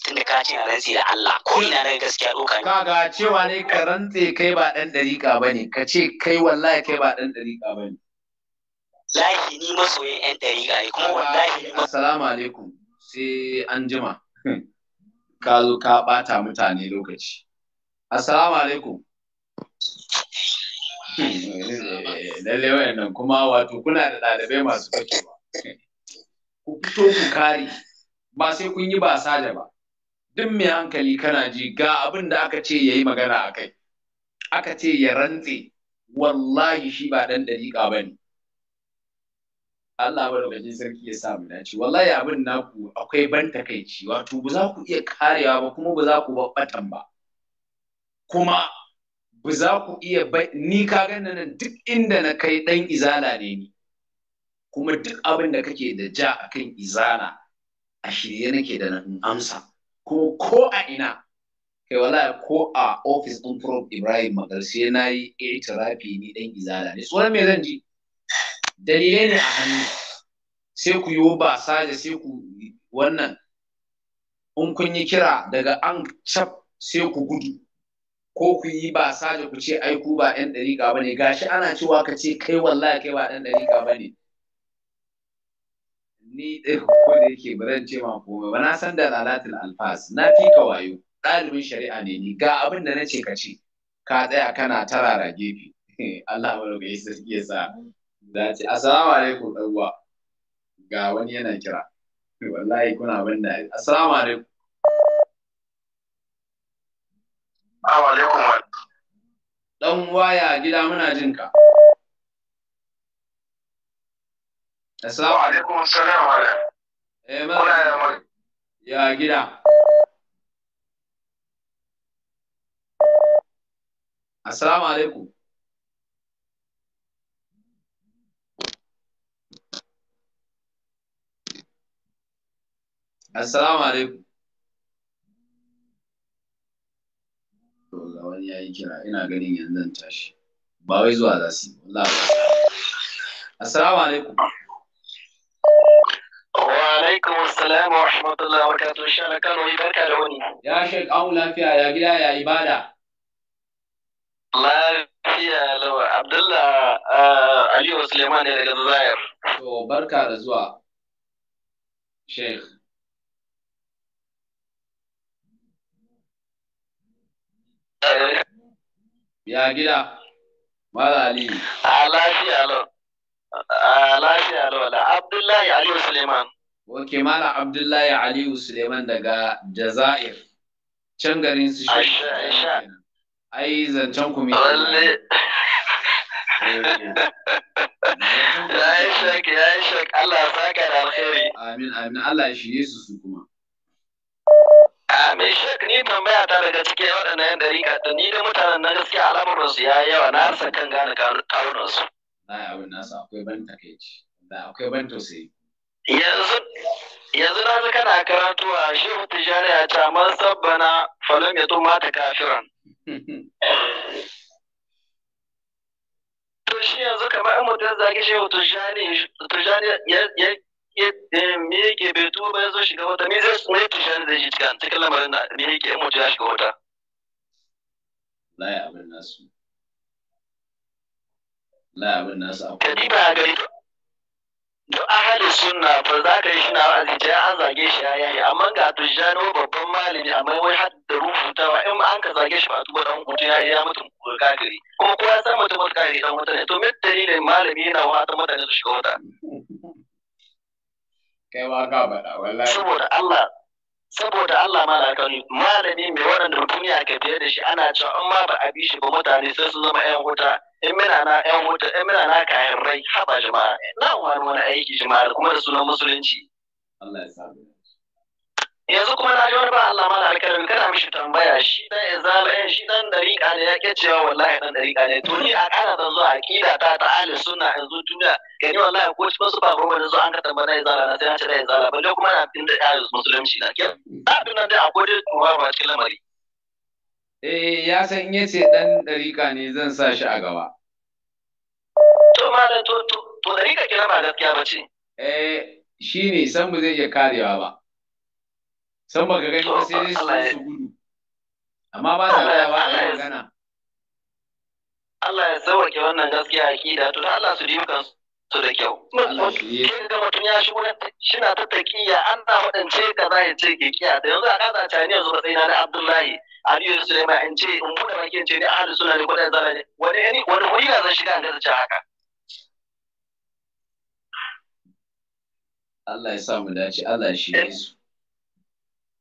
tunda ka ce rantsi da Allah ko ina na gaskiya doka ne kaga cewa ne ka rantse kai ba dan dariƙa bane ka ce kai wallahi kai ba dan dariƙa bane lahi ni masoyin yan dariƙa ne kuma wallahi assalamu alaikum sai an jima ka zo ka bata mutane lokaci assalamu alaikum lalle wayannan kuma wato kuna da ɗalibai masu fakewa ku fito ku kare ba sai kun yi ba da ba duk mai hankali kana ji ga abin da aka ce ya yi magana a kai aka ce ya rantse wallahi shi ba ɗan ɗariƙa ba ne Allah ba da sarki ya sa mu dace wallahi abin naku akwai ban takaici wato ba za ku iya karewa ba kuma ba za ku babbatan ba kuma ba za ku iya ni ka gana nan duk inda na kai ɗan izana ne ni kuma duk abin da kake da ja a kan izana, a shirye nake da nan amsa ko ko a ina kai wala ko a ofis ɗin prof ibrahim magarsi na yi itirafi ni dan izala ne tsoron me zan ji dalilai ne a hannu sai ku yi ba saje sai ku wannan in kun yi kira daga an cap sai ku gudu ko ku yi ba saje ku ce ai ku ba yan dariƙa bane gashi ana cewa ka ce kai wallahi kai ba ɗan dariƙa bane ni ɗaya ko da yake ba zan ce ma komai ba na san da lalatul alfas na fi ka wayo ɗalibin shari'a ne ni ga abin da nace ka ce ka tsaya kana tarara gefe *laughs* Allah mu roƙe sarki ya sa ce assalamu alaikum dan uwa ga wani yana kira *laughs* wallahi kuna abin da assalamu alaikum Assalamu alaikum dan waya gida muna jin ka Assalamu alaikum salamu alaikum. Eh malam. Ya gida. Assalamu alaikum. Assalamu alaikum. Wani ya yi yayi kira ina ganin yanzu zan tashi. Ba wai zuwa za Wallahi. Assalamu alaikum. alaikum assalam wa rahmatullahi wa barakatuh insha kan wani barka da wani ya shek an lafiya ya gida ya ibada lafiya lawa abdullah aliyu suleiman ne daga zayar to barka da zuwa sheikh ya gida mara ali a lafiya lawa a lafiya lawa abdullahi aliyu suleiman Oke, Mala Abdullahi Aliyu Suleiman daga Jazair. Can garin su shi. Ai, zancen ku mai. *laughs* Ya yi shak, ya yi shak, Allah ka da alheri. Amin, amin, Allah shi Yesu su kuma. Amin, shak, ni tambaya ta daga cike waɗannan yan dariƙa da ni da mutanen na gaske al'amuran su ya yawa na rasa kan gane kawunan su. Na yi abin nasa akwai ban takaici, da akwai ban tausayi. yanzu yanzu na kana karatu a shehu tijjani a ce man sabbana falon ya ta kafiran to shi yanzu kamar in mutum zaki shehu tijjani tijjani ya me yake bai tuba ya zo shiga wata me zai me tijjani zai ji cikin cikin lamarin na? me yake in mutum ya shiga wata la ya abin nasu la ya abin nasu akwai duk ahalin suna ba za ka yi shi na wa'azi ta an zage shi ya yi amma ga tujjani babban malami amma wai har da ba in an ka zage shi ba su dan hutu ya ya mutum kakiri kuma ya san mutum kakiri dan mutane ne to me dalilin malami yana wata mutane su shiga wuta kai ma ka wallahi saboda Allah saboda Allah malakani malami mai wannan duniya ka biye da shi ana cewa in ma ba a bi shi ba mutane sai su zama 'yan wuta emira eh, na yan wuta emira eh, na kayan rai haba jama'a na wani wani aiki jama'a kuma da sunan musulunci yanzu kuma na ji wani ba Allah mana alkarin kana mishi tambaya shi dan izalayen eh, shi dan dariƙa ne yake cewa wallahi dan dariƙa ne to ni a kana da zuwa aqida ta ta ahli sunna yanzu duniya gani wallahi ko ci su babu wanda zo an ka tambaya izala na sai an ce da izala balle kuma na tin da ahli musulunci na ke abin nan dai akwai da kuma ba cikin lamari Eh ya san ya ce ɗan ɗarika ne zan sa shi a gaba. To malam to to ɗarika kira ba gaskiya ba ce. Eh shi ne san ba zai iya karewa ba. San ba ka gani ba sai dai su gudu. Amma ba sa rayawa a gana. Allah ya sauwake wannan gaskiya akida to Allah su dimu su da kyau. Kin ga mutum ya shigo shina ta taƙiya an da waɗance za ya ce ke kiya da yanzu a kasa ta ne yanzu ba sai na da Abdullahi. Aliyu da Suleiman in ce in buɗe baki in ce ni ahalu suna ne kwaɗan zara ne wani yani wani kuri na zan shiga in gaza haka. Allah ya sa mu dace Allah shi ne su.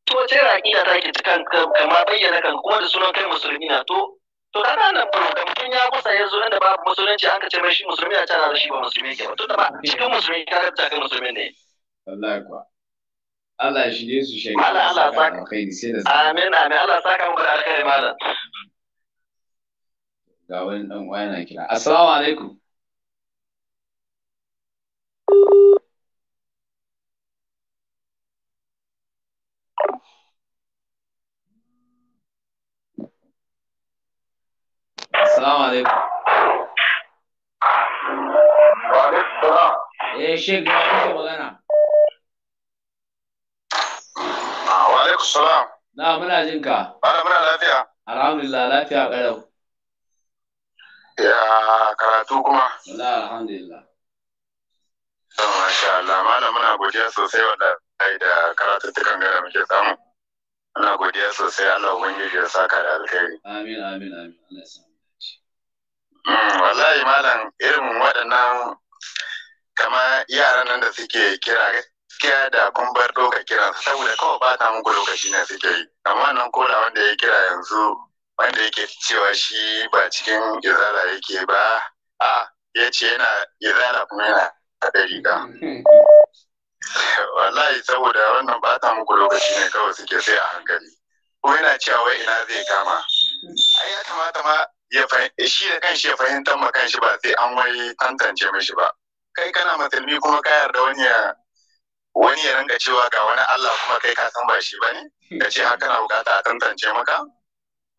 To ce raƙiya ta ke cikin kama bayyana kan kuma da sunan kai musulmi na to to ta ta nan baro, da mutum ya kusa ya zo inda babu musulunci an ka ce mai shi musulmi na cana da shi ba musulmi ke ba to da ba cikin musulmi ka ta kai musulmi ne. Allah ya kuwa. Allah shi ne su shaidu. Allah Allah saka alkhairi sai da sa. Amin amin Allah saka muku da alkhairi malam. Ga wani dan uwa yana kira. Assalamu alaikum. Assalamu alaikum. Wa alaikum salam. Eh shi shek, ba magana. alaikum salam na muna jin ka bana muna lafiya alhamdulillah lafiya karau ya karatu kuma la alhamdulillah to masha Allah malam muna godiya sosai wa da karatuttukan gada muke samu muna godiya sosai Allah ubangiji ya saka da alkhairi amin amin amin Allah ya hmm, wallahi malam irin waɗannan kama yaran nan da suke kira gaskiya da kun bar ɗauka kira saboda kawai ba ta muku lokaci na suke yi amma nan kola wanda ya kira yanzu wanda yake cewa shi ba cikin izala yake ba a ya ce yana izala kuma yana da riga *laughs* wallahi saboda wannan ba ta muku lokaci ne kawai suke sai a hankali ko yana cewa wai ina zai kama ai ya kamata ma ya eh, shi da kanshi ya fahimtar ma kanshi ba sai an wai tantance mishi ba kai kana musulmi kuma ka yarda wani ya wani ya rinka cewa ga wani Allah kuma kai ka san ba shi ba ne ka ce haka na bukata a tantance maka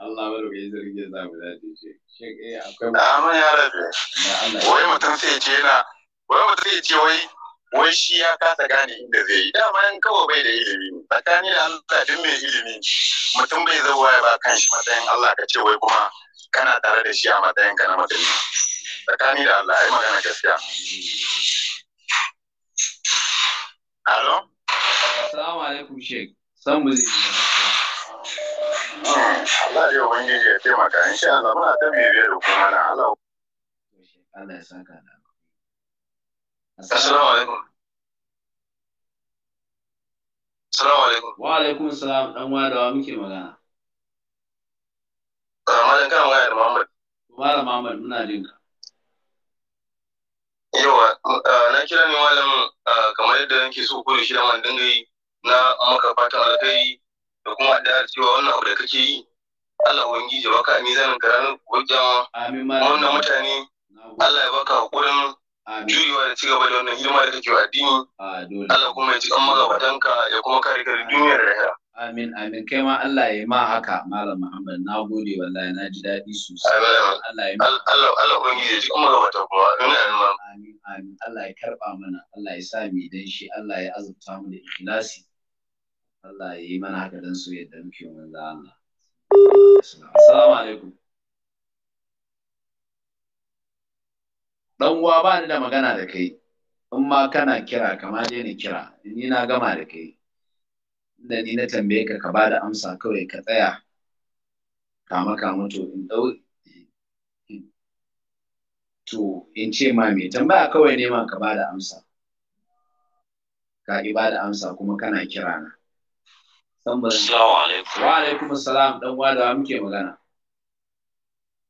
Allah ba bai zargi za mu dace ce eh, akwai ya rabe wai mutum sai ce yana, wai mutum sai ce wai wai shi ya kasa gane inda zai yi dama yan kawai bai da ilimi tsakani da Allah duk mai ilimi mutum bai zo ya ba kan shi matsayin Allah ka ce wai kuma kana tare da shi a matsayin ka na mutum tsakani da Allah ai magana gaskiya Alo? Assalamu alaikum Sheikh. San mu zai Allah ya ubangiji ya taimaka insha Allah muna ta bibiye da kuma na Allah. Allah ya saka da. Assalamu alaikum. Assalamu alaikum. Wa alaikum salam dan wadawa muke magana. Ah, malam kan waya da Muhammad. Malam Muhammad muna jinka. yawa eh, na kira ne malam eh, kamar yadda nake so ko shi da man dinga yi na maka fatan alkai da kuma da cewa wannan abu da kake yi Allah ubangiji baka mizanin karanin gojama wannan mutane Allah ya baka hakurin juyewa da ci gaba da wannan hidima da kake wa addini Allah kuma ya ci kan magabatanka ya kuma kare ka da duniyar lahira Amin, amin. Kai ma Allah ya yi ma haka, Malam Muhammad. Na gode wallahi, na ji daɗi sosai. Allah ya ma. Allah Allah ubangi ya ji kuma ga mata kuma. Amin, amin. Allah ya karɓa mana. Allah ya sa mu dan shi. Allah ya azurta mu da ikhlasi. Allah ya yi mana haka dan so yadda muke manzo Allah. Assalamu alaikum. Dan uwa ba ni da magana da kai. In ma kana kira, kama dai ni kira. Ni na gama da kai. da ni na tambaye ka ka ba da amsa kawai ka tsaya kama kama to in dau to in ce ma me tambaya kawai ne ma ka ba da amsa ka yi ba da amsa kuma kana kira na assalamu alaikum wa alaikum assalam dan wadawa muke magana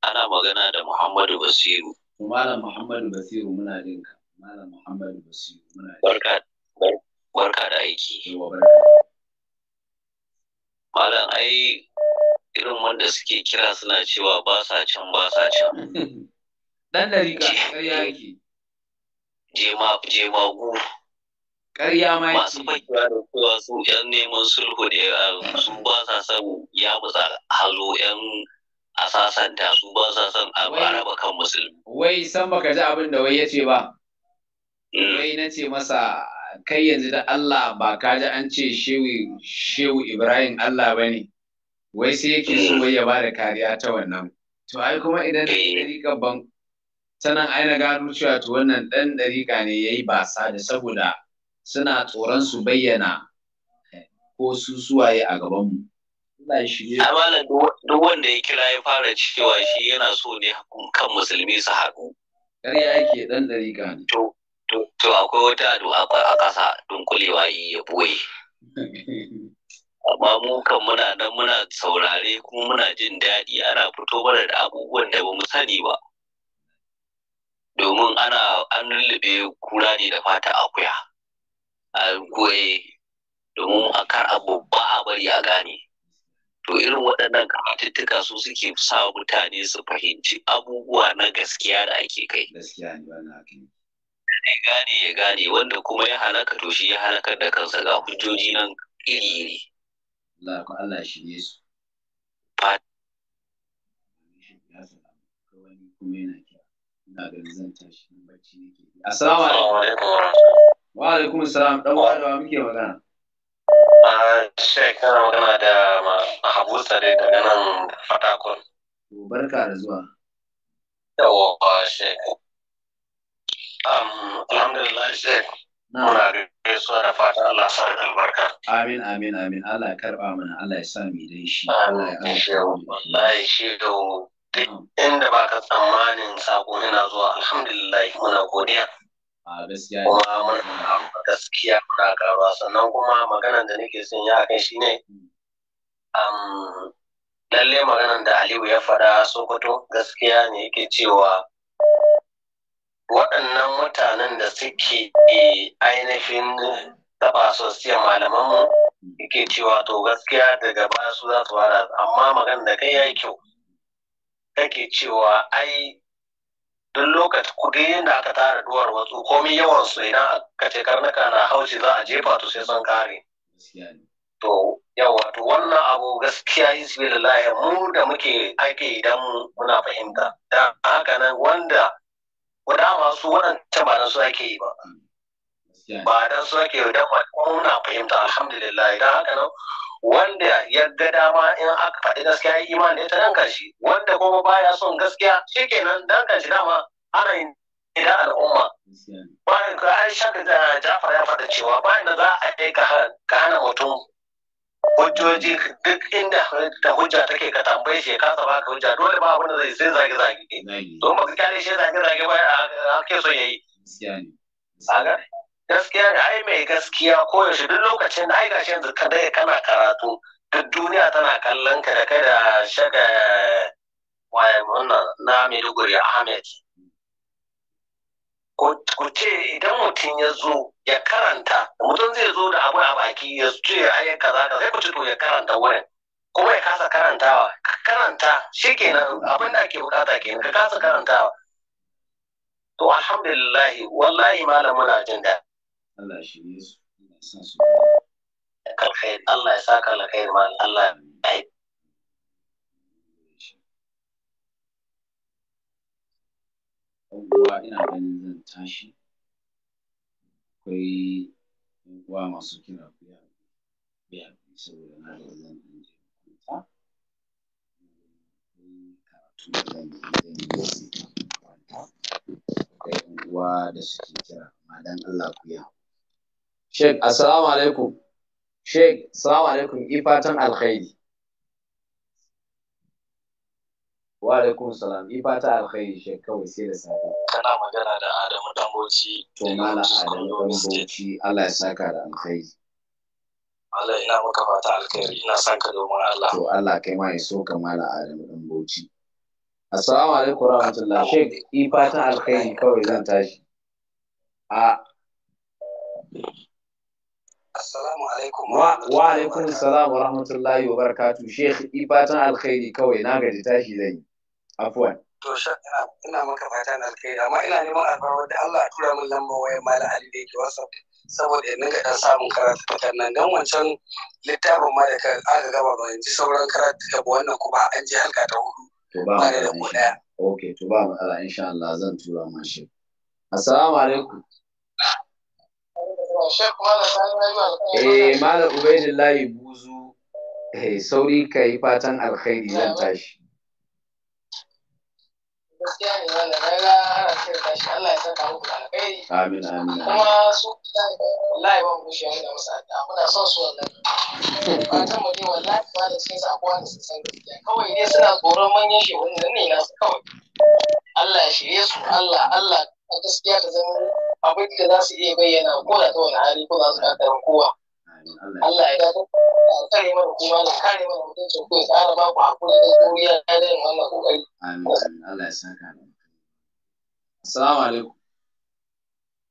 ana magana da Muhammadu Basiru Malam Muhammadu Basiru muna jinka Malam Muhammadu Basiru muna jinka barka barka da aiki yawa barka malam ai irin wanda suke kira suna cewa ba sa can ba sa can *laughs* dan da ka ƙarya yake Je ma gu ƙarya ma masu fakewa da kowa, su yan neman sulhu da su ba sa san ya buza halo yan asasanta sasanta su ba sa son a kan musulmi wai san baka ji abin da wai yace ba mm. wai na ce masa kai yanzu da Allah ba ka ji an ce shehu Ibrahim Allah ba ne wai sai yake so ya ba da kariya ta wannan to ai kuma idan eh. dariƙa ban sanan ai na gano cewa to wannan ɗan dariƙa ne ya ba basa da saboda suna tsoron su bayyana eh, ko su suwaye a gaban mu Amala duk wanda ya kira ya fara cewa shi yana so ne kan musulmi su haɗu. Ƙarya yake ɗan dariƙa ne. to akwai wata addu'a a ƙasa dunkulewa yi ya buye amma mu kan muna nan muna saurare kuma muna jin daɗi ana fito mana da abubuwan da ba mu sani ba domin ana an lullube kura ne da fata akuya a goye domin a kar a ba a bari a gane to irin waɗannan karatuttuka su suke sa mutane su fahimci abubuwa na gaskiya da ake kai ya gane ya gane wanda kuma ya halaka to shi ya halakar da kansa ga hujjoji nan iri iri Allah ku Allah shi ne su fat ina ganin zan tashi bacci nake assalamu alaikum wa alaikum assalam dan da muke magana Shekara kana magana da Habu Sare daga nan Fatakon. Barka da zuwa. Yawwa, Sheik. Um, alhamdulillah Sheikh. Muna gaisuwa da fata Allah sa da albarka. Amin amin amin Allah ya karba mana Allah ya sa mu dai shi. Allah ya shehu wallahi shehu duk inda baka tsammanin sako yana zuwa alhamdulillah muna godiya. A gaskiya Kuma muna gaskiya muna karuwa sannan kuma maganan da nake son ya kai shine um, lalle maganan da Aliyu ya faɗa Sokoto gaskiya ne yake cewa waɗannan mutanen da suke eh, ainihin taba sosiyan malamanmu ke cewa to gaskiya daga baya su za su fara amma magan da kai ya kyau kake cewa ai duk lokaci kudi yadda aka tara duwar wasu komi yawan su idan aka ce karnuka na haushi za a jefa to sai sun kare to yawa to wannan abu gaskiya isbilillahi mu da muke ake idan muna fahimta da haka nan wanda wadda masu waɗanta ba nan su ake yi ba ba dan su ake yi don muna fahimta alhamdulillah idan haka nan wanda ya ga dama in aka faɗi gaskiya ya imani ta dan kashi wanda kuma baya son gaskiya shi kenan danka dama ana yin idan al'umma bayan ka aisha da eh, jafa ya faɗa cewa bayan da za a yi ka hana mutum hujjoji duk inda da hujja take ka tambaye shi ka saba ka hujja dole ba wanda zai sai zage zage don ba ka kyale shi zage zage ba a ke so yayi gaskiya ne ai mai gaskiya ko yaushe duk lokacin ai gashi yanzu ka dai kana karatu duk duniya tana kallon ka da kai da shaga waye wannan na Maiduguri Ahmed ku ce idan mutum ya zo ya karanta mutum zai zo da abu a baki ya ce ya yi kaza da sai ku ci to ya karanta wurin kuma ya kasa karantawa karanta shi kenan abin da ake bukata kenan ka kasa karantawa to alhamdulillah wallahi malam muna jin da Allah shi ne su alkhair Allah ya saka alkhair malam Allah ya ina ganin rubuta akwai uwa masu kira biya ya biya saboda na da zan je kwanta karatu da zan yi zan yi kwanta akwai uwa da suke kira amma Allah ku ya Sheikh assalamu alaikum Sheikh assalamu alaikum ifatan alkhairi Wa alaikum salam. Ni fata alkhairi shi kawai sai da safe. Kana magana da Adamu Dangoci. To mala Adamu Dangoci Allah ya saka da alkhairi. Allah ina maka fata alkhairi ina saka domin Allah. To Allah kai ma ya so ka mala Adamu Dangoci. Assalamu alaikum rahmatullah. Sheikh i fata alkhairi kawai zan tashi. A Assalamu alaikum. Wa alaikum salam wa rahmatullahi wa barakatuh. Sheikh i fatan alkhairi kawai na gaji tashi zai yi. afuwan to shakka ina maka fata na alkhairi amma ina neman alfarma da Allah tura min lambar wayar malam Ali da yake wasa saboda in ga dan samun karatu nan dan wancan littafin ma da aka gaba ba yanzu sauran karatu da wannan kuma an ji halka ta hudu to ba mu da ko daya okay to ba mu matsala insha Allah zan tura ma shi assalamu alaikum Eh, Malam Ubaidullahi Buzu, eh, sauri ka yi fatan alkhairi zan tashi. gaskiya ne wannan na ga ana cire tashi Allah ya saka muku da alkhairi amin amin kuma su wallahi ban bushe da musu addu'a muna son su wallahi fatan mu ne wallahi ba da sai sako da su san gaskiya kawai dai suna tsoron manyan shi wannan ne su, kawai Allah ya shirye su Allah Allah gaskiya da zama abin da za su iya bayyana ko da ta wani hali ko za su kaddara kowa Allah ya kare mana kuma na kare mana mutuncin ku ya kara ba ku hakuri da juriya da yin wannan kokari. Amin. Allah ya saka mu. Assalamu alaikum.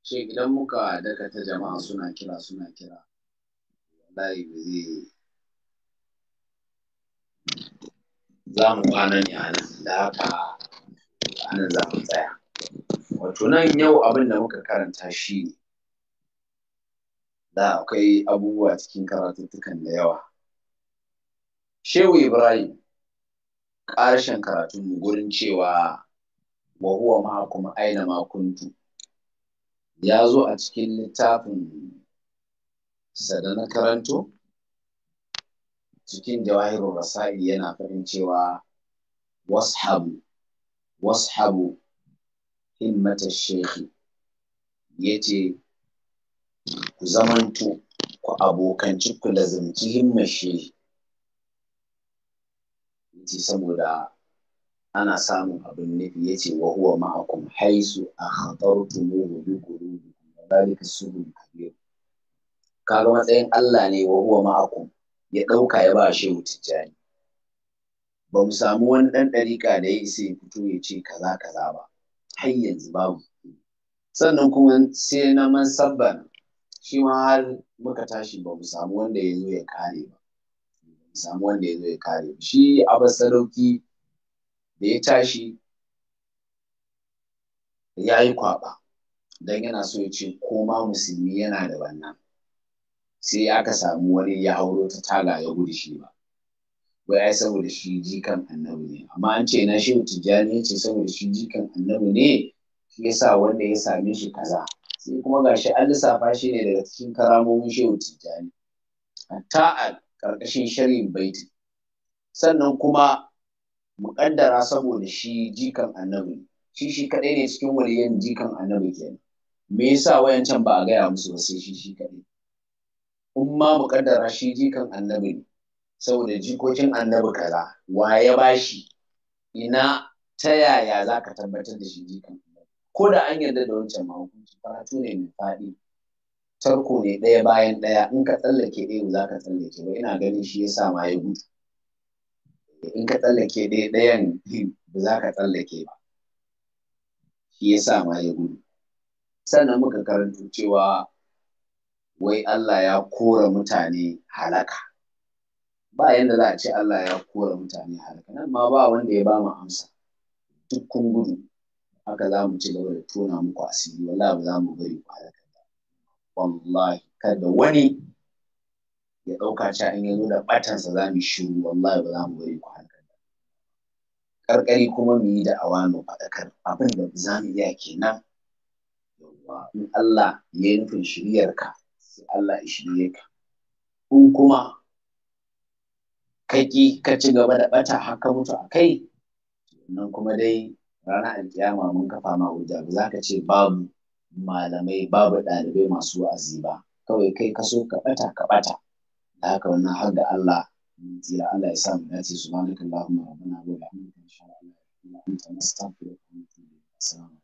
Shi idan muka dakata jama'a suna kira suna kira. Wallahi ba zai za mu kwana ne a nan da haka a nan za mu tsaya. Wato nan yau abin da muka karanta shi ne da akwai abubuwa cikin karatuttukan da yawa. Shehu Ibrahim, ƙarshen mu gurin cewa wa huwa ma'akum aina ma kuntu ya zo a cikin littafin da na karanto cikin jawahirun rasa'i yana faɗin cewa washabu washabu himmata shekhi ya ce ku zamanto ku abokanci ku lazimci himma shehi yace saboda ana samun abin nufi yace wa huwa ma'akum haisu a akhatartumuhu bi qulubikum wa dhalika sirrun kabir kaga matsayin Allah ne wa huwa ma'akum ya dauka ya ba shehu tijjani ba mu samu wani ɗan dariƙa da ya isa ya fito ya ce kaza kaza ba har yanzu babu sannan kuma sai na man sabbana shi ma har muka tashi ba mu samu wanda ya zo ya kare ba mu samu wanda ya zo ya kare ba shi abar sadauki da ya tashi ya yi kwaba don yana so ya ce koma musulmi yana da wannan sai aka samu wani ya hauro ta taga ya gudu shi ba wai ai saboda shi jikan annabi ne amma an ce na shehu tijjani ce saboda shi jikan annabi ne shi yasa wanda ya same shi kaza sai kuma gashi an lissafa shi ne daga cikin karamomin shehu tijjani hatta karkashin ƙarƙashin shirin baiti sannan kuma muƙaddara saboda shi jikan annabi shi shi kaɗai ne cikin waliyan jikan annabi kenan me yasa wayancan ba a gaya musu ba sai shi shi kaɗai in ma muƙaddara shi jikan annabi ne saboda jikokin annabi kaza wa ya bashi ina ta yaya za ka tabbatar da shi jikan annabi ko da an yarda da wancan ma hukunci karatu ne mai faɗi tarko ne ɗaya bayan ɗaya in ka tsallake ɗaya ba za ka tsallake ba ina ganin shi ya sa ma ya gudu eh, in ka tsallake ɗaya ɗayan ba za ka tsallake ba shi ya sa ma ya gudu sannan muka karanto cewa wai Allah ya kora mutane halaka ba yanda za a ce Allah ya kora mutane halaka nan ma ba wanda ya ba mu amsa duk kun gudu haka za mu ci gaba da tona muku asiri wallahi ba za mu bari ku halaka ba wallahi kada wani ya ɗauka ci in ya da da batansa za mu shiru wallahi ba za mu bari ku halaka ba karkari kuma mu yi da awano faɗakar abin da za mu iya kenan yawwa in Allah ya yi nufin ka sai Allah ya shirye ka in kuma kaki ka ci gaba da bata haka mutu a kai nan kuma dai ranar alkiyama mun kafa ma hujja ba za ka ce babu malamai babu ɗalibai masu wa'azi ba kawai kai ka so ka ɓata ka ɓata da haka wannan har da Allah mun Allah ya sa mu dace subhanakallahumma rabbana wa bihamdika insha Allah illa ta nastaghfiruka wa da ilayk assalamu